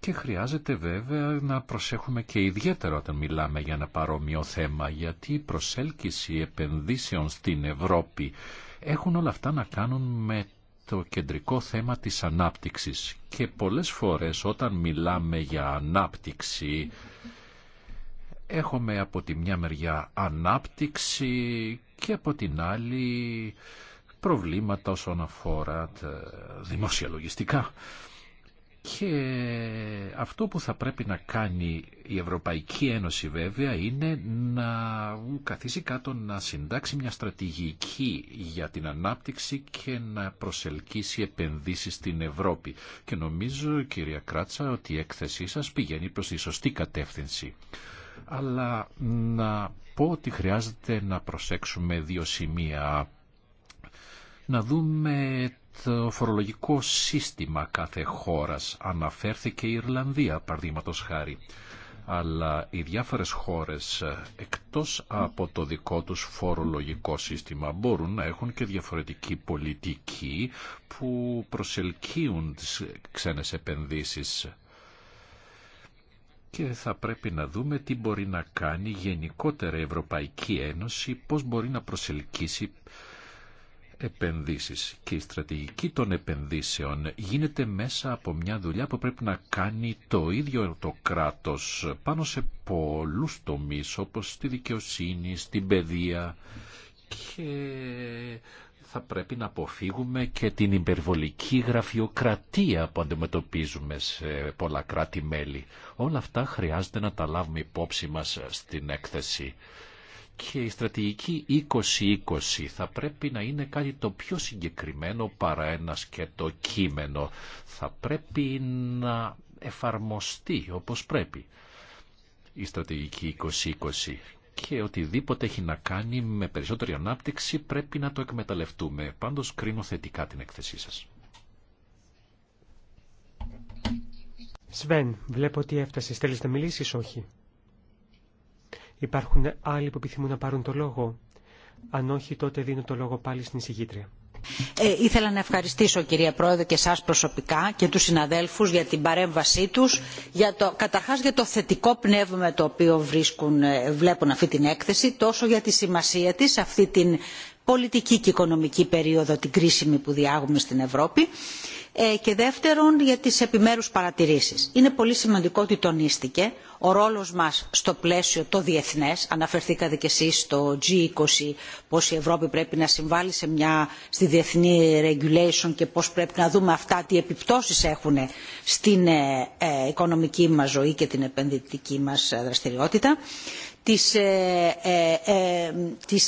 και χρειάζεται βέβαια να προσέχουμε και ιδιαίτερα όταν μιλάμε για ένα παρόμοιο θέμα, γιατί η προσέλκυση επενδύσεων στην Ευρώπη έχουν όλα αυτά να κάνουν με το κεντρικό θέμα της ανάπτυξης. Και πολλές φορές όταν μιλάμε για ανάπτυξη, έχουμε από τη μια μεριά ανάπτυξη και από την άλλη προβλήματα όσον αφορά τα και αυτό που θα πρέπει να κάνει η Ευρωπαϊκή Ένωση βέβαια είναι να καθίσει κάτω να συντάξει μια στρατηγική για την ανάπτυξη και να προσελκύσει επενδύσεις στην Ευρώπη. Και νομίζω κυρία Κράτσα ότι η έκθεσή σας πηγαίνει προς τη σωστή κατεύθυνση. Αλλά να πω ότι χρειάζεται να προσέξουμε δύο σημεία να δούμε το φορολογικό σύστημα κάθε χώρας. Αναφέρθηκε η Ιρλανδία, παραδείγματο χάρη. Αλλά οι διάφορες χώρες, ε, εκτός από το δικό τους φορολογικό σύστημα, μπορούν να έχουν και διαφορετική πολιτική που προσελκύουν τις ξένες επενδύσεις και θα πρέπει να δούμε τι μπορεί να κάνει γενικότερα η Ευρωπαϊκή Ένωση, πώς μπορεί να προσελκύσει επενδύσεις και η στρατηγική των επενδύσεων γίνεται μέσα από μια δουλειά που πρέπει να κάνει το ίδιο το κράτος πάνω σε πολλούς τομείς όπως στη δικαιοσύνη, στην παιδεία και θα πρέπει να αποφύγουμε και την υπερβολική γραφειοκρατία που αντιμετωπίζουμε σε πολλά κράτη-μέλη. Όλα αυτά χρειάζεται να τα λάβουμε υπόψη μας στην έκθεση και η στρατηγική 2020 θα πρέπει να είναι κάτι το πιο συγκεκριμένο παρά ένα σκέτο κείμενο. Θα πρέπει να εφαρμοστεί όπως πρέπει η στρατηγική 2020 και οτιδήποτε έχει να κάνει με περισσότερη ανάπτυξη πρέπει να το εκμεταλλευτούμε. Πάντως κρίνω θετικά την έκθεσή σας. Σβέν, βλέπω ότι έφτασες. Θέλεις να μιλήσεις, όχι. Υπάρχουν άλλοι που επιθυμούν να πάρουν το λόγο. Αν όχι, τότε δίνω το λόγο πάλι στην εισηγήτρια. Ε, ήθελα να ευχαριστήσω κυρία Πρόεδρε και εσά προσωπικά και τους συναδέλφους για την παρέμβασή τους, για το, καταρχάς για το θετικό πνεύμα με το οποίο βρίσκουν, ε, βλέπουν αυτή την έκθεση, τόσο για τη σημασία της αυτή την πολιτική και οικονομική περίοδο, την κρίσιμη που διάγουμε στην Ευρώπη ε, και δεύτερον για τις επιμέρους παρατηρήσεις. Είναι πολύ σημαντικό ότι τονίστηκε ο ρόλος μας στο πλαίσιο το διεθνές. Αναφερθήκατε και εσείς στο G20 πώς η Ευρώπη πρέπει να συμβάλλει σε μια, στη διεθνή regulation και πώς πρέπει να δούμε αυτά τι επιπτώσεις έχουν στην ε, ε, οικονομική μας ζωή και την επενδυτική μας δραστηριότητα τις ε,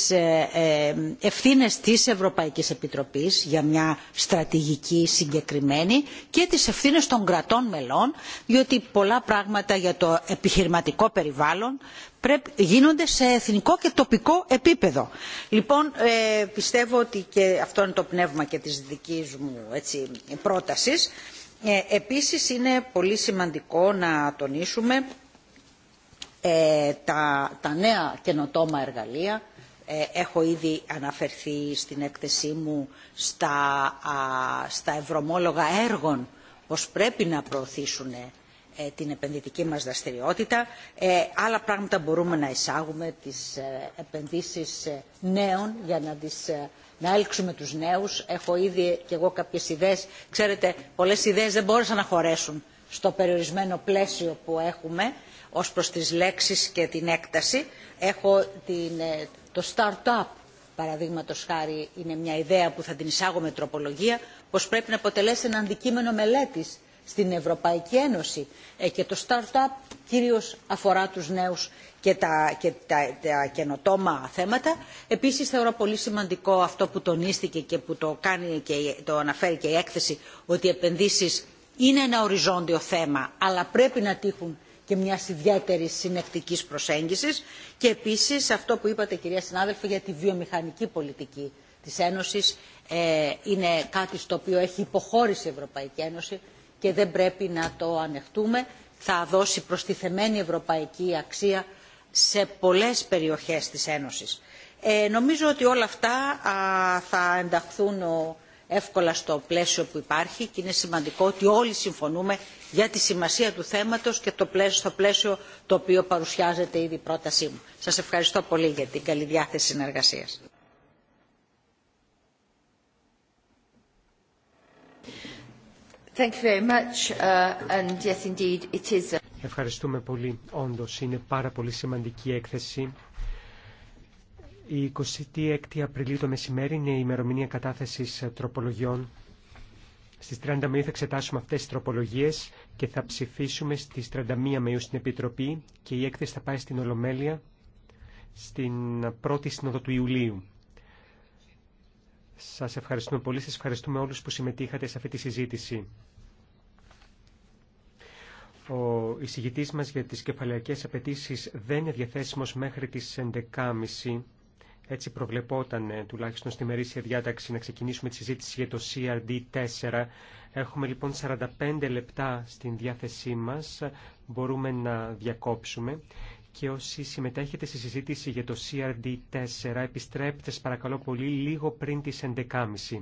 ε, ε, ευθύνες της Ευρωπαϊκής Επιτροπής για μια στρατηγική συγκεκριμένη και τις ευθύνες των κρατών μελών διότι πολλά πράγματα για το επιχειρηματικό περιβάλλον γίνονται σε εθνικό και τοπικό επίπεδο. Λοιπόν, πιστεύω ότι και αυτό είναι το πνεύμα και της δικής μου έτσι, πρότασης. Επίσης είναι πολύ σημαντικό να τονίσουμε ε, τα, τα νέα καινοτόμα εργαλεία. Ε, έχω ήδη αναφερθεί στην έκθεσή μου στα, ευρωμόλογα έργων πως πρέπει να προωθήσουν ε, την επενδυτική μας δραστηριότητα. Άλλα πράγματα μπορούμε να εισάγουμε, τις επενδύσεις νέων για να τις να έλξουμε τους νέους. Έχω ήδη και εγώ κάποιες ιδέες. Ξέρετε, πολλές ιδέες δεν μπόρεσαν να χωρέσουν στο περιορισμένο πλαίσιο που έχουμε ως προς τις λέξεις και την έκταση. Έχω ε, το start-up, παραδείγματος χάρη, είναι μια ιδέα που θα την εισάγω με τροπολογία, πως πρέπει να αποτελέσει ένα αντικείμενο μελέτης στην Ευρωπαϊκή Ένωση ε, και το start-up κυρίως αφορά τους νέους και τα, καινοτόμα θέματα. Επίσης θεωρώ πολύ σημαντικό αυτό που τονίστηκε και που το, κάνει και το αναφέρει και η έκθεση ότι οι επενδύσεις είναι ένα οριζόντιο θέμα αλλά πρέπει να τύχουν και μια ιδιαίτερη συνεκτική προσέγγισης και επίσης αυτό που είπατε κυρία συνάδελφε για τη βιομηχανική πολιτική της Ένωσης ε, είναι κάτι στο οποίο έχει υποχώρηση η Ευρωπαϊκή Ένωση και δεν πρέπει να το ανεχτούμε. Θα δώσει προστιθεμένη ευρωπαϊκή αξία σε πολλές περιοχές της Ένωσης. Ε, νομίζω ότι όλα αυτά θα ενταχθούν εύκολα στο πλαίσιο που υπάρχει και είναι σημαντικό ότι όλοι συμφωνούμε για τη σημασία του θέματος και το πλαίσιο, στο πλαίσιο το οποίο παρουσιάζεται ήδη η πρότασή μου. Σας ευχαριστώ πολύ για την καλή διάθεση συνεργασίας. Ευχαριστούμε πολύ. Όντως είναι πάρα πολύ σημαντική έκθεση. Η 26η Απριλίου το μεσημέρι είναι η ημερομηνία κατάθεσης τροπολογιών. Στις 30 Μαΐου θα εξετάσουμε αυτές τις τροπολογίες και θα ψηφίσουμε στις 31 Μαΐου στην Επιτροπή και η έκθεση θα πάει στην Ολομέλεια στην πρώτη σύνοδο του Ιουλίου. Σας ευχαριστούμε πολύ, σας ευχαριστούμε όλους που συμμετείχατε σε αυτή τη συζήτηση. Ο εισηγητής μας για τις κεφαλαϊκές απαιτήσει δεν είναι διαθέσιμος μέχρι τις 11.30. Έτσι προβλεπόταν ε, τουλάχιστον στη μερίσια διάταξη να ξεκινήσουμε τη συζήτηση για το CRD4. Έχουμε λοιπόν 45 λεπτά στην διάθεσή μας, μπορούμε να διακόψουμε και όσοι συμμετέχετε στη συζήτηση για το CRD4 επιστρέψτε παρακαλώ πολύ λίγο πριν τις 11.30.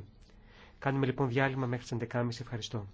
Κάνουμε λοιπόν διάλειμμα μέχρι τις 11.30. Ευχαριστώ.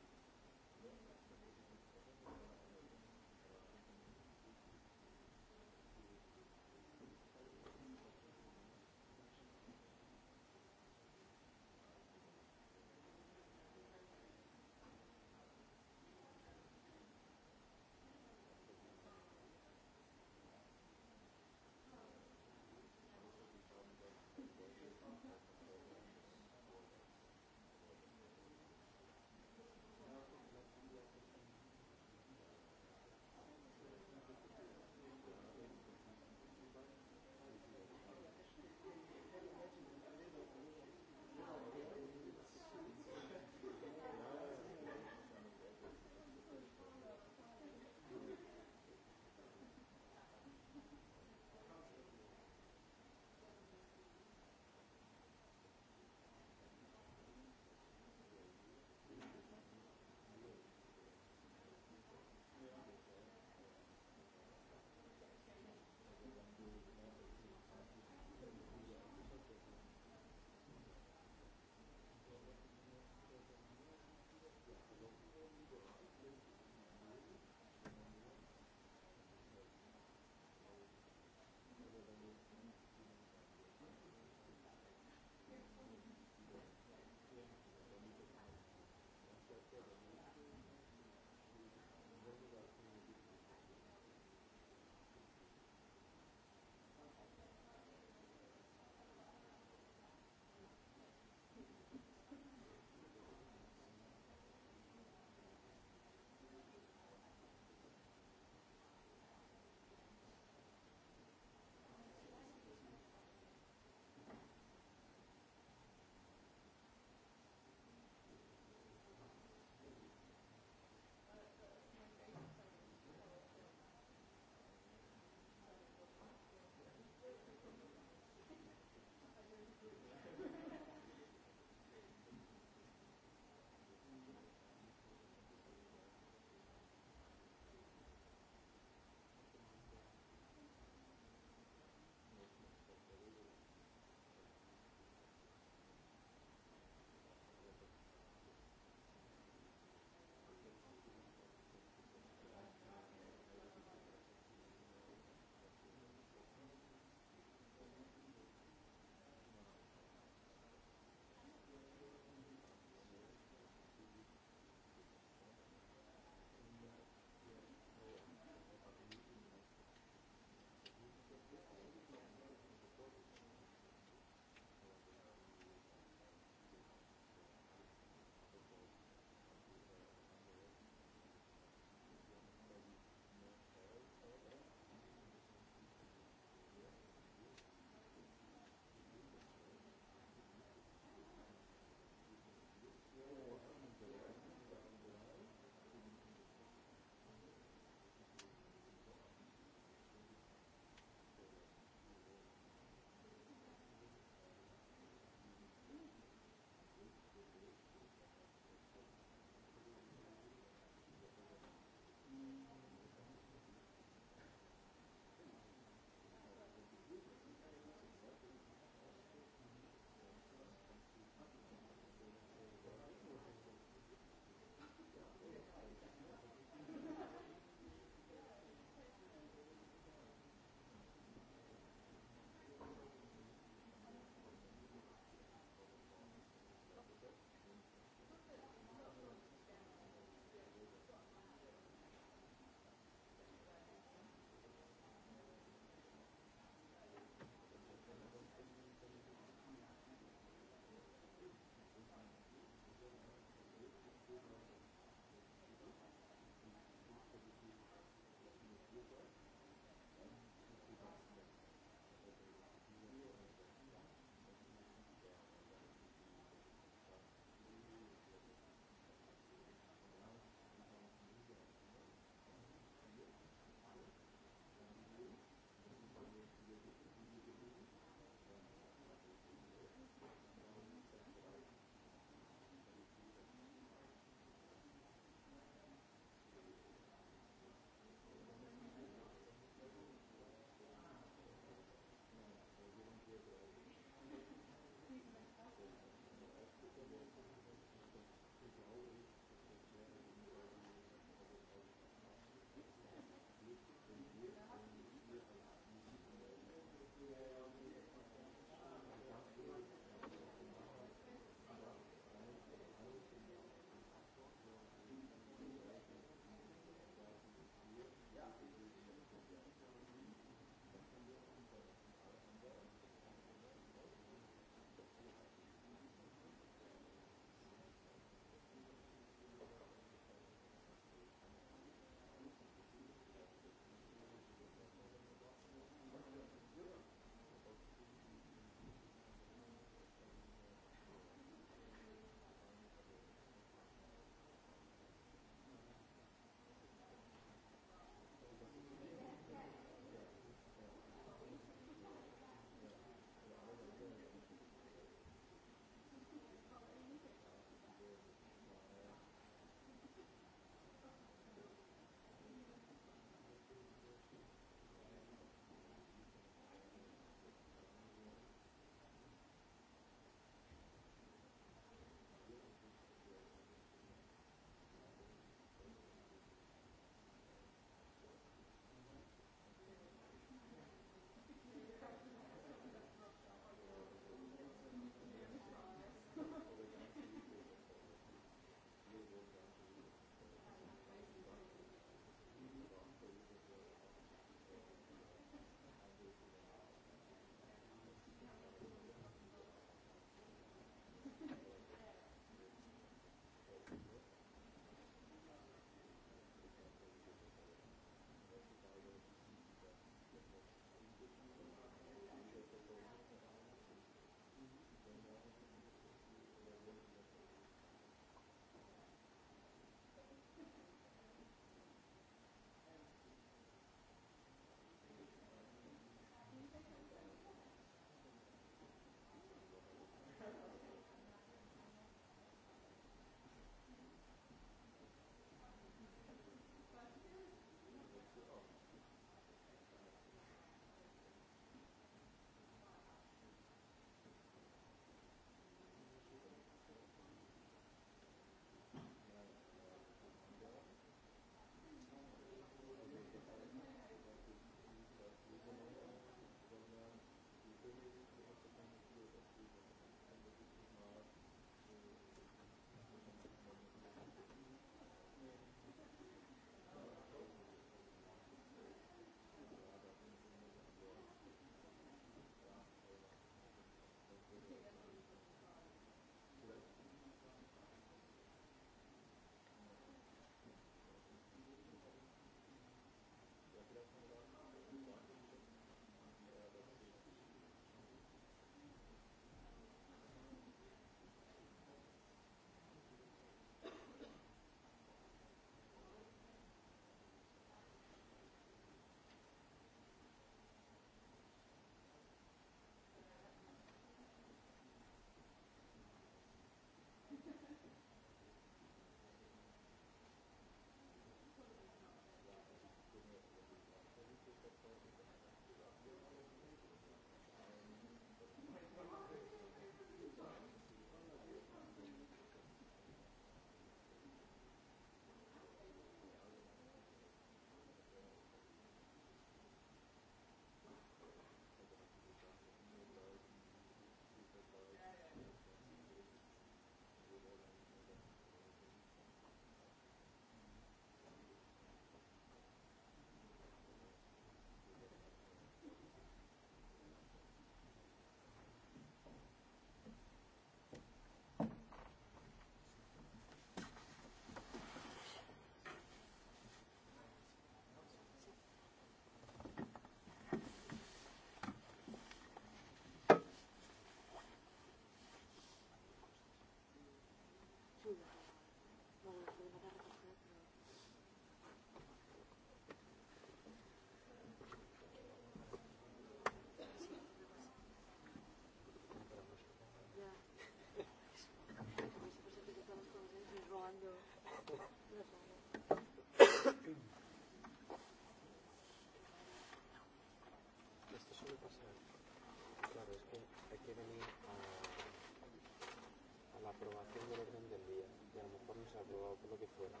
από πολλά και φορά.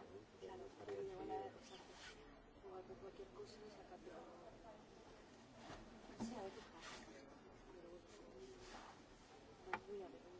Ευχαριστώ.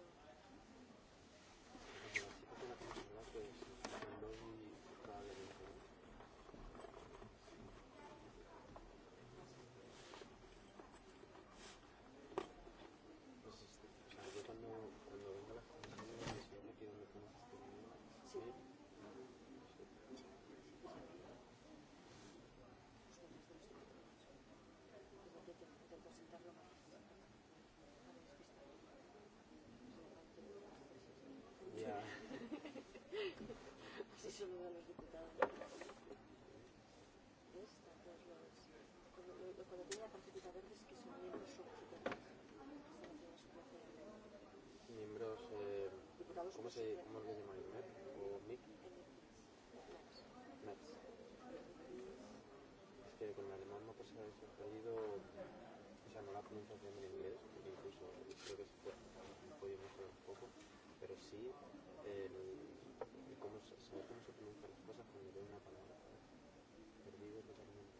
miembros, eh, ¿cómo, se, ¿cómo le llaman? ¿MEP o MIC? MEP. Es que con el alemán no pasa eso. He oído, o sea, no la pronunciación en inglés, porque incluso creo que se puede, mejorar un poco, pero sí el, el cómo, saber cómo se pronuncian las cosas cuando veo una palabra. Perdido totalmente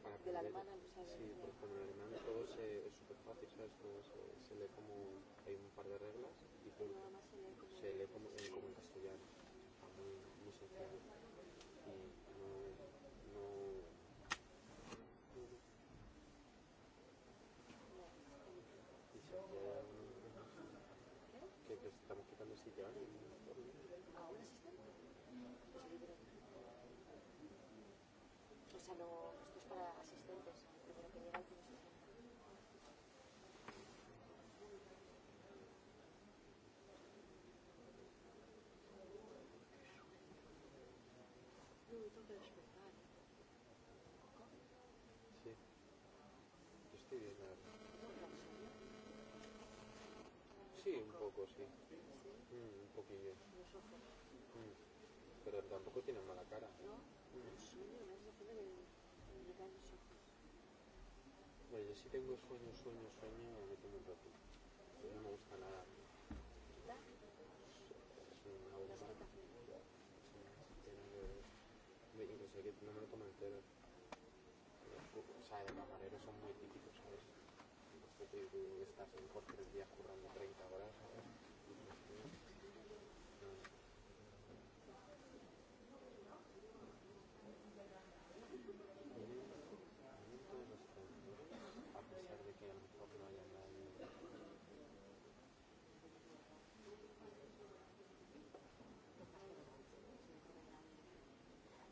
de la alemana. Sí, pues con el alemán todo se, es súper fácil, ¿sabes? Como se, se lee como. Hay un par de reglas y Se lee como, eh, como en castellano. Está muy, muy sencillo. Y no. no y se que, que estamos quitando el sitio ahora. ¿Ahora sí está? O sea, no. Sí, un poco, sí. un poquillo. Los ojos. Pero tampoco tiene mala cara. No, Bueno, yo sí tengo sueño, sueño, sueño, me tomo un rato. No me gusta nada. Es una buena de yo que sé, que no me lo tomo entero. O sea, de camarero son muy típicos, ¿sabes? Entonces, estás en por tres días currando 30 horas, ¿sabes?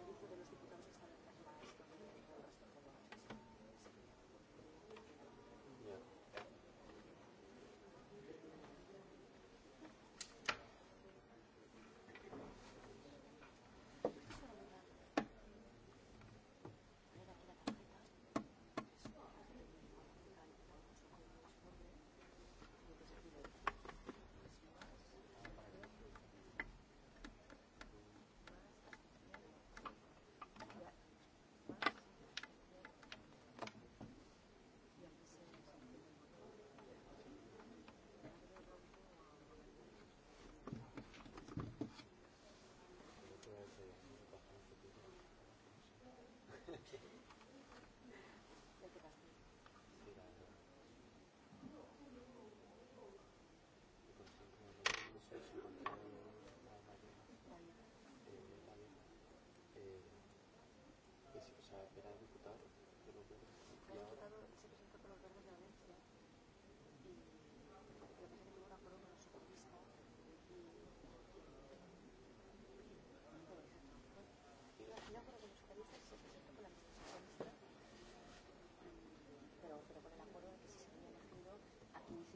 αυτό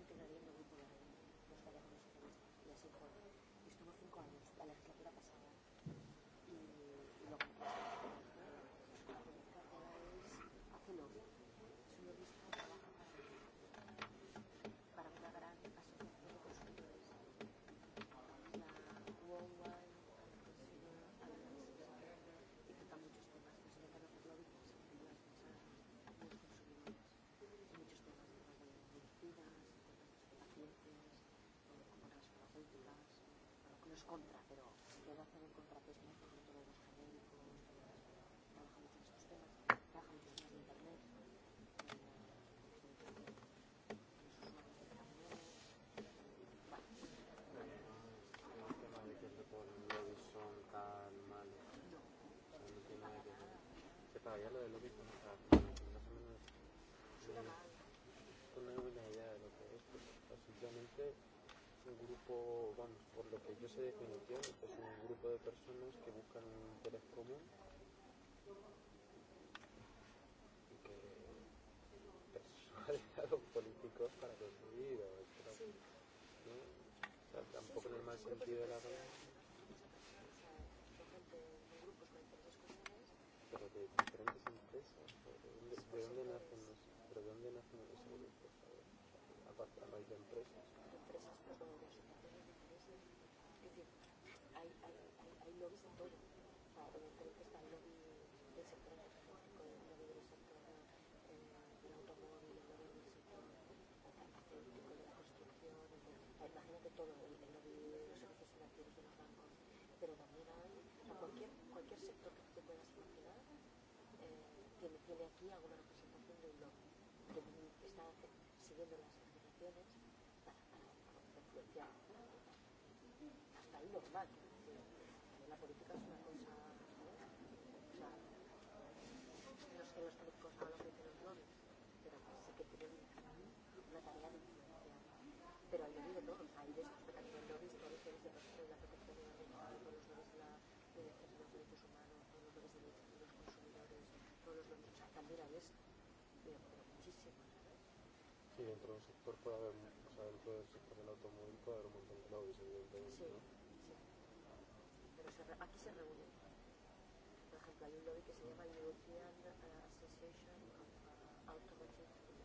και δεν υπάρχει που να no es contra, pero puedo hacer el contrapeso, por ejemplo, de los genéricos, trabaja mucho en estos temas, trabaja mucho en Internet, para ya lo de Lobby con más o menos idea de lo que es, un grupo, vamos, por lo que yo sé de es un grupo de personas que buscan un interés común y que persuaden a los políticos para decidir o ¿no? o sea, tampoco en el mal sentido de la palabra. Pero de diferentes empresas, ¿de dónde nacen los, pero de dónde nacen los grupos? Aparte, a raíz de empresas. pero también cualquier, sector que te puedas imaginar, tiene, aquí alguna representación de que está siguiendo las Hasta ahí normal, la política cambiarles sí, pero aquí se por ejemplo hay que se llama European Association Automotive Industry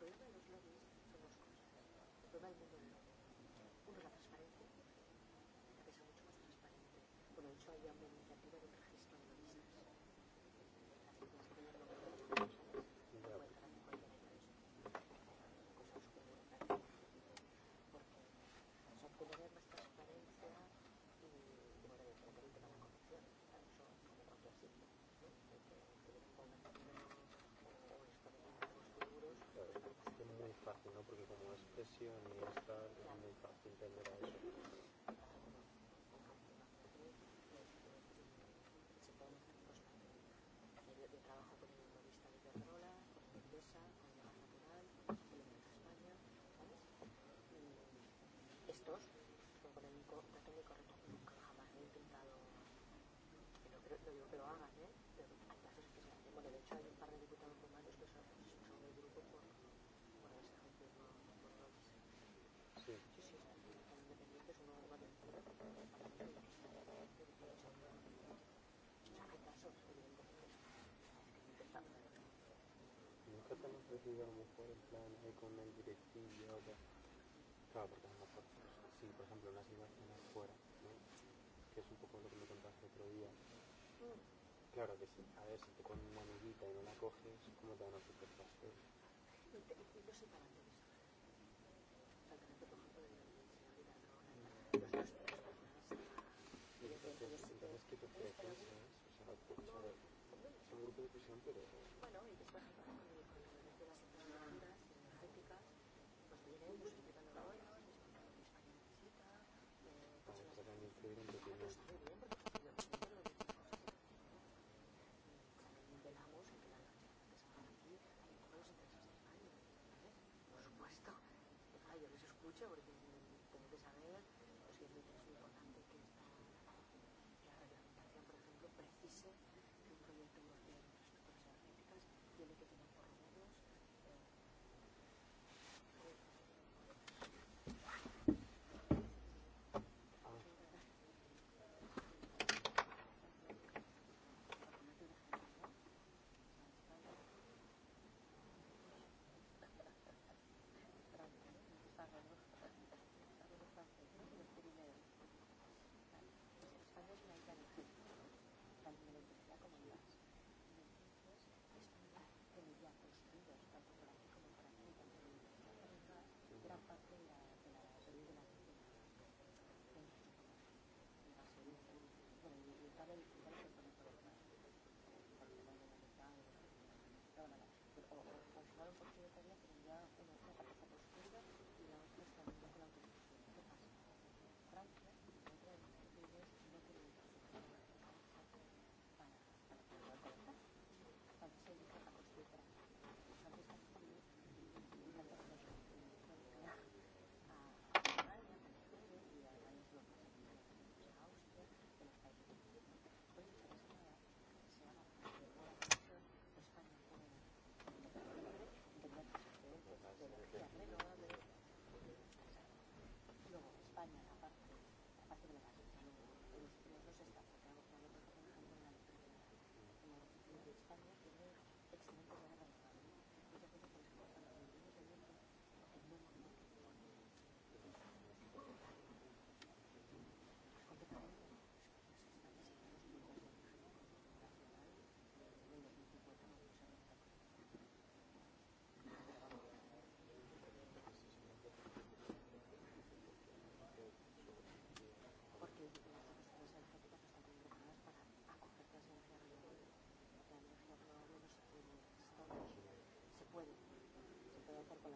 problema de los lobbies son dos cosas. El pero hagan, ¿eh? Pero que Bueno, de hecho hay un par de diputados que son, son grupo por, por esta gente, por, Sí. Sí, independientes, O sea, hay casos, que con claro, porque a lo mejor, sí, por ejemplo, una imágenes fuera, ¿no? que es un poco lo que me contaste otro día, Claro que sí. A ver, si te ponen una amiguita y no la coges, ¿cómo te van a ofrecer pastel? Entonces, ¿qué te ofreces? O sea, es un grupo de presión, pero... కూర్చోబడుతుంది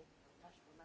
και να φτάσουμε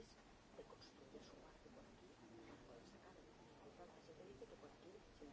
país de construye su barrio por aquí, o la te dice que por aquí se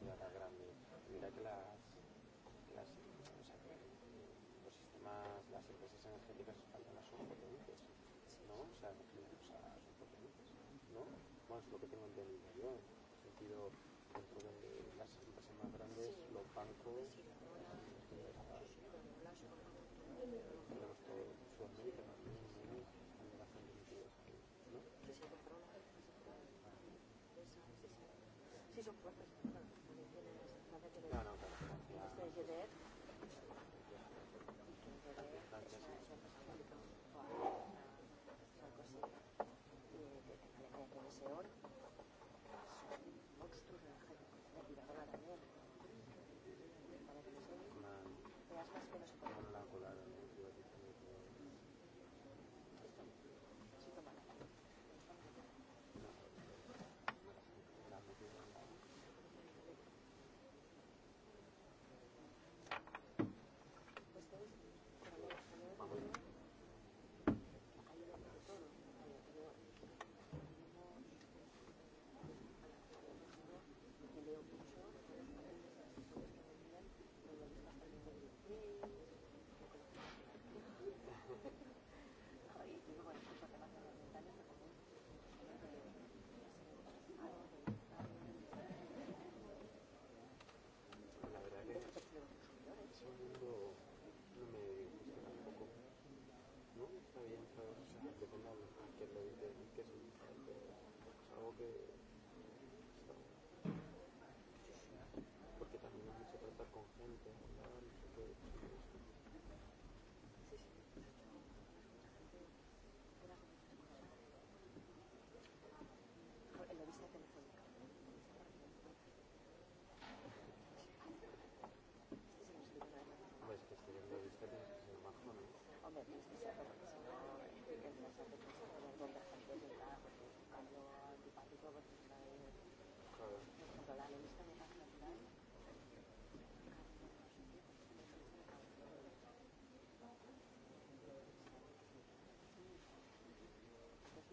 rápida la gran Mira que las, las o sea, que los sistemas, las empresas energéticas españolas son potentes, ¿no? O sea, o sea son potentes, ¿no? Bueno, es lo que tengo entendido yo.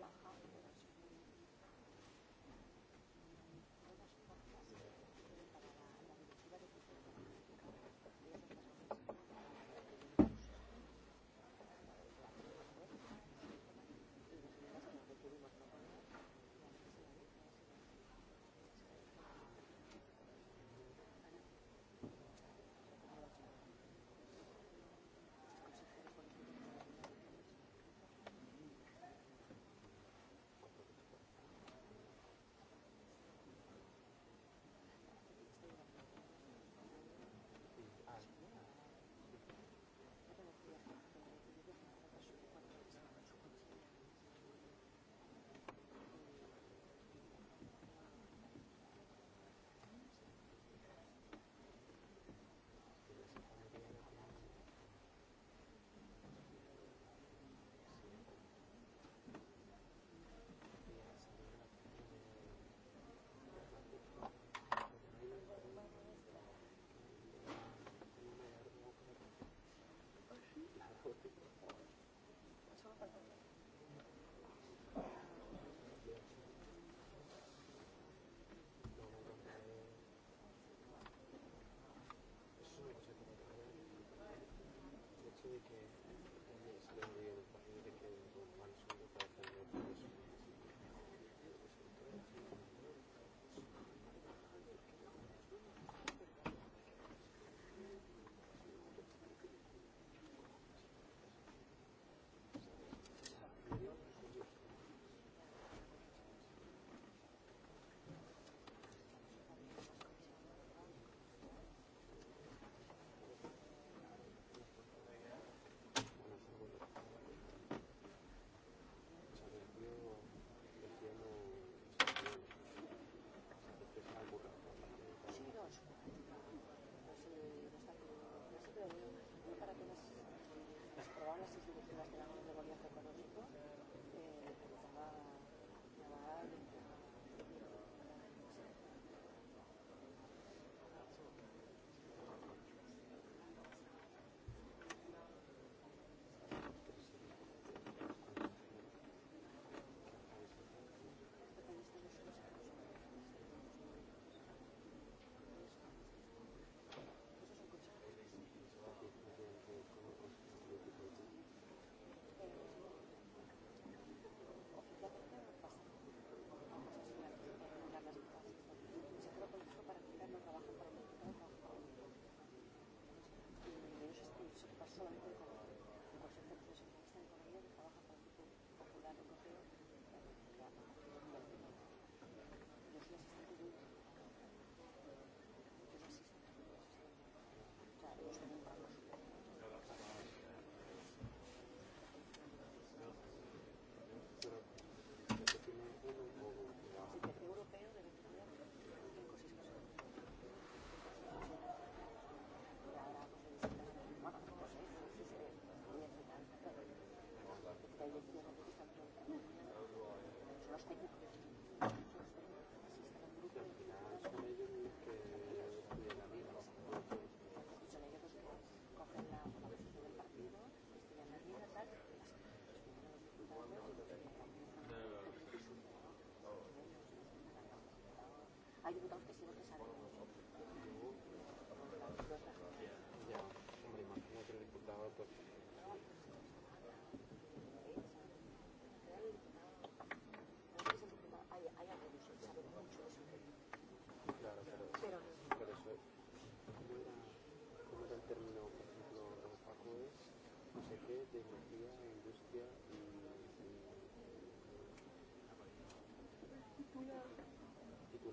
AUTHORWAVE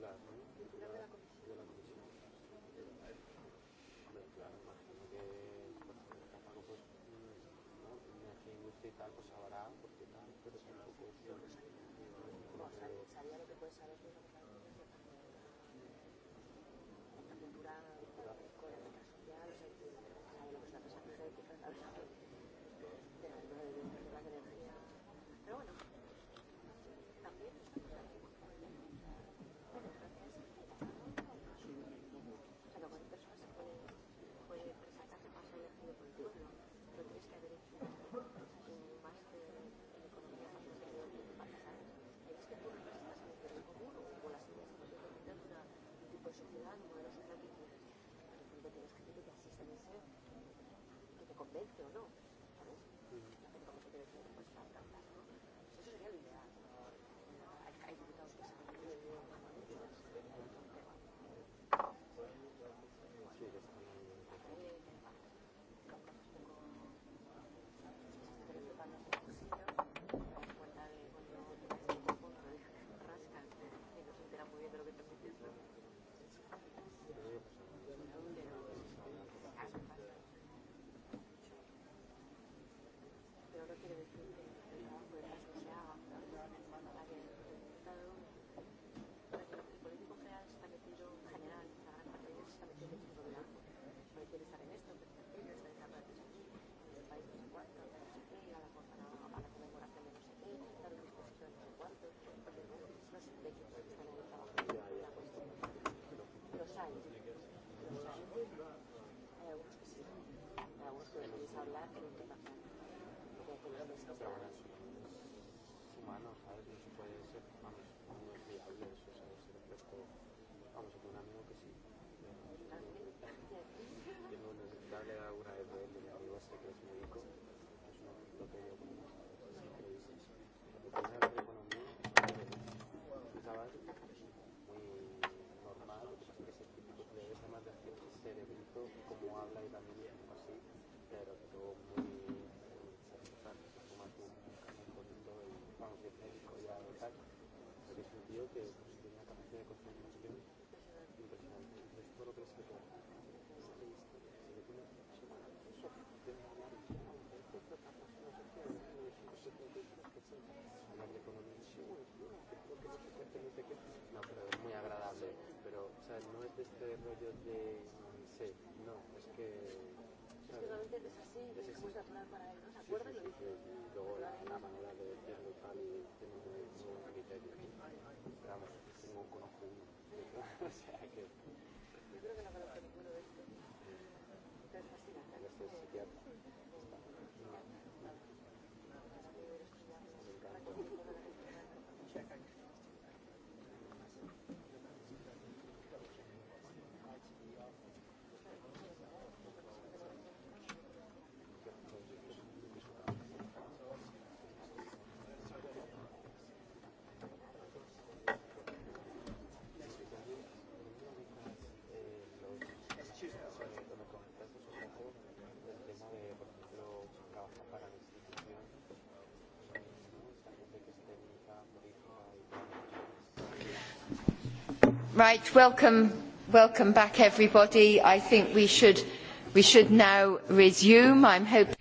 tal, pues porque tal, pero es un poco Sabía lo que puede saber, la cultura, la cultura social, que convence o no, No sé cómo se debe Σας ευχαριστώ. que no, es muy agradable. Pero, o sea, es es que... Es así, es Exactly. Right, welcome, welcome back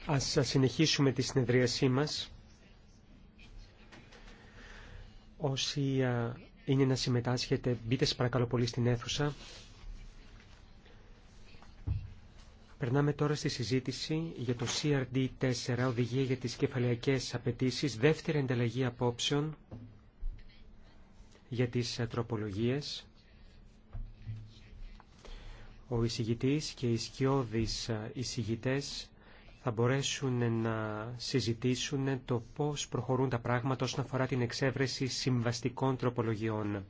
Ας συνεχίσουμε τη συνεδρίασή μας. Όσοι είναι να συμμετάσχετε, μπείτε σε παρακαλώ πολύ στην αίθουσα. Περνάμε τώρα στη συζήτηση για το CRD4, Οδηγία για τις Κεφαλαιακές Απαιτήσει, δεύτερη ενταλλαγή απόψεων για τις ε, τροπολογίες ο εισηγητής και οι σκιώδεις ε, εισηγητές θα μπορέσουν να συζητήσουν το πώς προχωρούν τα πράγματα όσον αφορά την εξέβρεση συμβαστικών τροπολογιών.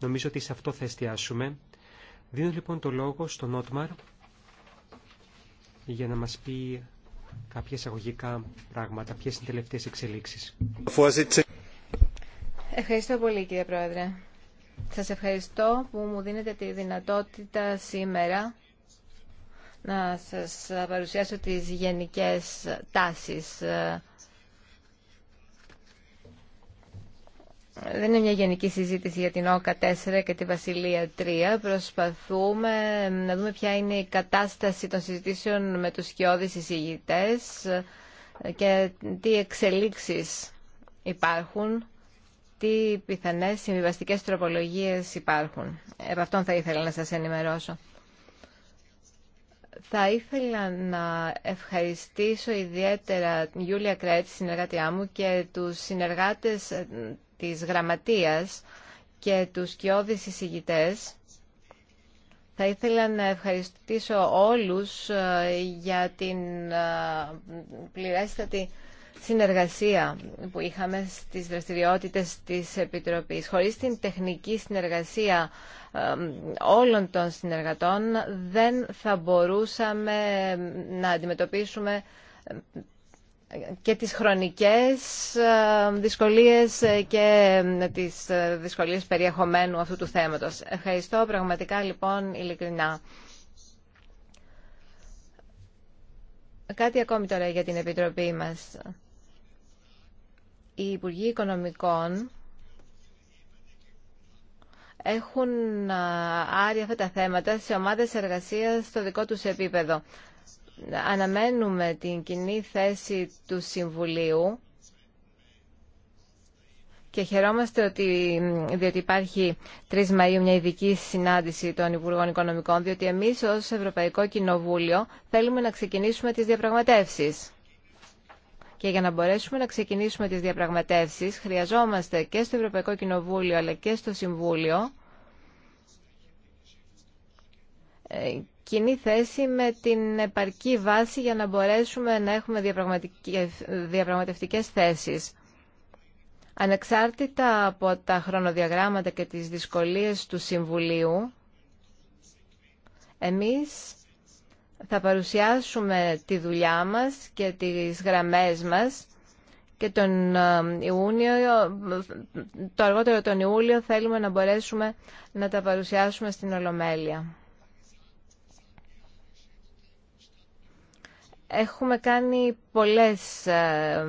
Νομίζω ότι σε αυτό θα εστιάσουμε. Δίνω λοιπόν το λόγο στον Ότμαρ για να μας πει κάποια αγωγικά πράγματα, ποιες είναι οι τελευταίες εξελίξεις. Ευχαριστώ πολύ κύριε Πρόεδρε. Σας ευχαριστώ που μου δίνετε τη δυνατότητα σήμερα να σας παρουσιάσω τις γενικές τάσεις. Δεν είναι μια γενική συζήτηση για την ΟΚΑ 4 και τη Βασιλεία 3. Προσπαθούμε να δούμε ποια είναι η κατάσταση των συζητήσεων με τους σκιώδεις εισηγητές και τι εξελίξεις υπάρχουν τι πιθανές συμβιβαστικές τροπολογίες υπάρχουν. Επ' αυτόν θα ήθελα να σας ενημερώσω. Θα ήθελα να ευχαριστήσω ιδιαίτερα την Γιούλια Κρέτ, συνεργάτειά μου, και τους συνεργάτες ε, της Γραμματείας και τους κοιόδης εισηγητές. Θα ήθελα να ευχαριστήσω όλους ε, για την ε, πληρέστατη συνεργασία που είχαμε στις δραστηριότητες της Επιτροπής. Χωρίς την τεχνική συνεργασία όλων των συνεργατών δεν θα μπορούσαμε να αντιμετωπίσουμε και τις χρονικές δυσκολίες και τις δυσκολίες περιεχομένου αυτού του θέματος. Ευχαριστώ πραγματικά λοιπόν ειλικρινά. Κάτι ακόμη τώρα για την Επιτροπή μας οι Υπουργοί Οικονομικών έχουν άρει αυτά τα θέματα σε ομάδες εργασίας στο δικό τους επίπεδο. Αναμένουμε την κοινή θέση του Συμβουλίου και χαιρόμαστε ότι, διότι υπάρχει 3 Μαΐου μια ειδική συνάντηση των Υπουργών Οικονομικών, διότι εμείς ως Ευρωπαϊκό Κοινοβούλιο θέλουμε να ξεκινήσουμε τις διαπραγματεύσεις. Και για να μπορέσουμε να ξεκινήσουμε τις διαπραγματεύσεις, χρειαζόμαστε και στο Ευρωπαϊκό Κοινοβούλιο αλλά και στο Συμβούλιο ε, κοινή θέση με την επαρκή βάση για να μπορέσουμε να έχουμε διαπραγματευτικές θέσεις. Ανεξάρτητα από τα χρονοδιαγράμματα και τις δυσκολίες του Συμβουλίου, εμείς θα παρουσιάσουμε τη δουλειά μας και τις γραμμές μας και τον ε, Ιούνιο, το αργότερο τον Ιούλιο θέλουμε να μπορέσουμε να τα παρουσιάσουμε στην Ολομέλεια. Έχουμε κάνει πολλές ε,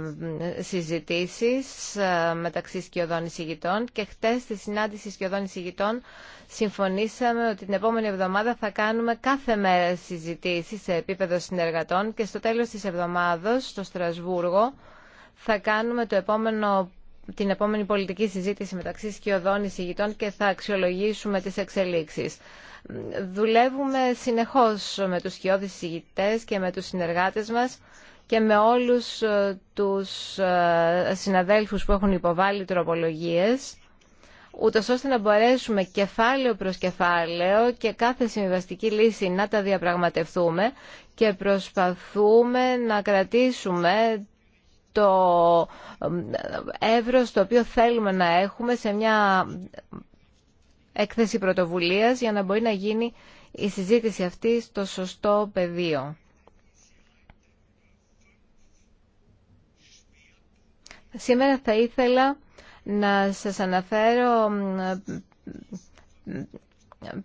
συζητήσεις ε, μεταξύ σκιωδών εισηγητών και χτες στη συνάντηση σκιωδών εισηγητών συμφωνήσαμε ότι την επόμενη εβδομάδα θα κάνουμε κάθε μέρα συζητήσεις σε επίπεδο συνεργατών και στο τέλος της εβδομάδος στο Στρασβούργο θα κάνουμε το επόμενο την επόμενη πολιτική συζήτηση μεταξύ σκιωδών εισηγητών και θα αξιολογήσουμε τις εξελίξεις. Δουλεύουμε συνεχώς με τους σκιώδεις και με τους συνεργάτες μας και με όλους ε, τους ε, συναδέλφους που έχουν υποβάλει τροπολογίες ούτω ώστε να μπορέσουμε κεφάλαιο προς κεφάλαιο και κάθε συμβιβαστική λύση να τα διαπραγματευτούμε και προσπαθούμε να κρατήσουμε το ε, εύρος το οποίο θέλουμε να έχουμε σε μια έκθεση πρωτοβουλίας για να μπορεί να γίνει η συζήτηση αυτή στο σωστό πεδίο. Σήμερα θα ήθελα να σας αναφέρω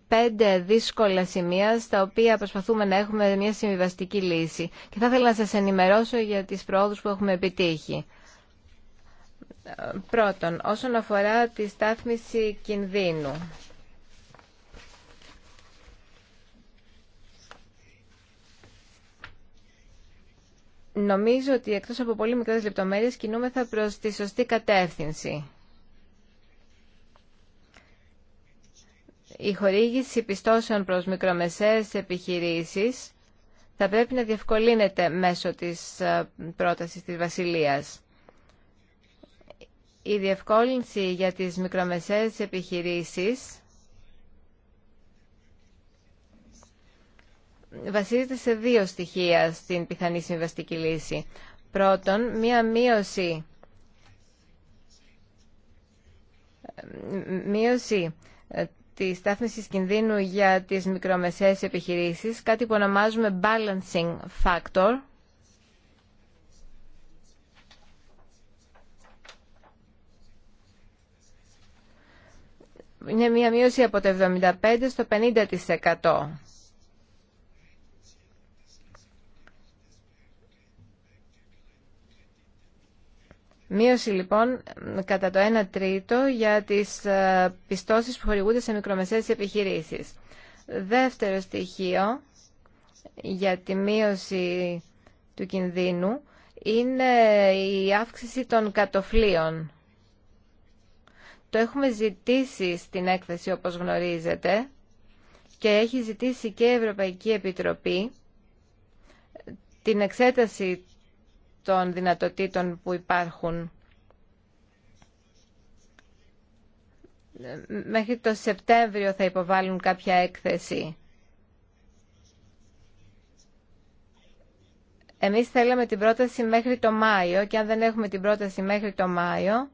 πέντε δύσκολα σημεία στα οποία προσπαθούμε να έχουμε μια συμβιβαστική λύση. Και θα ήθελα να σας ενημερώσω για τις πρόοδους που έχουμε επιτύχει. Πρώτον, όσον αφορά τη στάθμιση κινδύνου. Νομίζω ότι εκτός από πολύ μικρές λεπτομέρειες κινούμεθα προς τη σωστή κατεύθυνση. Η χορήγηση πιστώσεων προς μικρομεσαίες επιχειρήσεις θα πρέπει να διευκολύνεται μέσω της ε, πρότασης της Βασιλείας η διευκόλυνση για τις μικρομεσαίες επιχειρήσεις βασίζεται σε δύο στοιχεία στην πιθανή συμβαστική λύση. Πρώτον, μία μείωση, μείωση ε, τη στάθμιση κινδύνου για τις μικρομεσαίες επιχειρήσεις, κάτι που ονομάζουμε balancing factor, είναι μια μείωση από το 75% στο 50%. Μείωση λοιπόν κατά το 1 τρίτο για τις ε, πιστώσεις που χορηγούνται σε μικρομεσαίες επιχειρήσεις. Δεύτερο στοιχείο για τη μείωση του κινδύνου είναι η αύξηση των κατοφλίων. Το έχουμε ζητήσει στην έκθεση όπως γνωρίζετε και έχει ζητήσει και η Ευρωπαϊκή Επιτροπή την εξέταση των δυνατοτήτων που υπάρχουν μέχρι το Σεπτέμβριο θα υποβάλουν κάποια έκθεση. Εμείς θέλαμε την πρόταση μέχρι το Μάιο και αν δεν έχουμε την πρόταση μέχρι το Μάιο,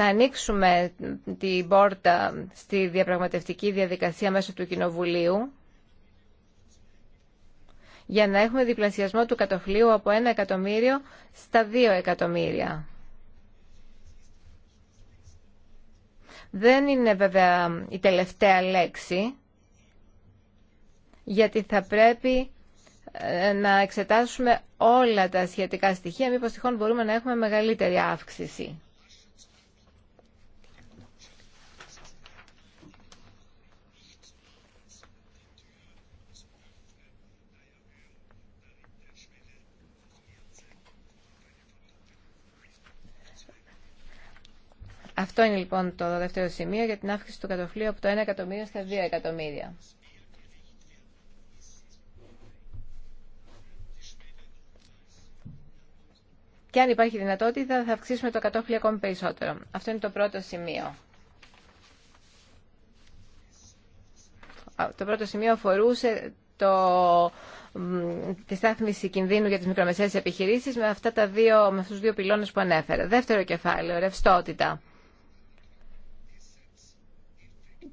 θα ανοίξουμε την πόρτα στη διαπραγματευτική διαδικασία μέσω του Κοινοβουλίου για να έχουμε διπλασιασμό του κατοφλίου από 1 εκατομμύριο στα 2 εκατομμύρια. Δεν είναι βέβαια η τελευταία λέξη, γιατί θα πρέπει ε, να εξετάσουμε όλα τα σχετικά στοιχεία, μήπως τυχόν μπορούμε να έχουμε μεγαλύτερη αύξηση. Αυτό είναι λοιπόν το δεύτερο σημείο για την αύξηση του κατοφλίου από το 1 εκατομμύριο στα 2 εκατομμύρια. Και αν υπάρχει δυνατότητα θα αυξήσουμε το κατόφλι ακόμη περισσότερο. Αυτό είναι το πρώτο σημείο. Το πρώτο σημείο αφορούσε το, τη στάθμιση κινδύνου για τις μικρομεσαίες επιχειρήσεις με, αυτά τα δύο, με αυτούς τους δύο πυλώνες που ανέφερα. Δεύτερο κεφάλαιο, ρευστότητα.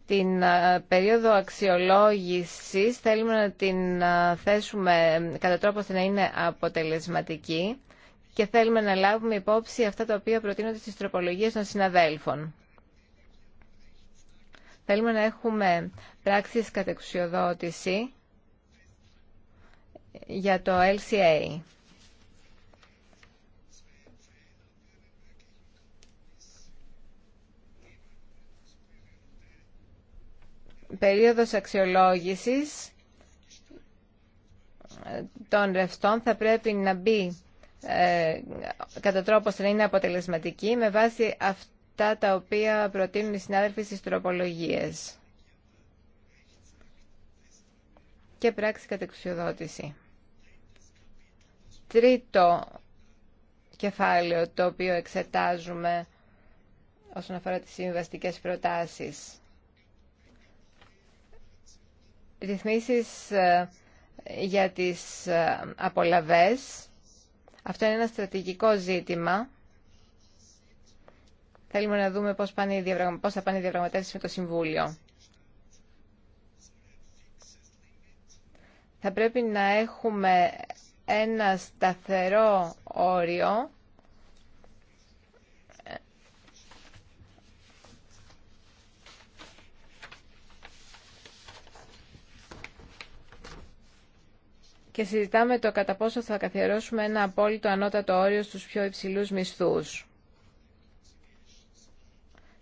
την ε, περίοδο αξιολόγησης θέλουμε να την ε, θέσουμε κατά τρόπο να είναι αποτελεσματική και θέλουμε να λάβουμε υπόψη αυτά τα οποία προτείνονται στις τροπολογίες των συναδέλφων. Θέλουμε να έχουμε πράξεις κατεξουσιοδότηση για το LCA. περίοδος αξιολόγησης των ρευστών θα πρέπει να μπει ε, κατά τρόπο να είναι αποτελεσματική με βάση αυτά τα οποία προτείνουν οι συνάδελφοι στις τροπολογίες και πράξη κατεξουσιοδότηση. Τρίτο κεφάλαιο το οποίο εξετάζουμε όσον αφορά τις συμβαστικές προτάσεις ρυθμίσεις ε, για τις ε, απολαβές. Αυτό είναι ένα στρατηγικό ζήτημα. Θέλουμε να δούμε πώς, θα πάνε οι διαπραγματεύσεις με το Συμβούλιο. Θα πρέπει να έχουμε ένα σταθερό όριο και συζητάμε το κατά πόσο θα καθιερώσουμε ένα απόλυτο ανώτατο όριο στους πιο υψηλούς μισθούς.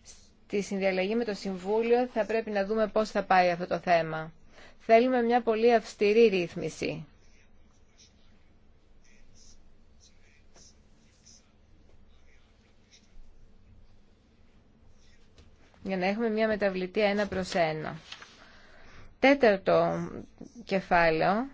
Στη συνδιαλλαγή με το Συμβούλιο θα πρέπει να δούμε πώς θα πάει αυτό το θέμα. Θέλουμε μια πολύ αυστηρή ρύθμιση. για να έχουμε μια μεταβλητή ένα προς ένα. Τέταρτο κεφάλαιο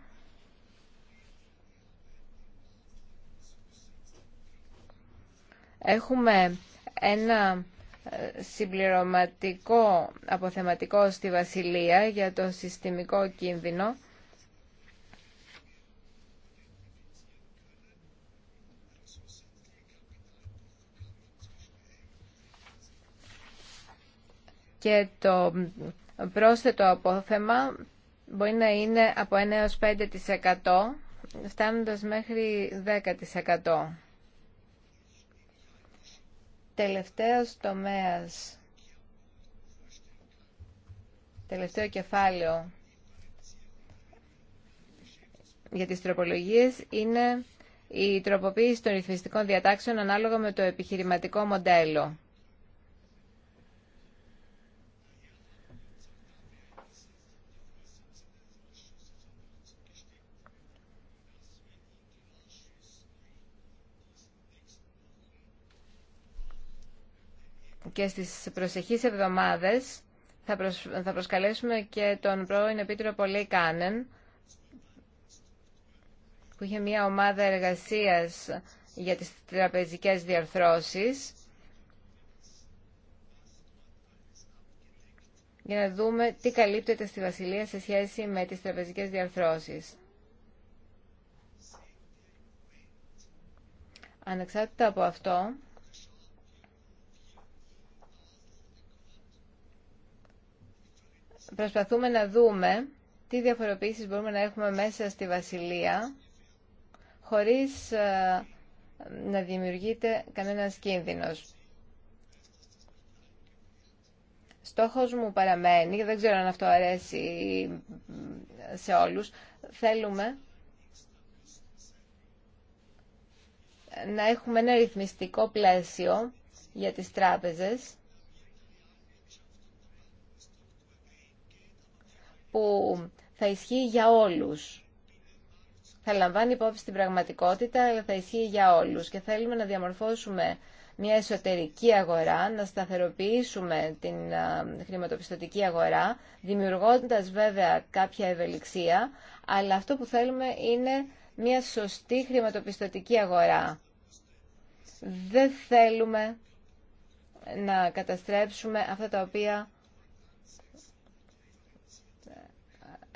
Έχουμε ένα ε, συμπληρωματικό αποθεματικό στη Βασιλεία για το συστημικό κίνδυνο. Και το πρόσθετο απόθεμα μπορεί να είναι από 1 έως 5% φτάνοντας μέχρι 10%. Τελευταίος τομέας, τελευταίο κεφάλαιο για τις τροπολογίες είναι η τροποποίηση των ρυθμιστικών διατάξεων ανάλογα με το επιχειρηματικό μοντέλο. και στις προσεχείς εβδομάδες θα, προσκαλέσουμε και τον πρώην Επίτροπο πολύ Κάνεν που είχε μια ομάδα εργασίας για τις τραπεζικές διαρθρώσεις για να δούμε τι καλύπτεται στη Βασιλεία σε σχέση με τις τραπεζικές διαρθρώσεις. Ανεξάρτητα από αυτό, προσπαθούμε να δούμε τι διαφοροποίησεις μπορούμε να έχουμε μέσα στη Βασιλεία χωρίς ε, να δημιουργείται κανένας κίνδυνος. Στόχος μου παραμένει, και δεν ξέρω αν αυτό αρέσει σε όλους, θέλουμε να έχουμε ένα ρυθμιστικό πλαίσιο για τις τράπεζες που θα ισχύει για όλους. Θα λαμβάνει υπόψη την πραγματικότητα, αλλά θα ισχύει για όλους. Και θέλουμε να διαμορφώσουμε μια εσωτερική αγορά, να σταθεροποιήσουμε την χρηματοπιστωτική αγορά, δημιουργώντας βέβαια κάποια ευελιξία, αλλά αυτό που θέλουμε είναι μια σωστή χρηματοπιστωτική αγορά. Δεν θέλουμε να καταστρέψουμε αυτά τα οποία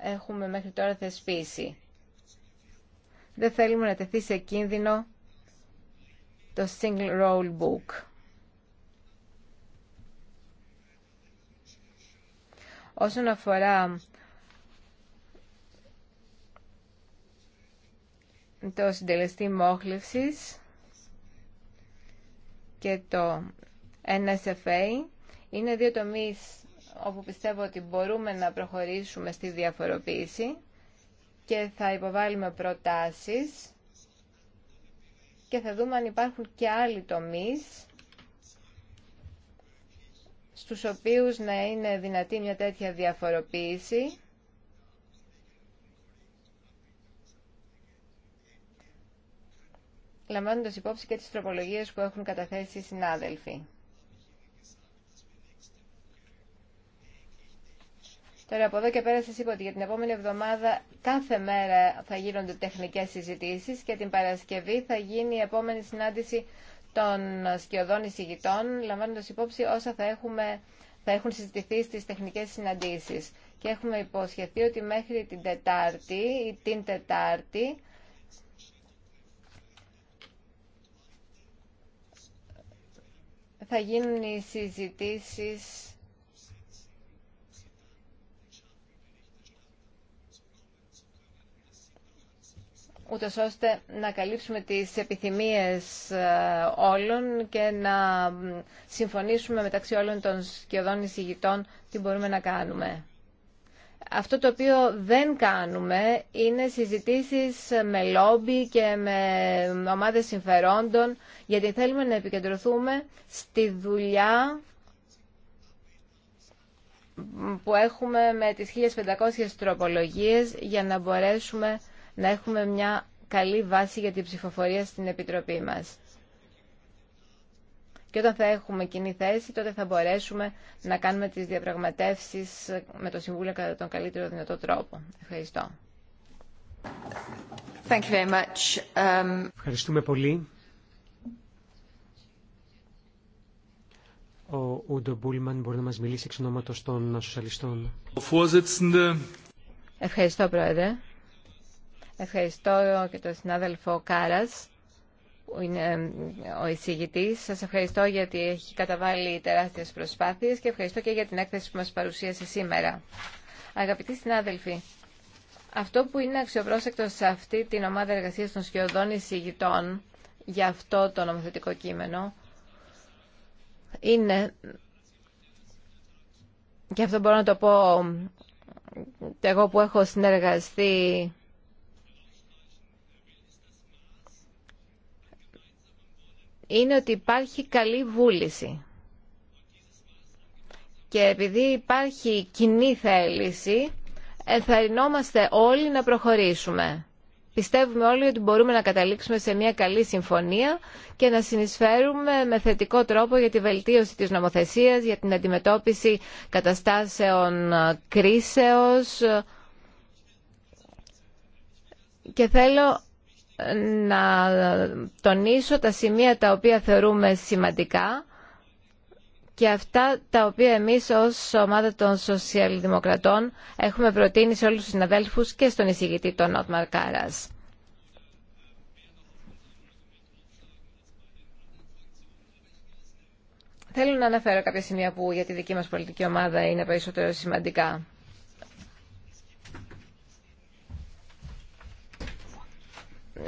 έχουμε μέχρι τώρα θεσπίσει. Δεν θέλουμε να τεθεί σε κίνδυνο το single roll book. Όσον αφορά το συντελεστή μόχλευσης και το NSFA, είναι δύο τομείς όπου πιστεύω ότι μπορούμε να προχωρήσουμε στη διαφοροποίηση και θα υποβάλουμε προτάσεις και θα δούμε αν υπάρχουν και άλλοι τομείς στους οποίους να είναι δυνατή μια τέτοια διαφοροποίηση λαμβάνοντας υπόψη και τις τροπολογίες που έχουν καταθέσει οι συνάδελφοι. Τώρα από εδώ και πέρα σας είπα ότι για την επόμενη εβδομάδα κάθε μέρα θα γίνονται τεχνικές συζητήσεις και την Παρασκευή θα γίνει η επόμενη συνάντηση των σκιωδών εισηγητών, λαμβάνοντας υπόψη όσα θα, έχουμε, θα έχουν συζητηθεί στις τεχνικές συναντήσεις. Και έχουμε υποσχεθεί ότι μέχρι την Τετάρτη ή την Τετάρτη θα γίνουν οι συζητήσεις ούτως ώστε να καλύψουμε τις επιθυμίες ε, όλων και να συμφωνήσουμε μεταξύ όλων των σκιωδών εισηγητών τι μπορούμε να κάνουμε. Αυτό το οποίο δεν κάνουμε είναι συζητήσεις με λόμπι και με ομάδες συμφερόντων, γιατί θέλουμε να επικεντρωθούμε στη δουλειά που έχουμε με τις 1500 τροπολογίες για να μπορέσουμε να έχουμε μια καλή βάση για την ψηφοφορία στην Επιτροπή μας. Και όταν θα έχουμε κοινή θέση, τότε θα μπορέσουμε να κάνουμε τις διαπραγματεύσεις με το Συμβούλιο κατά τον καλύτερο δυνατό τρόπο. Ευχαριστώ. Thank you very much. Um, Ευχαριστούμε πολύ. Ο Ούντο Μπούλμαν μπορεί να μας μιλήσει εξ ονόματος των σοσιαλιστών. Ευχαριστώ, Πρόεδρε. Ευχαριστώ και τον συνάδελφο Κάρας που είναι ο εισηγητής. Σας ευχαριστώ γιατί έχει καταβάλει τεράστιες προσπάθειες και ευχαριστώ και για την έκθεση που μας παρουσίασε σήμερα. Αγαπητοί συνάδελφοι, αυτό που είναι αξιοπρόσεκτο σε αυτή την ομάδα εργασίας των σχεδόν εισηγητών για αυτό το νομοθετικό κείμενο είναι και αυτό μπορώ να το πω εγώ που έχω συνεργαστεί είναι ότι υπάρχει καλή βούληση. Και επειδή υπάρχει κοινή θέληση, ενθαρρυνόμαστε όλοι να προχωρήσουμε. Πιστεύουμε όλοι ότι μπορούμε να καταλήξουμε σε μια καλή συμφωνία και να συνεισφέρουμε με θετικό τρόπο για τη βελτίωση της νομοθεσίας, για την αντιμετώπιση καταστάσεων κρίσεως. Και θέλω να τονίσω τα σημεία τα οποία θεωρούμε σημαντικά και αυτά τα οποία εμείς ως ομάδα των σοσιαλδημοκρατών έχουμε προτείνει σε όλους τους συναδέλφους και στον εισηγητή τον Ότμαρ Θέλω να αναφέρω κάποια σημεία που για τη δική μας πολιτική ομάδα είναι περισσότερο σημαντικά.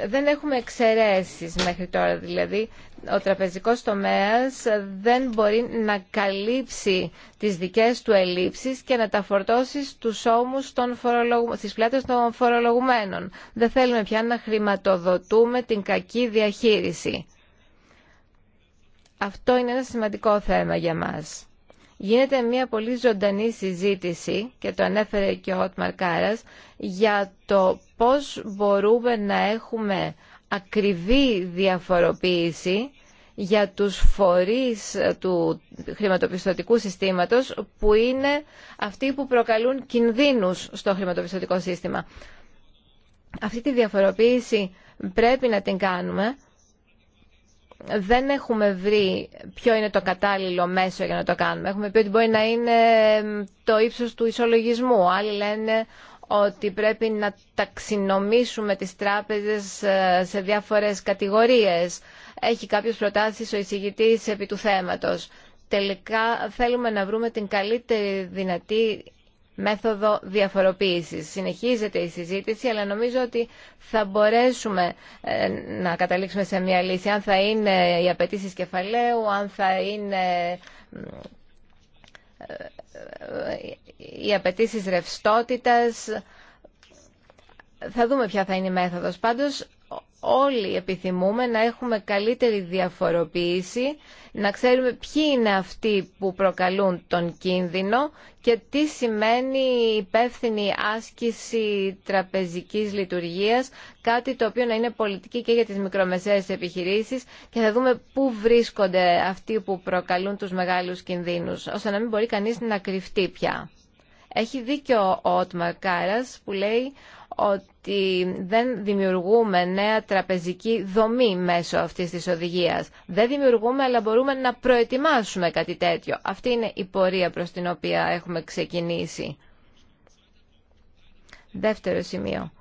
δεν έχουμε εξαιρέσεις μέχρι τώρα, δηλαδή ο τραπεζικός τομέας δεν μπορεί να καλύψει τις δικές του ελλείψεις και να τα φορτώσει στους ώμους των φορολογου... στις πλάτες των φορολογουμένων. Δεν θέλουμε πια να χρηματοδοτούμε την κακή διαχείριση. Αυτό είναι ένα σημαντικό θέμα για μας γίνεται μια πολύ ζωντανή συζήτηση και το ανέφερε και ο Ότμαρ Κάρας για το πώς μπορούμε να έχουμε ακριβή διαφοροποίηση για τους φορείς του χρηματοπιστωτικού συστήματος που είναι αυτοί που προκαλούν κινδύνους στο χρηματοπιστωτικό σύστημα. Αυτή τη διαφοροποίηση πρέπει να την κάνουμε δεν έχουμε βρει ποιο είναι το κατάλληλο μέσο για να το κάνουμε. Έχουμε πει ότι μπορεί να είναι το ύψος του ισολογισμού. Άλλοι λένε ότι πρέπει να ταξινομήσουμε τις τράπεζες ε, σε διάφορες κατηγορίες. Έχει κάποιες προτάσεις ο εισηγητής επί του θέματος. Τελικά θέλουμε να βρούμε την καλύτερη δυνατή μέθοδο διαφοροποίησης. Συνεχίζεται η συζήτηση, αλλά νομίζω ότι θα μπορέσουμε ε, να καταλήξουμε σε μια λύση. Αν θα είναι οι απαιτήσει κεφαλαίου, αν θα είναι ε, ε, οι απαιτήσει ρευστότητας, θα δούμε ποια θα είναι η μέθοδος. Πάντως, όλοι επιθυμούμε να έχουμε καλύτερη διαφοροποίηση, να ξέρουμε ποιοι είναι αυτοί που προκαλούν τον κίνδυνο και τι σημαίνει υπεύθυνη άσκηση τραπεζικής λειτουργίας, κάτι το οποίο να είναι πολιτική και για τις μικρομεσαίες επιχειρήσεις και θα δούμε πού βρίσκονται αυτοί που προκαλούν τους μεγάλους κινδύνους, ώστε να μην μπορεί κανείς να κρυφτεί πια. Έχει δίκιο ο Ότμαρ Κάρας που λέει ότι δεν δημιουργούμε νέα τραπεζική δομή μέσω αυτής της οδηγίας. Δεν δημιουργούμε, αλλά μπορούμε να προετοιμάσουμε κάτι τέτοιο. Αυτή είναι η πορεία προς την οποία έχουμε ξεκινήσει. Δεύτερο σημείο.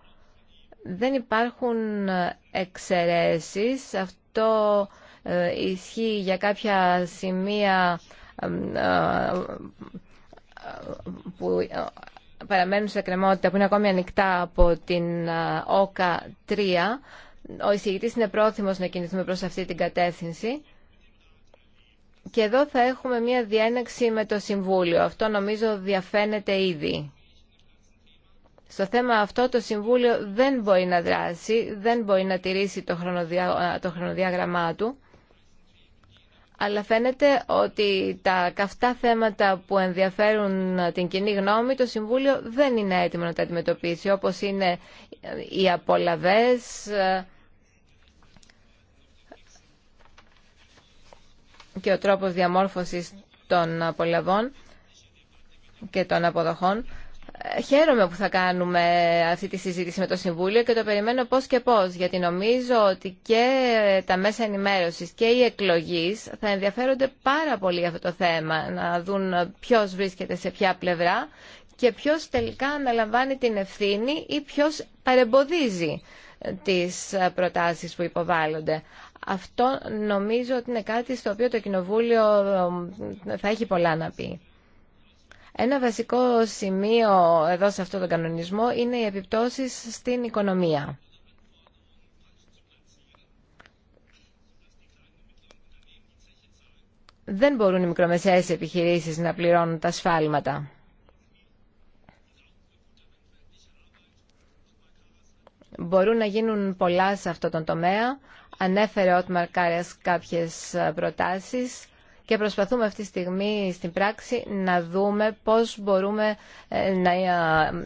Δεν υπάρχουν εξαιρέσεις. Αυτό ε, ισχύει για κάποια σημεία ε, ε, που ε, παραμένουν σε κρεμότητα, που είναι ακόμη ανοιχτά από την ε, ΟΚΑ 3, ο εισηγητής είναι πρόθυμος να κινηθούμε προς αυτή την κατεύθυνση. Και εδώ θα έχουμε μια διένεξη με το Συμβούλιο. Αυτό νομίζω διαφαίνεται ήδη. Στο θέμα αυτό το Συμβούλιο δεν μπορεί να δράσει, δεν μπορεί να τηρήσει το, το χρονοδιάγραμμά του αλλά φαίνεται ότι τα καυτά θέματα που ενδιαφέρουν την κοινή γνώμη το Συμβούλιο δεν είναι έτοιμο να τα αντιμετωπίσει, όπως είναι οι απολαβές και ο τρόπος διαμόρφωσης των απολαβών και των αποδοχών. Χαίρομαι που θα κάνουμε αυτή τη συζήτηση με το Συμβούλιο και το περιμένω πώς και πώς, γιατί νομίζω ότι και τα μέσα ενημέρωσης και οι εκλογείς θα ενδιαφέρονται πάρα πολύ για αυτό το θέμα, να δουν ποιος βρίσκεται σε ποια πλευρά και ποιος τελικά αναλαμβάνει την ευθύνη ή ποιος παρεμποδίζει τις προτάσεις που υποβάλλονται. Αυτό νομίζω ότι είναι κάτι στο οποίο το Κοινοβούλιο θα έχει πολλά να πει. Ένα βασικό σημείο εδώ σε αυτόν τον κανονισμό είναι οι επιπτώσεις στην οικονομία. Δεν μπορούν οι μικρομεσαίες επιχειρήσεις να πληρώνουν τα σφάλματα. Μπορούν να γίνουν πολλά σε αυτό τον τομέα. Ανέφερε ο Ότμαρ Κάρες κάποιες προτάσεις και προσπαθούμε αυτή τη στιγμή στην πράξη να δούμε πώς μπορούμε ε, να ε,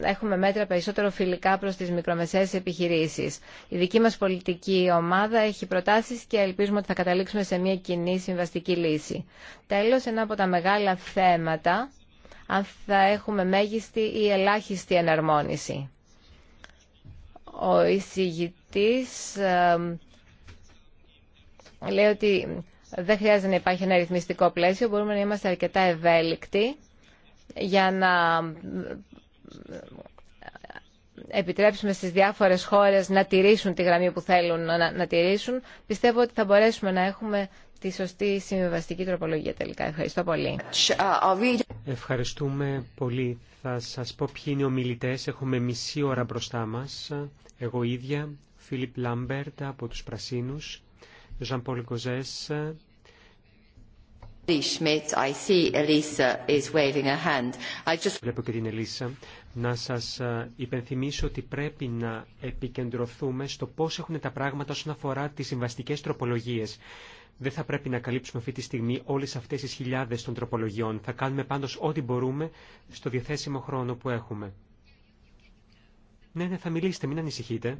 έχουμε μέτρα περισσότερο φιλικά προς τις μικρομεσαίες επιχειρήσεις. Η δική μας πολιτική ομάδα έχει προτάσεις και ελπίζουμε ότι θα καταλήξουμε σε μια κοινή συμβαστική λύση. Τέλος, ένα από τα μεγάλα θέματα, αν θα έχουμε μέγιστη ή ελάχιστη εναρμόνιση. Ο εισηγητής ε, λέει ότι δεν χρειάζεται να υπάρχει ένα ρυθμιστικό πλαίσιο, μπορούμε να είμαστε αρκετά ευέλικτοι για να ε, επιτρέψουμε στις διάφορες χώρες να τηρήσουν τη γραμμή που θέλουν να, τηρήσουν. Πιστεύω ότι θα μπορέσουμε να έχουμε τη σωστή συμβιβαστική τροπολογία τελικά. Ευχαριστώ πολύ. Ευχαριστούμε πολύ. Θα σας πω ποιοι είναι οι ομιλητές. Έχουμε μισή ώρα μπροστά μας. Εγώ ίδια, Φίλιπ Λάμπερτ από τους Πρασίνους, Jean Paul Gauzès. Βλέπω και την Ελίσσα. Να σας ε, υπενθυμίσω ότι πρέπει να επικεντρωθούμε στο πώς έχουν τα πράγματα όσον αφορά τις συμβαστικές τροπολογίες. Δεν θα πρέπει να καλύψουμε αυτή τη στιγμή όλες αυτές τις χιλιάδες των τροπολογιών. Θα κάνουμε πάντως ό,τι μπορούμε στο διαθέσιμο χρόνο που έχουμε. Ναι, ναι, θα μιλήσετε, μην ανησυχείτε.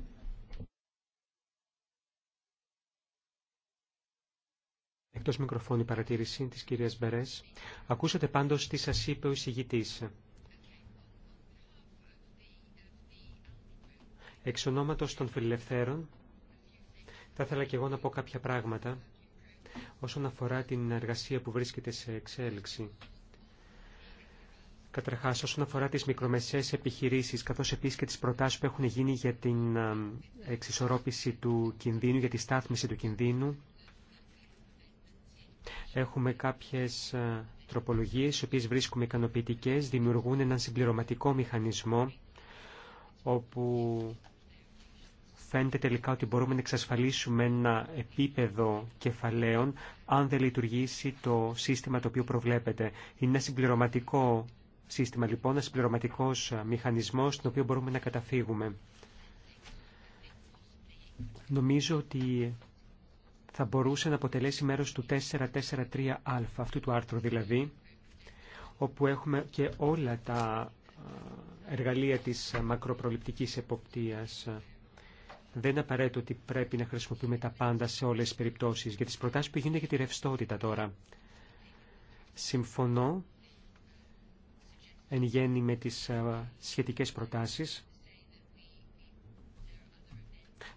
Εκτός μικροφώνη παρατήρηση της κυρίας Μπερές. Ακούσατε πάντως τι σας είπε ο εισηγητής. Εξ ονόματος των φιλελευθέρων, θα ήθελα και εγώ να πω κάποια πράγματα όσον αφορά την εργασία που βρίσκεται σε εξέλιξη. Καταρχάς, όσον αφορά τις μικρομεσαίες επιχειρήσεις, καθώς επίσης και τις προτάσεις που έχουν γίνει για την ε, εξισορρόπηση του κινδύνου, για τη στάθμιση του κινδύνου, Έχουμε κάποιες ε, τροπολογίες, οι οποίες βρίσκουμε ικανοποιητικέ, δημιουργούν έναν συμπληρωματικό μηχανισμό, όπου φαίνεται τελικά ότι μπορούμε να εξασφαλίσουμε ένα επίπεδο κεφαλαίων, αν δεν λειτουργήσει το σύστημα το οποίο προβλέπεται. Είναι ένα συμπληρωματικό σύστημα, λοιπόν, ένα συμπληρωματικό ε, μηχανισμό, στον οποίο μπορούμε να καταφύγουμε. Νομίζω ότι θα μπορούσε να αποτελέσει μέρος του 443α, αυτού του άρθρου δηλαδή, όπου έχουμε και όλα τα ε, εργαλεία της ε, μακροπροληπτικής εποπτείας. Δεν απαραίτητο ότι πρέπει να χρησιμοποιούμε τα πάντα σε όλες τις περιπτώσεις, για τις προτάσεις που γίνονται για τη ρευστότητα τώρα. Συμφωνώ εν γέννη με τις ε, σχετικές προτάσεις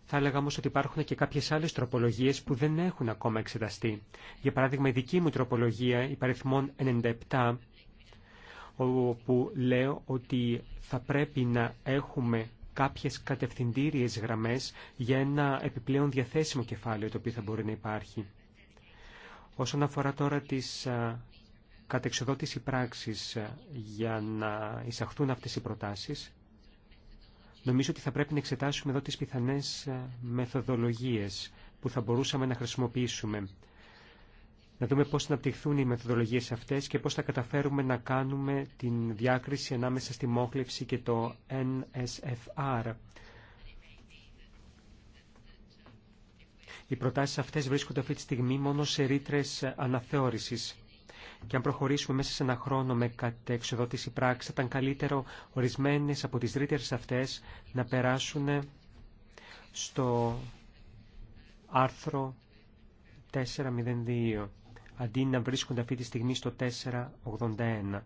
θα έλεγα όμω ότι υπάρχουν και κάποιε άλλε τροπολογίε που δεν έχουν ακόμα εξεταστεί. Για παράδειγμα, η δική μου τροπολογία, υπαριθμών 97, όπου λέω ότι θα πρέπει να έχουμε κάποιες κατευθυντήριες γραμμές για ένα επιπλέον διαθέσιμο κεφάλαιο το οποίο θα μπορεί να υπάρχει. Όσον αφορά τώρα τις κατεξοδότηση πράξης για να εισαχθούν αυτές οι προτάσεις, Νομίζω ότι θα πρέπει να εξετάσουμε εδώ τις πιθανές ε, μεθοδολογίες που θα μπορούσαμε να χρησιμοποιήσουμε. Να δούμε πώς να αναπτυχθούν οι μεθοδολογίες αυτές και πώς θα καταφέρουμε να κάνουμε την διάκριση ανάμεσα στη μόχλευση και το NSFR. Οι προτάσεις αυτές βρίσκονται αυτή τη στιγμή μόνο σε ρήτρες αναθεώρησης και αν προχωρήσουμε μέσα σε ένα χρόνο με κατεξοδότηση πράξη, θα ήταν καλύτερο ορισμένες από τις ρήτερες αυτές να περάσουν στο άρθρο 402, αντί να βρίσκονται αυτή τη στιγμή στο 481.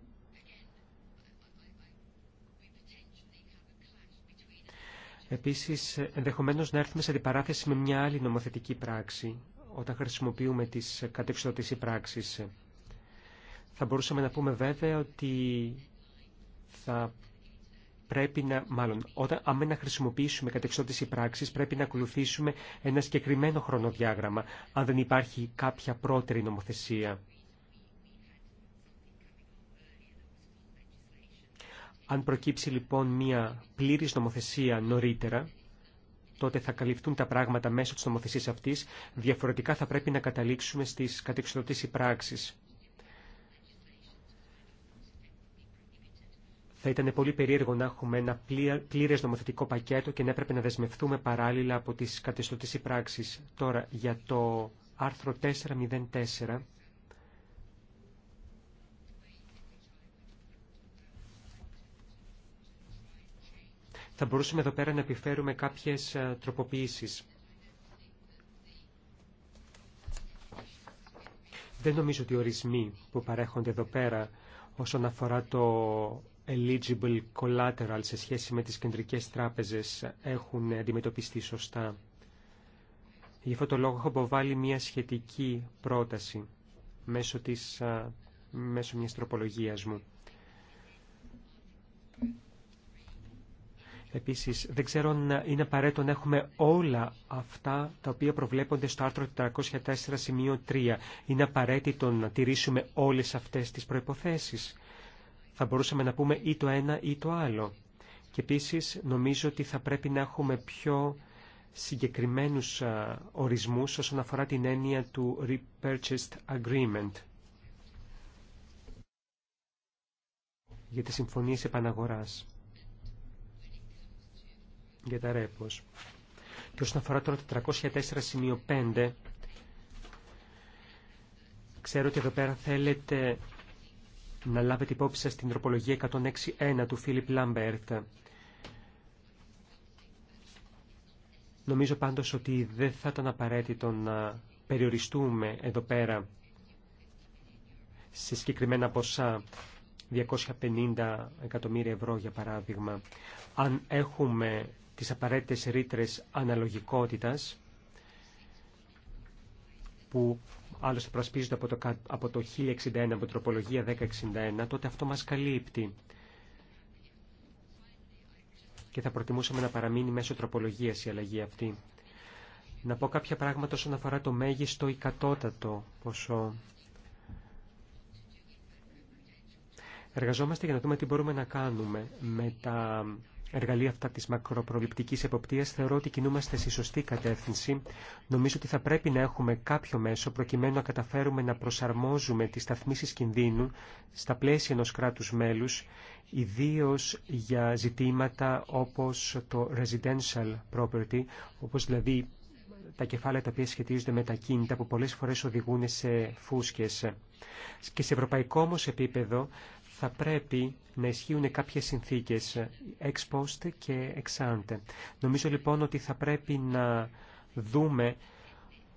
Επίσης, ενδεχομένως να έρθουμε σε αντιπαράθεση με μια άλλη νομοθετική πράξη, όταν χρησιμοποιούμε τις κατεξοδότηση πράξεις. Θα μπορούσαμε να πούμε βέβαια ότι θα πρέπει να, μάλλον, όταν, άμα να χρησιμοποιήσουμε κατεξότηση πράξη, πρέπει να ακολουθήσουμε ένα συγκεκριμένο χρονοδιάγραμμα, αν δεν υπάρχει κάποια πρώτερη νομοθεσία. Αν προκύψει λοιπόν μια πλήρης νομοθεσία νωρίτερα, τότε θα καλυφθούν τα πράγματα μέσω της νομοθεσίας αυτής, διαφορετικά θα πρέπει να καταλήξουμε στις κατεξοδοτήσεις πράξεις. Θα ήταν πολύ περίεργο να έχουμε ένα πλήρε νομοθετικό πακέτο και να έπρεπε να δεσμευτούμε παράλληλα από τι κατεστωτέ πράξει. Τώρα, για το άρθρο 404. Θα μπορούσαμε εδώ πέρα να επιφέρουμε κάποιες ε, τροποποιήσεις. Δεν νομίζω ότι οι ορισμοί που παρέχονται εδώ πέρα όσον αφορά το eligible collateral σε σχέση με τις κεντρικές τράπεζες έχουν αντιμετωπιστεί σωστά. Γι' αυτό το λόγο έχω αποβάλει μια σχετική πρόταση μέσω, της, μέσω μιας τροπολογίας μου. Επίσης, δεν ξέρω αν είναι απαραίτητο να έχουμε όλα αυτά τα οποία προβλέπονται στο άρθρο 404 σημείο 3. Είναι απαραίτητο να τηρήσουμε όλες αυτές τις προϋποθέσεις θα μπορούσαμε να πούμε ή το ένα ή το άλλο. Και επίσης νομίζω ότι θα πρέπει να έχουμε πιο συγκεκριμένους ορισμούς όσον αφορά την έννοια του Repurchased Agreement. για τις συμφωνίες επαναγοράς, για τα ρέπος. Και όσον αφορά τώρα το σημείο 5, ξέρω ότι εδώ πέρα θέλετε να λάβετε υπόψη σας την τροπολογία 106.1 του Φίλιπ Λάμπερτ. Νομίζω πάντως ότι δεν θα ήταν απαραίτητο να περιοριστούμε εδώ πέρα σε συγκεκριμένα ποσά 250 εκατομμύρια ευρώ για παράδειγμα. Αν έχουμε τις απαραίτητες ρήτρες αναλογικότητας που άλλωστε προσπίζονται από το, από το 1061, από τροπολογία 1061, τότε αυτό μας καλύπτει. Και θα προτιμούσαμε να παραμείνει μέσω τροπολογίας η αλλαγή αυτή. Να πω κάποια πράγματα όσον αφορά το μέγιστο ή κατώτατο ποσό. Εργαζόμαστε για να δούμε τι μπορούμε να κάνουμε με τα εργαλεία αυτά της μακροπροληπτικής εποπτείας θεωρώ ότι κινούμαστε στη σωστή κατεύθυνση. Νομίζω ότι θα πρέπει να έχουμε κάποιο μέσο προκειμένου να καταφέρουμε να προσαρμόζουμε τις σταθμίσεις κινδύνου στα πλαίσια ενός κράτους μέλους, ιδίως για ζητήματα όπως το residential property, όπως δηλαδή τα κεφάλαια τα οποία σχετίζονται με τα κίνητα που πολλές φορές οδηγούν σε φούσκες. Και σε ευρωπαϊκό όμως επίπεδο θα πρέπει να ισχύουν κάποιες συνθήκες ex post και ex ante. Νομίζω λοιπόν ότι θα πρέπει να δούμε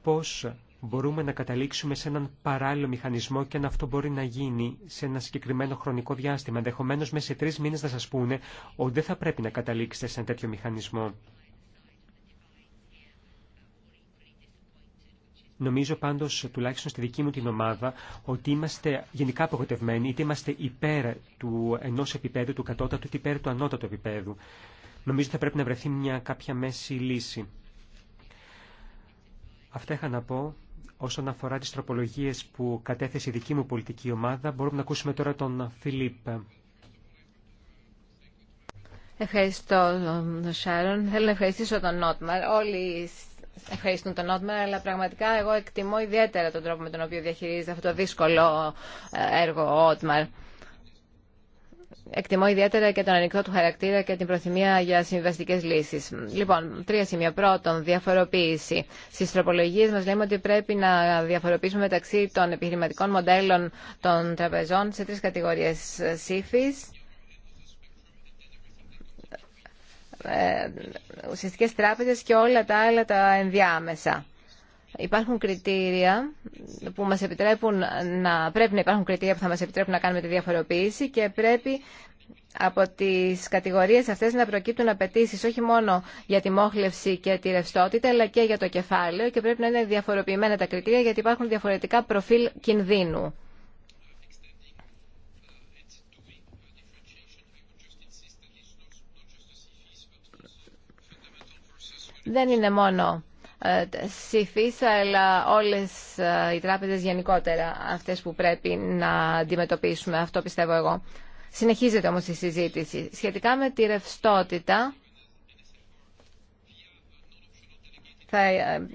πώς μπορούμε να καταλήξουμε σε έναν παράλληλο μηχανισμό και αν αυτό μπορεί να γίνει σε ένα συγκεκριμένο χρονικό διάστημα. Ενδεχομένω μέσα σε τρει μήνε να σα πούνε ότι δεν θα πρέπει να καταλήξετε σε ένα τέτοιο μηχανισμό. Νομίζω πάντως, τουλάχιστον στη δική μου την ομάδα, ότι είμαστε γενικά απογοητευμένοι, είτε είμαστε υπέρ του ενός επίπεδου, του κατώτατου, είτε υπέρ του ανώτατου επίπεδου. Νομίζω ότι θα πρέπει να βρεθεί μια κάποια μέση λύση. Αυτά είχα να πω. Όσον αφορά τις τροπολογίες που κατέθεσε η δική μου πολιτική ομάδα, μπορούμε να ακούσουμε τώρα τον Φιλίπ. Ευχαριστώ, Σάρων. Θέλω να ευχαριστήσω τον Νότμαρ. Όλοι ευχαριστούν τον Ότμαρ, αλλά πραγματικά εγώ εκτιμώ ιδιαίτερα τον τρόπο με τον οποίο διαχειρίζεται αυτό το δύσκολο ε, έργο ο Ότμαρ. Εκτιμώ ιδιαίτερα και τον ανοιχτό του χαρακτήρα και την προθυμία για συμβαστικέ λύσει. Λοιπόν, τρία σημεία. Πρώτον, διαφοροποίηση. Στι τροπολογίε μα λέμε ότι πρέπει να διαφοροποιήσουμε μεταξύ των επιχειρηματικών μοντέλων των τραπεζών σε τρει κατηγορίε. Σύφη, ε, Ε, ουσιαστικές τράπεζες και όλα τα άλλα τα ενδιάμεσα. Υπάρχουν κριτήρια που μας επιτρέπουν να πρέπει να υπάρχουν κριτήρια που θα μας επιτρέπουν να κάνουμε τη διαφοροποίηση και πρέπει από τις κατηγορίες αυτές να προκύπτουν απαιτήσει όχι μόνο για τη μόχλευση και τη ρευστότητα αλλά και για το κεφάλαιο και πρέπει να είναι διαφοροποιημένα τα κριτήρια γιατί υπάρχουν διαφορετικά προφίλ κινδύνου. δεν είναι μόνο ΣΥΦΙΣ, ε, αλλά όλες ε, οι τράπεζες γενικότερα αυτές που πρέπει να αντιμετωπίσουμε. Αυτό πιστεύω εγώ. Συνεχίζεται όμως η συζήτηση. Σχετικά με τη ρευστότητα, θα ε,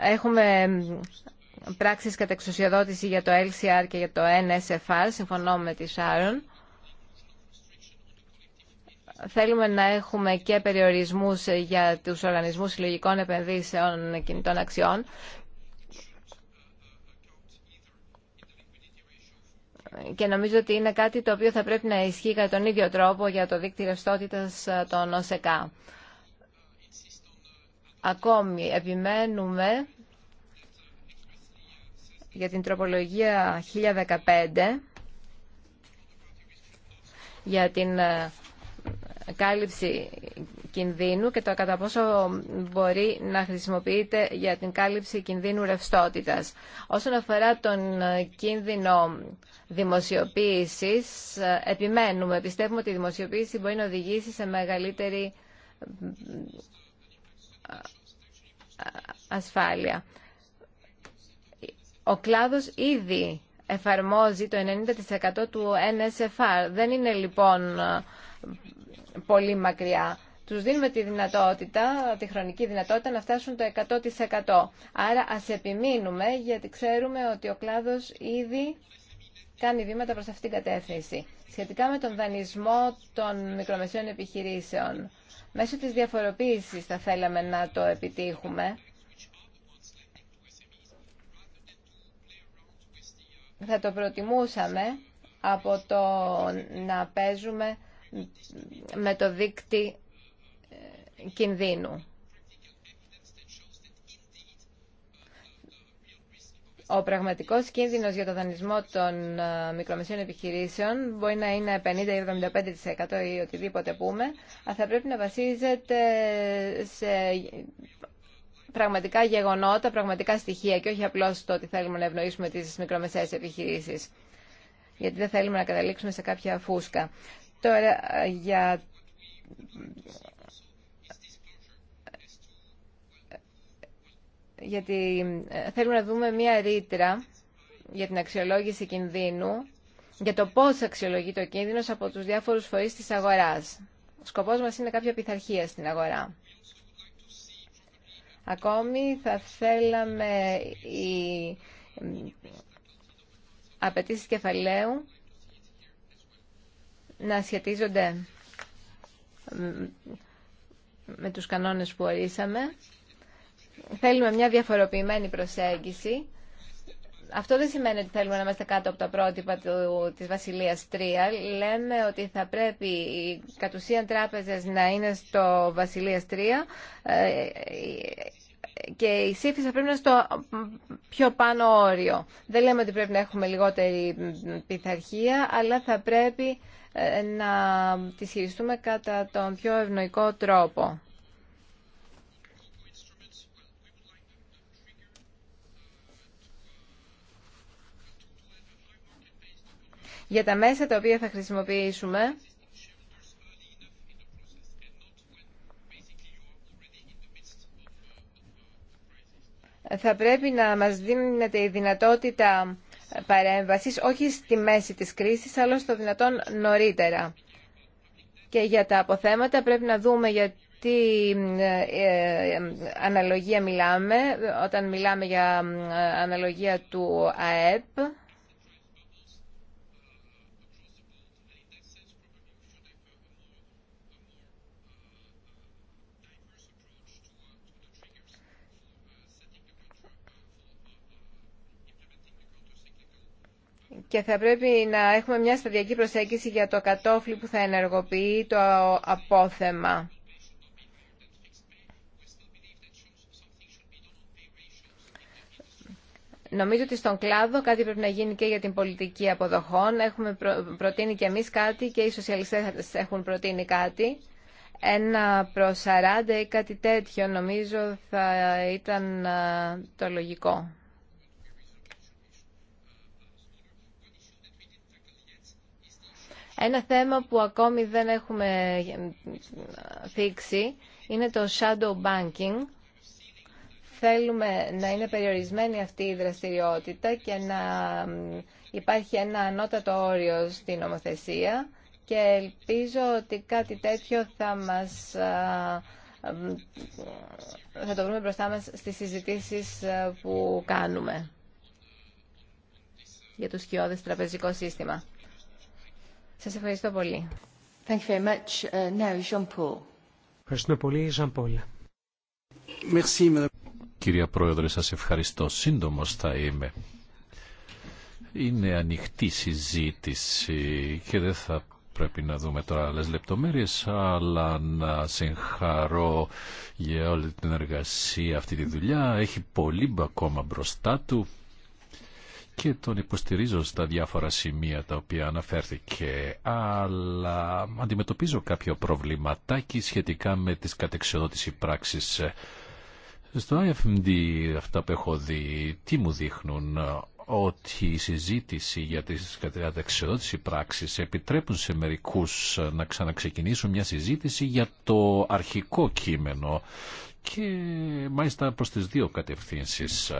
έχουμε πράξεις κατά για το LCR και για το NSFR, συμφωνώ με τη Σάρων. Θέλουμε να έχουμε και περιορισμούς για τους οργανισμούς συλλογικών επενδύσεων κινητών αξιών και νομίζω ότι είναι κάτι το οποίο θα πρέπει να ισχύει κατά τον ίδιο τρόπο για το δίκτυο ρευστότητα των ΟΣΕΚΑ. Ακόμη επιμένουμε για την τροπολογία 1015 για την ε, κάλυψη κινδύνου και το κατά πόσο μπορεί να χρησιμοποιείται για την κάλυψη κινδύνου ρευστότητας. Όσον αφορά τον κίνδυνο δημοσιοποίησης, επιμένουμε. Πιστεύουμε ότι η δημοσιοποίηση μπορεί να οδηγήσει σε μεγαλύτερη ασφάλεια. Ο κλάδος ήδη εφαρμόζει το 90% του NSFR. Δεν είναι λοιπόν πολύ μακριά. Τους δίνουμε τη δυνατότητα, τη χρονική δυνατότητα να φτάσουν το 100%. Άρα ας επιμείνουμε γιατί ξέρουμε ότι ο κλάδος ήδη κάνει βήματα προς αυτήν την κατεύθυνση. Σχετικά με τον δανεισμό των μικρομεσαίων επιχειρήσεων, μέσω της διαφοροποίησης θα θέλαμε να το επιτύχουμε. Θα το προτιμούσαμε από το να παίζουμε με το δίκτυ ε, κινδύνου. Ο πραγματικός κίνδυνος για το δανεισμό των ε, μικρομεσαίων επιχειρήσεων μπορεί να είναι 50 ή 75% ή οτιδήποτε πούμε, αλλά θα πρέπει να βασίζεται σε πραγματικά γεγονότα, πραγματικά στοιχεία και όχι απλώς το ότι θέλουμε να ευνοήσουμε τις μικρομεσαίες επιχειρήσεις γιατί δεν θέλουμε να καταλήξουμε σε κάποια φούσκα. Τώρα, για γιατί ε, θέλουμε να δούμε μία ρήτρα για την αξιολόγηση κινδύνου, για το πώς αξιολογεί ο κίνδυνος από τους διάφορους φορείς της αγοράς. Ο σκοπός μας είναι κάποια πειθαρχία στην αγορά. Ακόμη θα θέλαμε οι απαιτήσει κεφαλαίου να σχετίζονται με τους κανόνες που ορίσαμε. Θέλουμε μια διαφοροποιημένη προσέγγιση. Αυτό δεν σημαίνει ότι θέλουμε να είμαστε κάτω από τα πρότυπα του, της Βασιλείας 3. Λέμε ότι θα πρέπει οι κατουσίαν τράπεζες να είναι στο Βασιλείας 3 και η ΣΥΦΙ θα πρέπει να είναι στο πιο πάνω όριο. Δεν λέμε ότι πρέπει να έχουμε λιγότερη πειθαρχία, αλλά θα πρέπει ε, να τη χειριστούμε κατά τον πιο ευνοϊκό τρόπο. Για τα μέσα τα οποία θα χρησιμοποιήσουμε, θα πρέπει να μας δίνεται η δυνατότητα παρέμβασης όχι στη μέση της κρίσης αλλά στο δυνατόν νωρίτερα. Και για τα αποθέματα πρέπει να δούμε για τι ε, ε, αναλογία μιλάμε όταν μιλάμε για ε, αναλογία του ΑΕΠ και θα πρέπει να έχουμε μια σταδιακή προσέγγιση για το κατόφλι που θα ενεργοποιεί το απόθεμα. Νομίζω ότι στον κλάδο κάτι πρέπει να γίνει και για την πολιτική αποδοχών. Έχουμε προτείνει και εμείς κάτι και οι σοσιαλιστές έχουν προτείνει κάτι. Ένα προ 40 ή κάτι τέτοιο νομίζω θα ήταν το λογικό. Ένα θέμα που ακόμη δεν έχουμε θίξει είναι το shadow banking. Θέλουμε να είναι περιορισμένη αυτή η δραστηριότητα και να υπάρχει ένα ανώτατο όριο στην νομοθεσία και ελπίζω ότι κάτι τέτοιο θα μας θα το βρούμε μπροστά μας στις συζητήσεις που κάνουμε για το σκιώδες τραπεζικό σύστημα. Σας ευχαριστώ πολύ. Uh, πολύ, Κυρία Πρόεδρε, σας ευχαριστώ. Σύντομος θα είμαι. Είναι ανοιχτή συζήτηση και δεν θα πρέπει να δούμε τώρα άλλες λεπτομέρειες, αλλά να συγχαρώ για όλη την εργασία αυτή τη δουλειά. Έχει πολύ ακόμα μπροστά του και τον υποστηρίζω στα διάφορα σημεία τα οποία αναφέρθηκε, αλλά αντιμετωπίζω κάποιο προβληματάκι σχετικά με τις κατεξοδότηση πράξεις. Στο IFMD αυτά που έχω δει, τι μου δείχνουν, ότι η συζήτηση για τις κατεξοδότηση πράξεις επιτρέπουν σε μερικούς να ξαναξεκινήσουν μια συζήτηση για το αρχικό κείμενο και μάλιστα προς τις δύο κατευθύνσεις.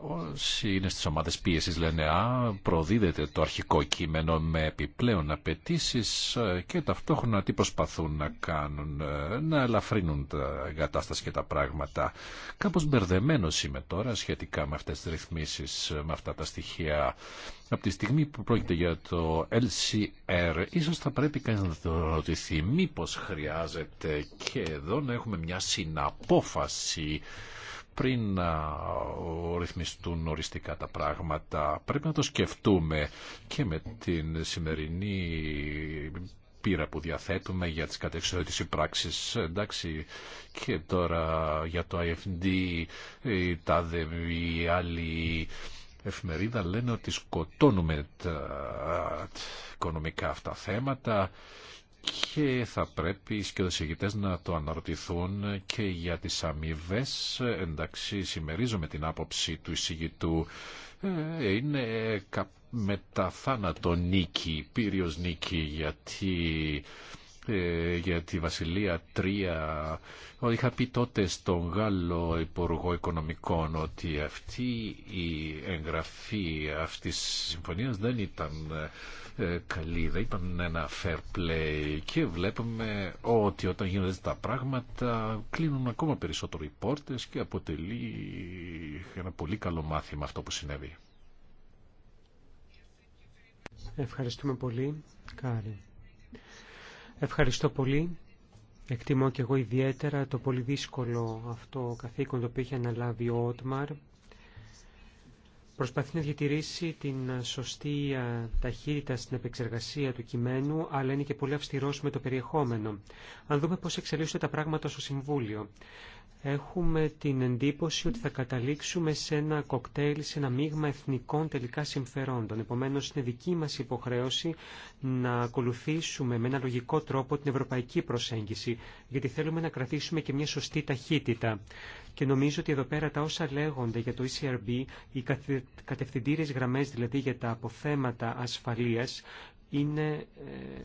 Όσοι είναι στις ομάδες πίεσης λένε «Α, προδίδεται το αρχικό κείμενο με επιπλέον απαιτήσει και ταυτόχρονα τι προσπαθούν να κάνουν, να ελαφρύνουν τα κατάσταση και τα πράγματα». Κάπως μπερδεμένο είμαι τώρα σχετικά με αυτές τις ρυθμίσεις, με αυτά τα στοιχεία. Από τη στιγμή που πρόκειται για το LCR, ίσως θα πρέπει κανείς να το ρωτηθεί μήπως χρειάζεται και εδώ να έχουμε μια συναπόφαση πριν να ρυθμιστούν οριστικά τα πράγματα. Πρέπει να το σκεφτούμε και με την σημερινή πείρα που διαθέτουμε για τις κατεξοδότηση πράξεις, εντάξει, και τώρα για το IFD, η ΤΑΔΕ, άλλη εφημερίδα λένε ότι σκοτώνουμε τα οικονομικά αυτά θέματα και θα πρέπει οι σκεδοσηγητές να το αναρωτηθούν και για τις αμοιβέ. Εντάξει, συμμερίζομαι την άποψη του εισηγητού. Ε, είναι μεταθάνατο νίκη, πύριος νίκη, γιατί ε, για τη Βασιλεία Τρία. Είχα πει τότε στον Γάλλο Υπουργό Οικονομικών ότι αυτή η εγγραφή αυτής της συμφωνίας δεν ήταν ε, ε, καλύδα, είπαν ναι, ένα fair play και βλέπουμε ότι όταν γίνονται τα πράγματα κλείνουν ακόμα περισσότερο οι πόρτες και αποτελεί ένα πολύ καλό μάθημα αυτό που συνέβη. Ευχαριστούμε πολύ, Κάρι. Ευχαριστώ πολύ. Εκτιμώ και εγώ ιδιαίτερα το πολύ δύσκολο αυτό καθήκον το οποίο είχε αναλάβει ο Ότμαρ Προσπαθεί να διατηρήσει την σωστή ταχύτητα στην επεξεργασία του κειμένου, αλλά είναι και πολύ αυστηρό με το περιεχόμενο. Αν δούμε πώ εξελίσσονται τα πράγματα στο Συμβούλιο έχουμε την εντύπωση ότι θα καταλήξουμε σε ένα κοκτέιλ, σε ένα μείγμα εθνικών τελικά συμφερόντων. Επομένως, είναι δική μας υποχρέωση να ακολουθήσουμε με ένα λογικό τρόπο την ευρωπαϊκή προσέγγιση, γιατί θέλουμε να κρατήσουμε και μια σωστή ταχύτητα. Και νομίζω ότι εδώ πέρα τα όσα λέγονται για το ECRB, οι κατευθυντήριες γραμμές δηλαδή για τα αποθέματα ασφαλείας, είναι, ε,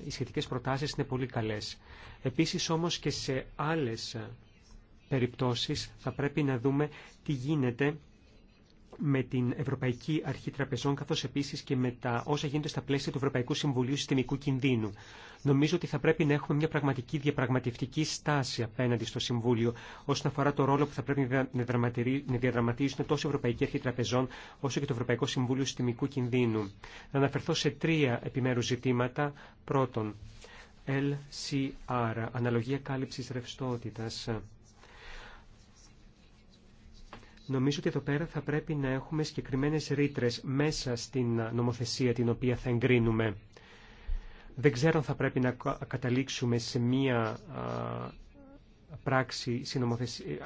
οι σχετικές προτάσεις είναι πολύ καλές. Επίσης όμως και σε άλλες περιπτώσεις θα πρέπει να δούμε τι γίνεται με την Ευρωπαϊκή Αρχή Τραπεζών, καθώ επίση και με τα όσα γίνονται στα πλαίσια του Ευρωπαϊκού Συμβουλίου Συστημικού Κινδύνου. Νομίζω ότι θα πρέπει να έχουμε μια πραγματική διαπραγματευτική στάση απέναντι στο Συμβούλιο, όσον αφορά το ρόλο που θα πρέπει να διαδραματίζουν τόσο η Ευρωπαϊκή Αρχή Τραπεζών, όσο και το Ευρωπαϊκό Συμβούλιο Συστημικού Κινδύνου. Να αναφερθώ σε τρία επιμέρου ζητήματα. Πρώτον, LCR, αναλογία κάλυψη ρευστότητα. Νομίζω ότι εδώ πέρα θα πρέπει να έχουμε συγκεκριμένε ρήτρε μέσα στην νομοθεσία την οποία θα εγκρίνουμε. Δεν ξέρω αν θα πρέπει να καταλήξουμε σε μία πράξη,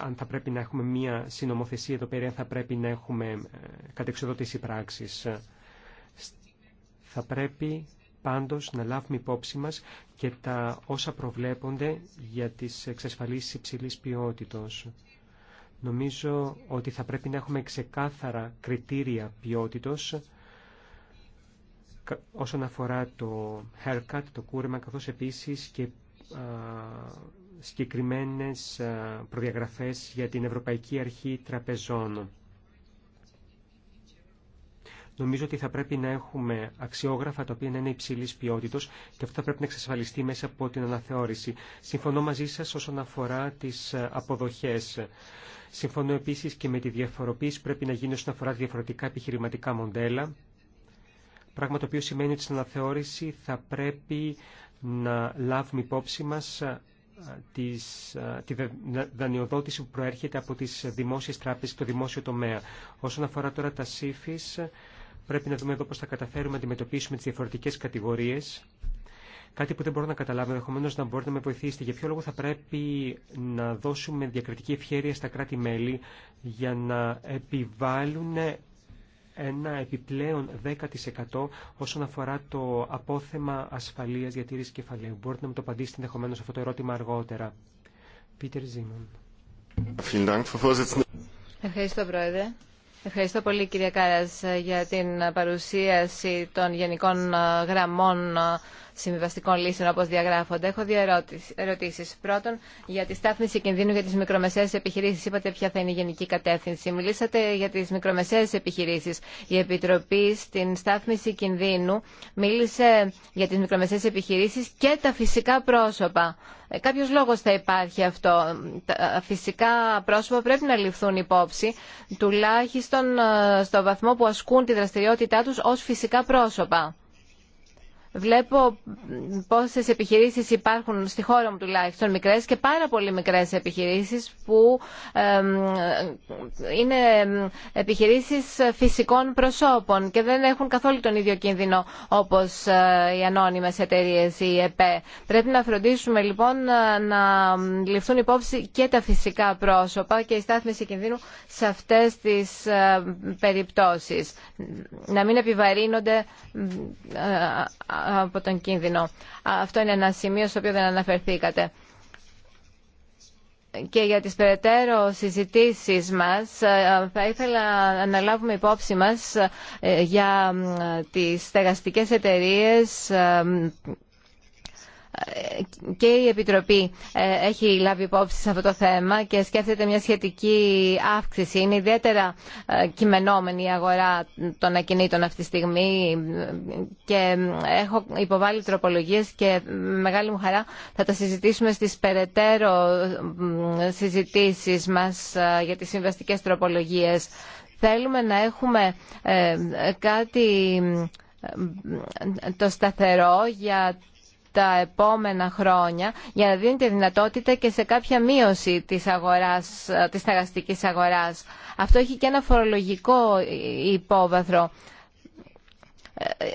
αν θα πρέπει να έχουμε μία συνομοθεσία εδώ πέρα, θα πρέπει να έχουμε ε, κατεξοδότηση πράξης. Θα πρέπει πάντως να λάβουμε υπόψη μας και τα όσα προβλέπονται για τις εξασφαλίσεις υψηλής ποιότητος. Νομίζω ότι θα πρέπει να έχουμε ξεκάθαρα κριτήρια ποιότητος όσον αφορά το haircut, το κούρεμα, καθώς επίσης και συγκεκριμένες προδιαγραφές για την Ευρωπαϊκή Αρχή Τραπεζών. Νομίζω ότι θα πρέπει να έχουμε αξιόγραφα τα οποία να είναι υψηλής ποιότητος και αυτό θα πρέπει να εξασφαλιστεί μέσα από την αναθεώρηση. Συμφωνώ μαζί σας όσον αφορά τι αποδοχές. Συμφωνώ επίσης και με τη διαφοροποίηση που πρέπει να γίνει όσον αφορά διαφορετικά επιχειρηματικά μοντέλα, πράγμα το οποίο σημαίνει ότι στην αναθεώρηση θα πρέπει να λάβουμε υπόψη μας της, τη δανειοδότηση που προέρχεται από τις δημόσιες τράπεζες και το δημόσιο τομέα. Όσον αφορά τώρα τα ΣΥΦΙΣ, πρέπει να δούμε εδώ πώς θα καταφέρουμε να αντιμετωπίσουμε τις διαφορετικές κατηγορίες Κάτι που δεν μπορώ να καταλάβω, ενδεχομένω να μπορείτε να με βοηθήσετε. Για ποιο λόγο θα πρέπει να δώσουμε διακριτική ευχαίρεια στα κράτη-μέλη για να επιβάλλουν ένα επιπλέον 10% όσον αφορά το απόθεμα ασφαλείας διατήρησης κεφαλαίου. Μπορείτε να μου το απαντήσετε ενδεχομένω αυτό το ερώτημα αργότερα. Πίτερ Ζήμον. Ευχαριστώ, Πρόεδρε. Ευχαριστώ πολύ, κυρία Κάρας, για την παρουσίαση των γενικών γραμμών συμβιβαστικών λύσεων όπω διαγράφονται. Έχω δύο ερωτήσει. Πρώτον, για τη στάθμιση κινδύνου για τι μικρομεσαίε επιχειρήσει, Είπατε ποια θα είναι η γενική κατεύθυνση. Μιλήσατε για τι μικρομεσαίε επιχειρήσει. Η Επιτροπή στην στάθμιση κινδύνου μίλησε για τι μικρομεσαίε επιχειρήσει και τα φυσικά πρόσωπα. Ε, Κάποιο λόγο θα υπάρχει αυτό. Τα φυσικά πρόσωπα πρέπει να ληφθούν υπόψη, τουλάχιστον ε, στο βαθμό που ασκούν τη δραστηριότητά του ω φυσικά πρόσωπα. Βλέπω πόσε επιχειρήσεις υπάρχουν στη χώρα μου τουλάχιστον μικρές και πάρα πολύ μικρές επιχειρήσεις που είναι επιχειρήσεις φυσικών προσώπων και δεν έχουν καθόλου τον ίδιο κίνδυνο όπως ε, οι ανώνυμες εταιρείε ή η ΕΠΕ. Πρέπει να φροντίσουμε λοιπόν να ληφθούν υπόψη και τα φυσικά πρόσωπα και η στάθμιση κινδύνου σε αυτές τις ε, περιπτώσει. Να μην επιβαρύνονται ε, από κίνδυνο. Αυτό είναι ένα σημείο στο οποίο δεν αναφερθήκατε. Και για τις περαιτέρω συζητήσεις μας ε, θα ήθελα να λάβουμε υπόψη μας ε, για ε, τις στεγαστικές εταιρείες και η Επιτροπή ε, έχει λάβει υπόψη σε αυτό το θέμα και σκέφτεται μια σχετική αύξηση. Είναι ιδιαίτερα ε, κειμενόμενη η αγορά των ακινήτων αυτή τη στιγμή και ε, έχω υποβάλει τροπολογίες και μεγάλη μου χαρά θα τα συζητήσουμε στις περαιτέρω συζητήσεις μας για τις συμβαστικές τροπολογίες. Θέλουμε να έχουμε κάτι το σταθερό για τα επόμενα χρόνια για να τη δυνατότητα και σε κάποια μείωση της, αγοράς, της στεγαστικής αγοράς. Αυτό έχει και ένα φορολογικό υπόβαθρο. Ε,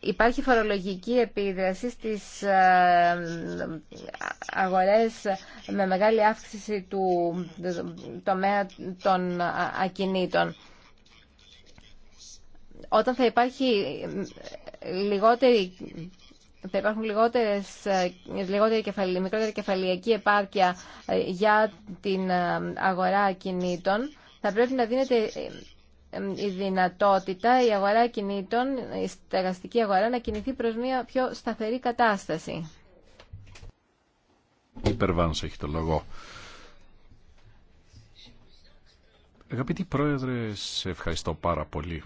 υπάρχει φορολογική επίδραση στις ε, αγορές με μεγάλη αύξηση του τομέα των ακινήτων. Όταν θα υπάρχει λιγότερη θα υπάρχουν λιγότερες, ε, λιγότερη κεφαλή, μικρότερη κεφαλιακή επάρκεια ε, για την ε, αγορά κινήτων, θα πρέπει να δίνεται η δυνατότητα η αγορά κινήτων, η στεγαστική αγορά, να κινηθεί προς μια πιο σταθερή κατάσταση. Υπερβάνος έχει το λόγο. Αγαπητοί Πρόεδρε, σε ευχαριστώ πάρα πολύ.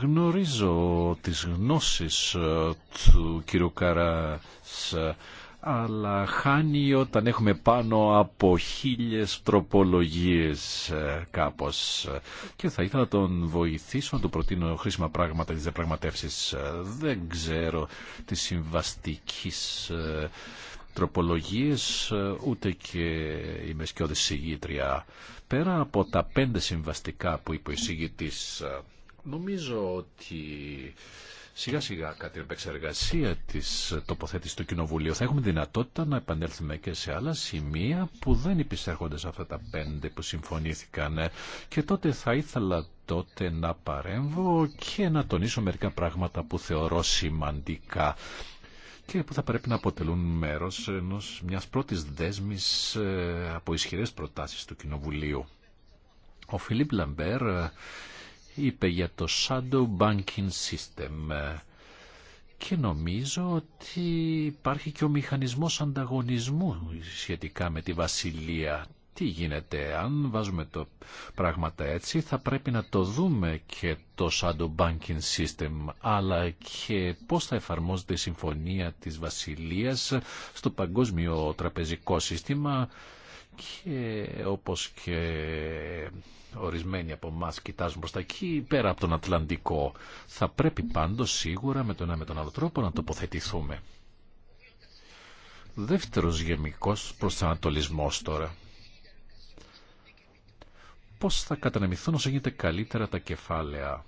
Γνωρίζω τις γνώσεις ε, του κύριου Καράς, ε, αλλά χάνει όταν έχουμε πάνω από χίλιες τροπολογίες ε, κάπως. Και θα ήθελα να τον βοηθήσω να του προτείνω χρήσιμα πράγματα της διαπραγματεύσης. Δεν ξέρω τις συμβαστικής τροπολογίες ούτε και η μεσκιώδη συγγήτρια. Πέρα από τα πέντε συμβαστικά που είπε ο συγγητής... Νομίζω ότι σιγά σιγά κατά την επεξεργασία της τοποθέτησης του Κοινοβουλίου θα έχουμε δυνατότητα να επανέλθουμε και σε άλλα σημεία που δεν υπησέρχονται σε αυτά τα πέντε που συμφωνήθηκαν και τότε θα ήθελα τότε να παρέμβω και να τονίσω μερικά πράγματα που θεωρώ σημαντικά και που θα πρέπει να αποτελούν μέρος ενός μιας πρώτης δέσμης ε, από ισχυρές προτάσεις του Κοινοβουλίου. Ο Φιλίπ Λαμπέρ είπε για το Shadow Banking System και νομίζω ότι υπάρχει και ο μηχανισμός ανταγωνισμού σχετικά με τη Βασιλεία. Τι γίνεται, αν βάζουμε το πράγματα έτσι, θα πρέπει να το δούμε και το shadow banking system, αλλά και πώς θα εφαρμόζεται η συμφωνία της Βασιλείας στο παγκόσμιο τραπεζικό σύστημα και όπως και Ορισμένοι από εμά κοιτάζουν προ τα εκεί, πέρα από τον Ατλαντικό. Θα πρέπει πάντω σίγουρα με τον ένα με τον άλλο τρόπο να τοποθετηθούμε. Δεύτερος γεμικός προσανατολισμό τώρα. Πώς θα κατανεμηθούν όσο γίνεται καλύτερα τα κεφάλαια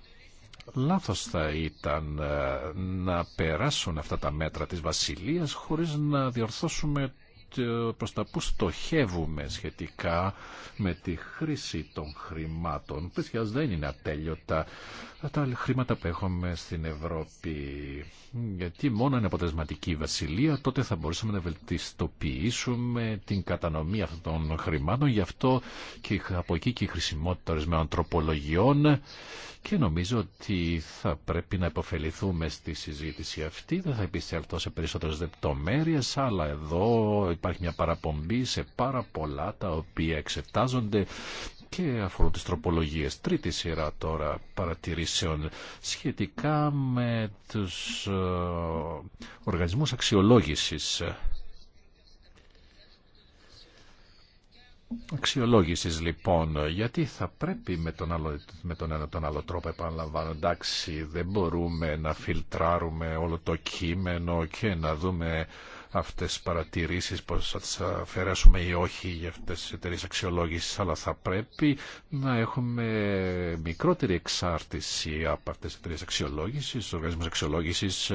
λάθος θα ήταν ε, να περάσουν αυτά τα μέτρα της Βασιλείας χωρίς να διορθώσουμε ε, προς τα που στοχεύουμε σχετικά με τη χρήση των χρημάτων. Πες δεν είναι ατέλειωτα τα χρήματα που έχουμε στην Ευρώπη. Γιατί μόνο είναι αποτελεσματική Βασιλεία, τότε θα μπορούσαμε να βελτιστοποιήσουμε την κατανομή αυτών των χρημάτων. Γι' αυτό και από εκεί και η χρησιμότητα ορισμένων τροπολογιών και νομίζω ότι θα πρέπει να υποφεληθούμε στη συζήτηση αυτή. Δεν θα επισέλθω σε περισσότερε λεπτομέρειε, αλλά εδώ υπάρχει μια παραπομπή σε πάρα πολλά τα οποία εξετάζονται και αφορούν τις τροπολογίες. Τρίτη σειρά τώρα παρατηρήσεων σχετικά με τους ε, οργανισμούς αξιολόγησης. Αξιολόγησης λοιπόν, γιατί θα πρέπει με τον, άλλο, με τον ένα τον άλλο τρόπο επαναλαμβάνω, δεν μπορούμε να φιλτράρουμε όλο το κείμενο και να δούμε αυτές τις παρατηρήσεις, πώς θα τις αφαιρέσουμε ή όχι για αυτές τις εταιρείε αξιολόγησης, αλλά θα πρέπει να έχουμε μικρότερη εξάρτηση από αυτές τις εταιρείε αξιολόγησης, οργανισμούς αξιολόγησης,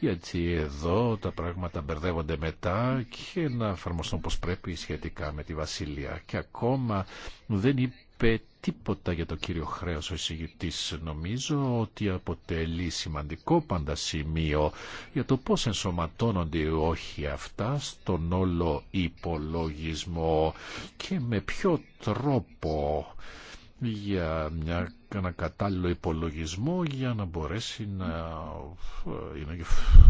γιατί εδώ τα πράγματα μπερδεύονται μετά και να εφαρμοστούν όπως πρέπει σχετικά με τη Βασίλεια. Και ακόμα δεν είπε τίποτα για το κύριο χρέος ο εισηγητής. Νομίζω ότι αποτελεί σημαντικό πάντα σημείο για το πώς ενσωματώνονται όχι αυτά στον όλο υπολογισμό και με ποιο τρόπο για μια, ένα κατάλληλο υπολογισμό για να μπορέσει να, ε,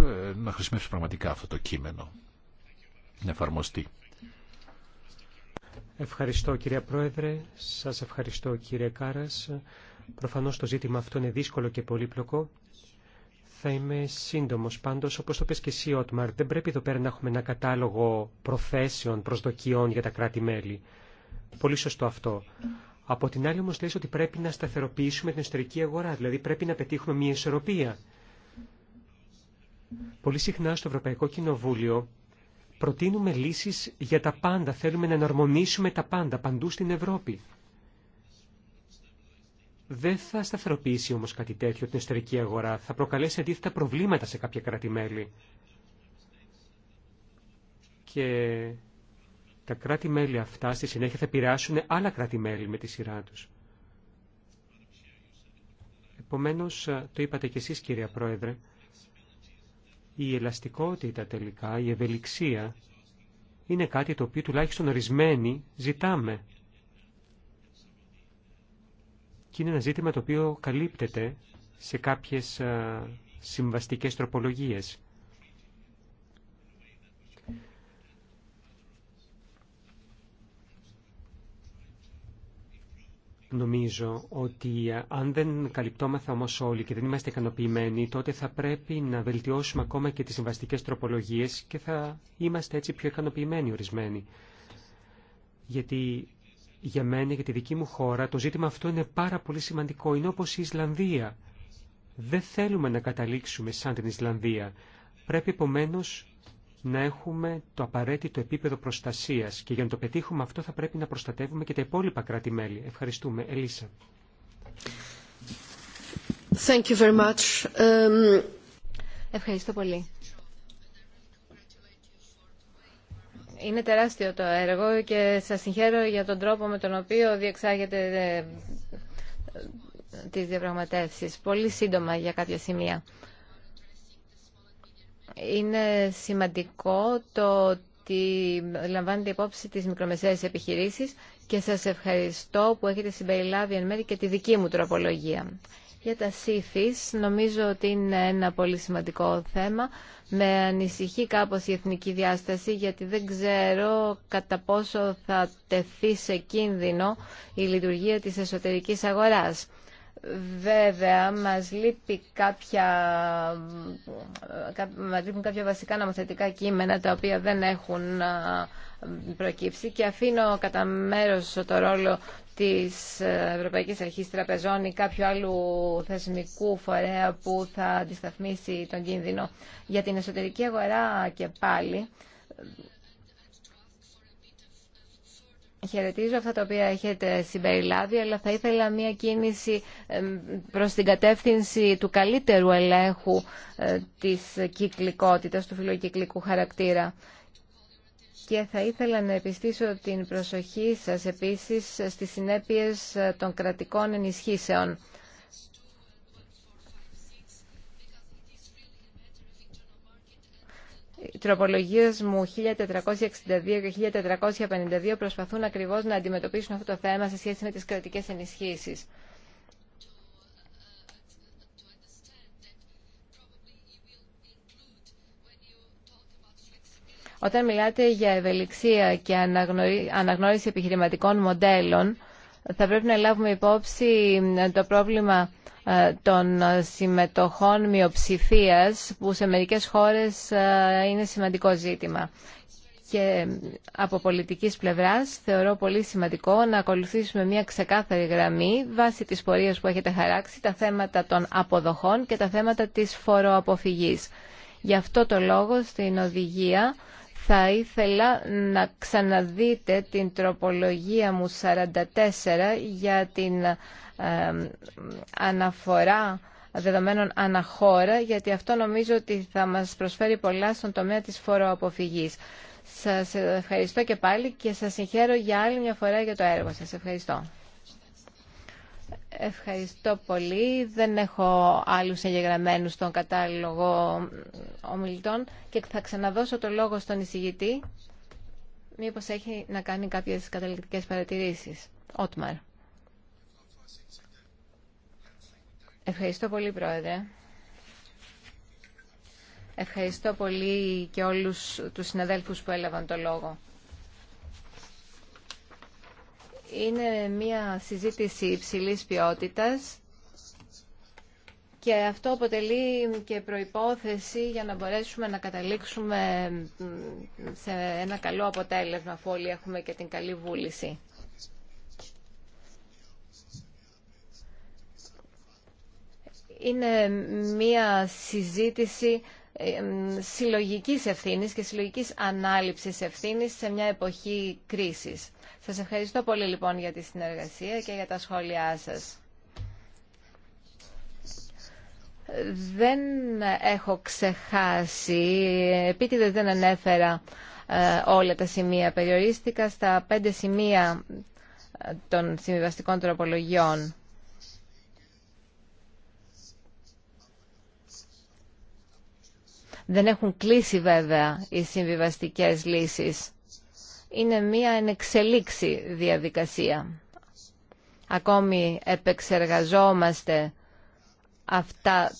ε, να χρησιμεύσει πραγματικά αυτό το κείμενο να εφαρμοστεί. Ευχαριστώ κύριε Πρόεδρε, σας ευχαριστώ κύριε Κάρας. Προφανώς το ζήτημα αυτό είναι δύσκολο και πολύπλοκο. Θα είμαι σύντομος πάντως, όπως το πες και εσύ Ότμαρ, δεν πρέπει εδώ πέρα να έχουμε ένα κατάλογο προθέσεων, προσδοκιών για τα κράτη-μέλη. Πολύ σωστό αυτό. Από την άλλη όμως λες ότι πρέπει να σταθεροποιήσουμε την εσωτερική αγορά, δηλαδή πρέπει να πετύχουμε μια ισορροπία. Πολύ συχνά στο Ευρωπαϊκό Κοινοβούλιο Προτείνουμε λύσεις για τα πάντα. Θέλουμε να εναρμονίσουμε τα πάντα, παντού στην Ευρώπη. Δεν θα σταθεροποιήσει όμως κάτι τέτοιο την εσωτερική αγορά. Θα προκαλέσει αντίθετα προβλήματα σε κάποια κράτη-μέλη. Και τα κράτη-μέλη αυτά στη συνέχεια θα πειράσουν άλλα κράτη-μέλη με τη σειρά τους. Επομένως, το είπατε κι εσείς κυρία Πρόεδρε, η ελαστικότητα τελικά, η ευελιξία, είναι κάτι το οποίο τουλάχιστον ορισμένοι ζητάμε. Και είναι ένα ζήτημα το οποίο καλύπτεται σε κάποιες ε, συμβαστικές τροπολογίες. Νομίζω ότι ε, αν δεν καλυπτόμαθα όμω όλοι και δεν είμαστε ικανοποιημένοι, τότε θα πρέπει να βελτιώσουμε ακόμα και τι συμβαστικέ τροπολογίε και θα είμαστε έτσι πιο ικανοποιημένοι ορισμένοι. Γιατί για μένα, για τη δική μου χώρα, το ζήτημα αυτό είναι πάρα πολύ σημαντικό. Είναι όπω η Ισλανδία. Δεν θέλουμε να καταλήξουμε σαν την Ισλανδία. Πρέπει επομένω να έχουμε το απαραίτητο επίπεδο προστασίας και για να το πετύχουμε αυτό θα πρέπει να προστατεύουμε και τα υπόλοιπα κράτη-μέλη. Ευχαριστούμε. Ελίσσα. Thank you very much. Um, Ευχαριστώ πολύ. Είναι τεράστιο το έργο και σας συγχαίρω για τον τρόπο με τον οποίο διεξάγεται ε, ε, τις διαπραγματεύσεις. Πολύ σύντομα για κάποια σημεία. Είναι σημαντικό το ότι λαμβάνετε υπόψη τις μικρομεσαίες επιχειρήσεις και σας ευχαριστώ που έχετε συμπεριλάβει εν μέρει και τη δική μου τροπολογία. Για τα ΣΥΦΙΣ νομίζω ότι είναι ένα πολύ σημαντικό θέμα. Με ανησυχεί κάπως η εθνική διάσταση γιατί δεν ξέρω κατά πόσο θα τεθεί σε κίνδυνο η λειτουργία της εσωτερικής αγοράς βέβαια μας, λείπει κάποια, μας λείπουν κάποια βασικά νομοθετικά κείμενα τα οποία δεν έχουν προκύψει και αφήνω κατά μέρος το ρόλο της ε, Ευρωπαϊκής Αρχής Τραπεζών ή κάποιου άλλου θεσμικού φορέα που θα αντισταθμίσει τον κίνδυνο για την εσωτερική αγορά και πάλι Χαιρετίζω αυτά τα οποία έχετε συμπεριλάβει, αλλά θα ήθελα μια κίνηση προς την κατεύθυνση του καλύτερου ελέγχου ε, της κυκλικότητας, του φιλοκυκλικού χαρακτήρα. Και θα ήθελα να επιστήσω την προσοχή σας επίσης στις συνέπειες ε, των κρατικών ενισχύσεων. Οι τροπολογίες μου 1462 και 1452 προσπαθούν ακριβώς να αντιμετωπίσουν αυτό το θέμα σε σχέση με τις κρατικές ενισχύσεις. Όταν μιλάτε για ευελιξία και αναγνώριση επιχειρηματικών μοντέλων, θα πρέπει να λάβουμε υπόψη το πρόβλημα ε, των συμμετοχών μειοψηφία που σε μερικές χώρες ε, είναι σημαντικό ζήτημα. Και από πολιτικής πλευράς θεωρώ πολύ σημαντικό να ακολουθήσουμε μια ξεκάθαρη γραμμή βάσει της πορείας που έχετε χαράξει τα θέματα των αποδοχών και τα θέματα της φοροαποφυγής. Γι' αυτό το λόγο στην οδηγία θα ήθελα να ξαναδείτε την τροπολογία μου 44 για την αναφορά δεδομένων αναχώρα, γιατί αυτό νομίζω ότι θα μας προσφέρει πολλά στον τομέα της φοροαποφυγής. Σας ευχαριστώ και πάλι και σας συγχαίρω για άλλη μια φορά για το έργο σας. Ευχαριστώ. Ευχαριστώ πολύ. Δεν έχω άλλους εγγεγραμμένους στον κατάλογο ομιλητών και θα ξαναδώσω το λόγο στον εισηγητή μήπως έχει να κάνει κάποιες καταληκτικές παρατηρήσεις. Ότμαρ. Ευχαριστώ πολύ, Πρόεδρε. Ευχαριστώ πολύ και όλους τους συναδέλφους που έλαβαν το λόγο είναι μια συζήτηση υψηλής ποιότητας και αυτό αποτελεί και προϋπόθεση για να μπορέσουμε να καταλήξουμε σε ένα καλό αποτέλεσμα αφού όλοι έχουμε και την καλή βούληση. Είναι μια συζήτηση ε, συλλογικής ευθύνης και συλλογικής ανάληψης ευθύνης σε μια εποχή κρίσης. Σας ευχαριστώ πολύ λοιπόν για τη συνεργασία και για τα σχόλιά σας. Δεν έχω ξεχάσει, επίτηδες δεν ανέφερα ε, όλα τα σημεία. Περιορίστηκα στα πέντε σημεία ε, των συμβιβαστικών τροπολογιών. Δεν έχουν κλείσει βέβαια οι συμβιβαστικές λύσεις είναι μία ενεξελίξη διαδικασία. Ακόμη επεξεργαζόμαστε αυτά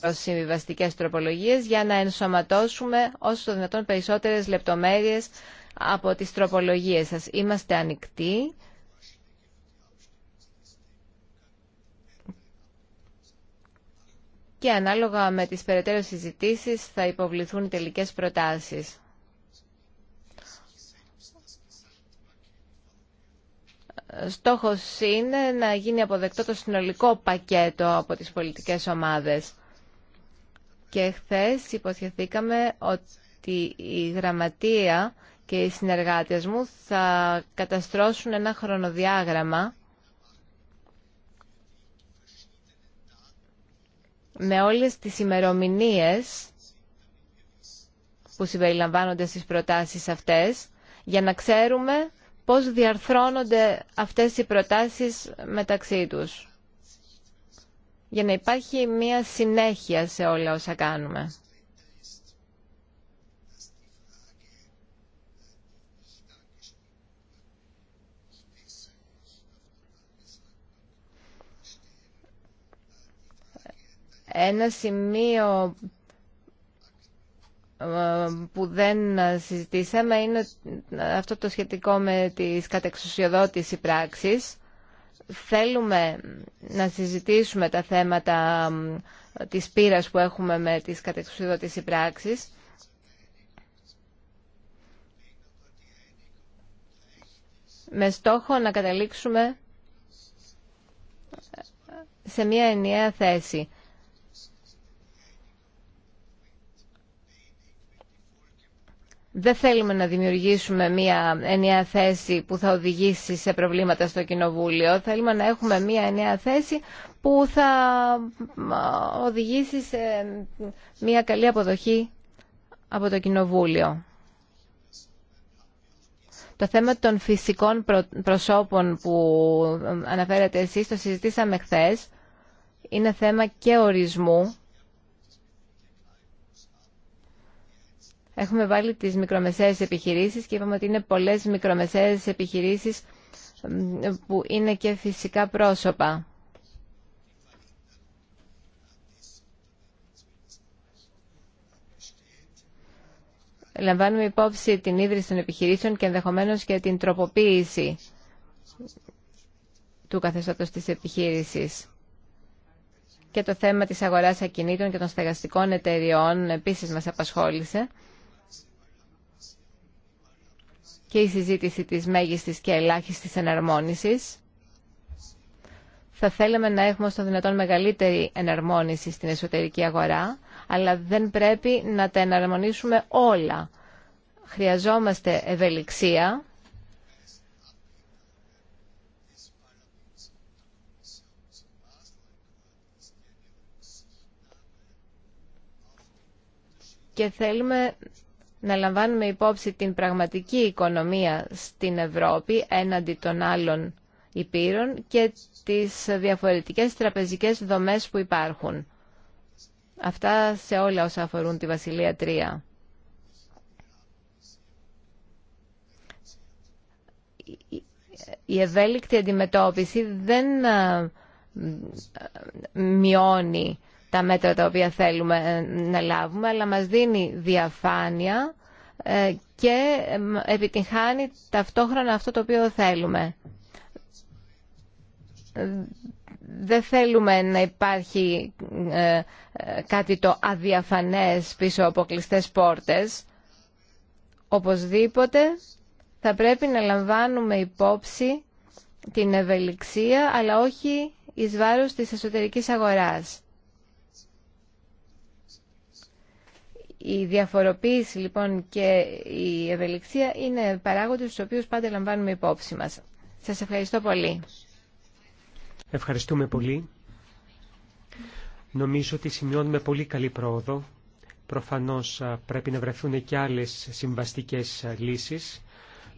τα συμβιβαστικές τροπολογίες για να ενσωματώσουμε όσο το δυνατόν περισσότερες λεπτομέρειες από τις τροπολογίες σας. Είμαστε ανοιχτοί και ανάλογα με τις περαιτέρω συζητήσεις θα υποβληθούν τελικές προτάσεις. Στόχος είναι να γίνει αποδεκτό το συνολικό πακέτο από τις πολιτικές ομάδες. Και χθες υποσχεθήκαμε ότι η γραμματεία και οι συνεργάτες μου θα καταστρώσουν ένα χρονοδιάγραμμα με όλες τις ημερομηνίες που συμπεριλαμβάνονται στις προτάσεις αυτές για να ξέρουμε πώς διαρθρώνονται αυτές οι προτάσεις μεταξύ τους για να υπάρχει μία συνέχεια σε όλα όσα κάνουμε. Ένα σημείο που δεν συζητήσαμε είναι αυτό το σχετικό με τις κατεξουσιοδότηση πράξεις Θέλουμε να συζητήσουμε τα θέματα της πείρας που έχουμε με τις κατεξουσιοδότηση πράξεις με στόχο να καταλήξουμε σε μια ενιαία θέση. Δεν θέλουμε να δημιουργήσουμε μια ενιαία θέση που θα οδηγήσει σε προβλήματα στο Κοινοβούλιο. Θέλουμε να έχουμε μια ενιαία θέση που θα οδηγήσει σε μια καλή αποδοχή από το Κοινοβούλιο. Το θέμα των φυσικών προσώπων που ε, αναφέρατε εσείς το συζητήσαμε χθες. Είναι θέμα και ορισμού Έχουμε βάλει τις μικρομεσαίες επιχειρήσεις και είπαμε ότι είναι πολλές μικρομεσαίες επιχειρήσεις που είναι και φυσικά πρόσωπα. Λαμβάνουμε υπόψη την ίδρυση των επιχειρήσεων και ενδεχομένως και την τροποποίηση του καθεστώτος της επιχείρησης. Και το θέμα της αγοράς ακινήτων και των στεγαστικών εταιριών επίσης μας απασχόλησε και η συζήτηση της μέγιστης και ελάχιστης εναρμόνισης. Θα θέλαμε να έχουμε στο δυνατόν μεγαλύτερη εναρμόνιση στην εσωτερική αγορά, αλλά δεν πρέπει να τα εναρμονίσουμε όλα. Χρειαζόμαστε ευελιξία. Και θέλουμε να λαμβάνουμε υπόψη την πραγματική οικονομία στην Ευρώπη έναντι των άλλων υπήρων και τις διαφορετικές τραπεζικές δομές που υπάρχουν. Αυτά σε όλα όσα αφορούν τη Βασιλεία 3. Η ευέλικτη αντιμετώπιση δεν ε, ε, μειώνει τα μέτρα τα οποία θέλουμε ε, να λάβουμε, αλλά μας δίνει διαφάνεια ε, και επιτυγχάνει ταυτόχρονα αυτό το οποίο θέλουμε. Δεν θέλουμε να υπάρχει ε, κάτι το αδιαφανές πίσω από κλειστές πόρτες. Οπωσδήποτε θα πρέπει να λαμβάνουμε υπόψη την ευελιξία, αλλά όχι εις βάρος της εσωτερικής αγοράς. Η διαφοροποίηση λοιπόν και η ευελιξία είναι παράγοντες στους οποίους πάντα λαμβάνουμε υπόψη μας. Σας ευχαριστώ πολύ. Ευχαριστούμε πολύ. Νομίζω ότι σημειώνουμε πολύ καλή πρόοδο. Προφανώς πρέπει να βρεθούν και άλλες συμβαστικές λύσεις.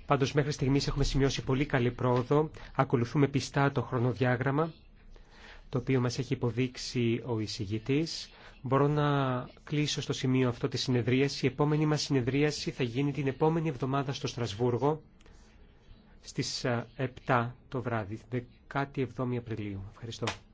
Πάντως μέχρι στιγμής έχουμε σημειώσει πολύ καλή πρόοδο. Ακολουθούμε πιστά το χρονοδιάγραμμα, το οποίο μας έχει υποδείξει ο εισηγητής. Μπορώ να κλείσω στο σημείο αυτό τη συνεδρίαση. Η επόμενη μας συνεδρίαση θα γίνει την επόμενη εβδομάδα στο Στρασβούργο στις 7 ε, το βράδυ, 17 Απριλίου. Ευχαριστώ.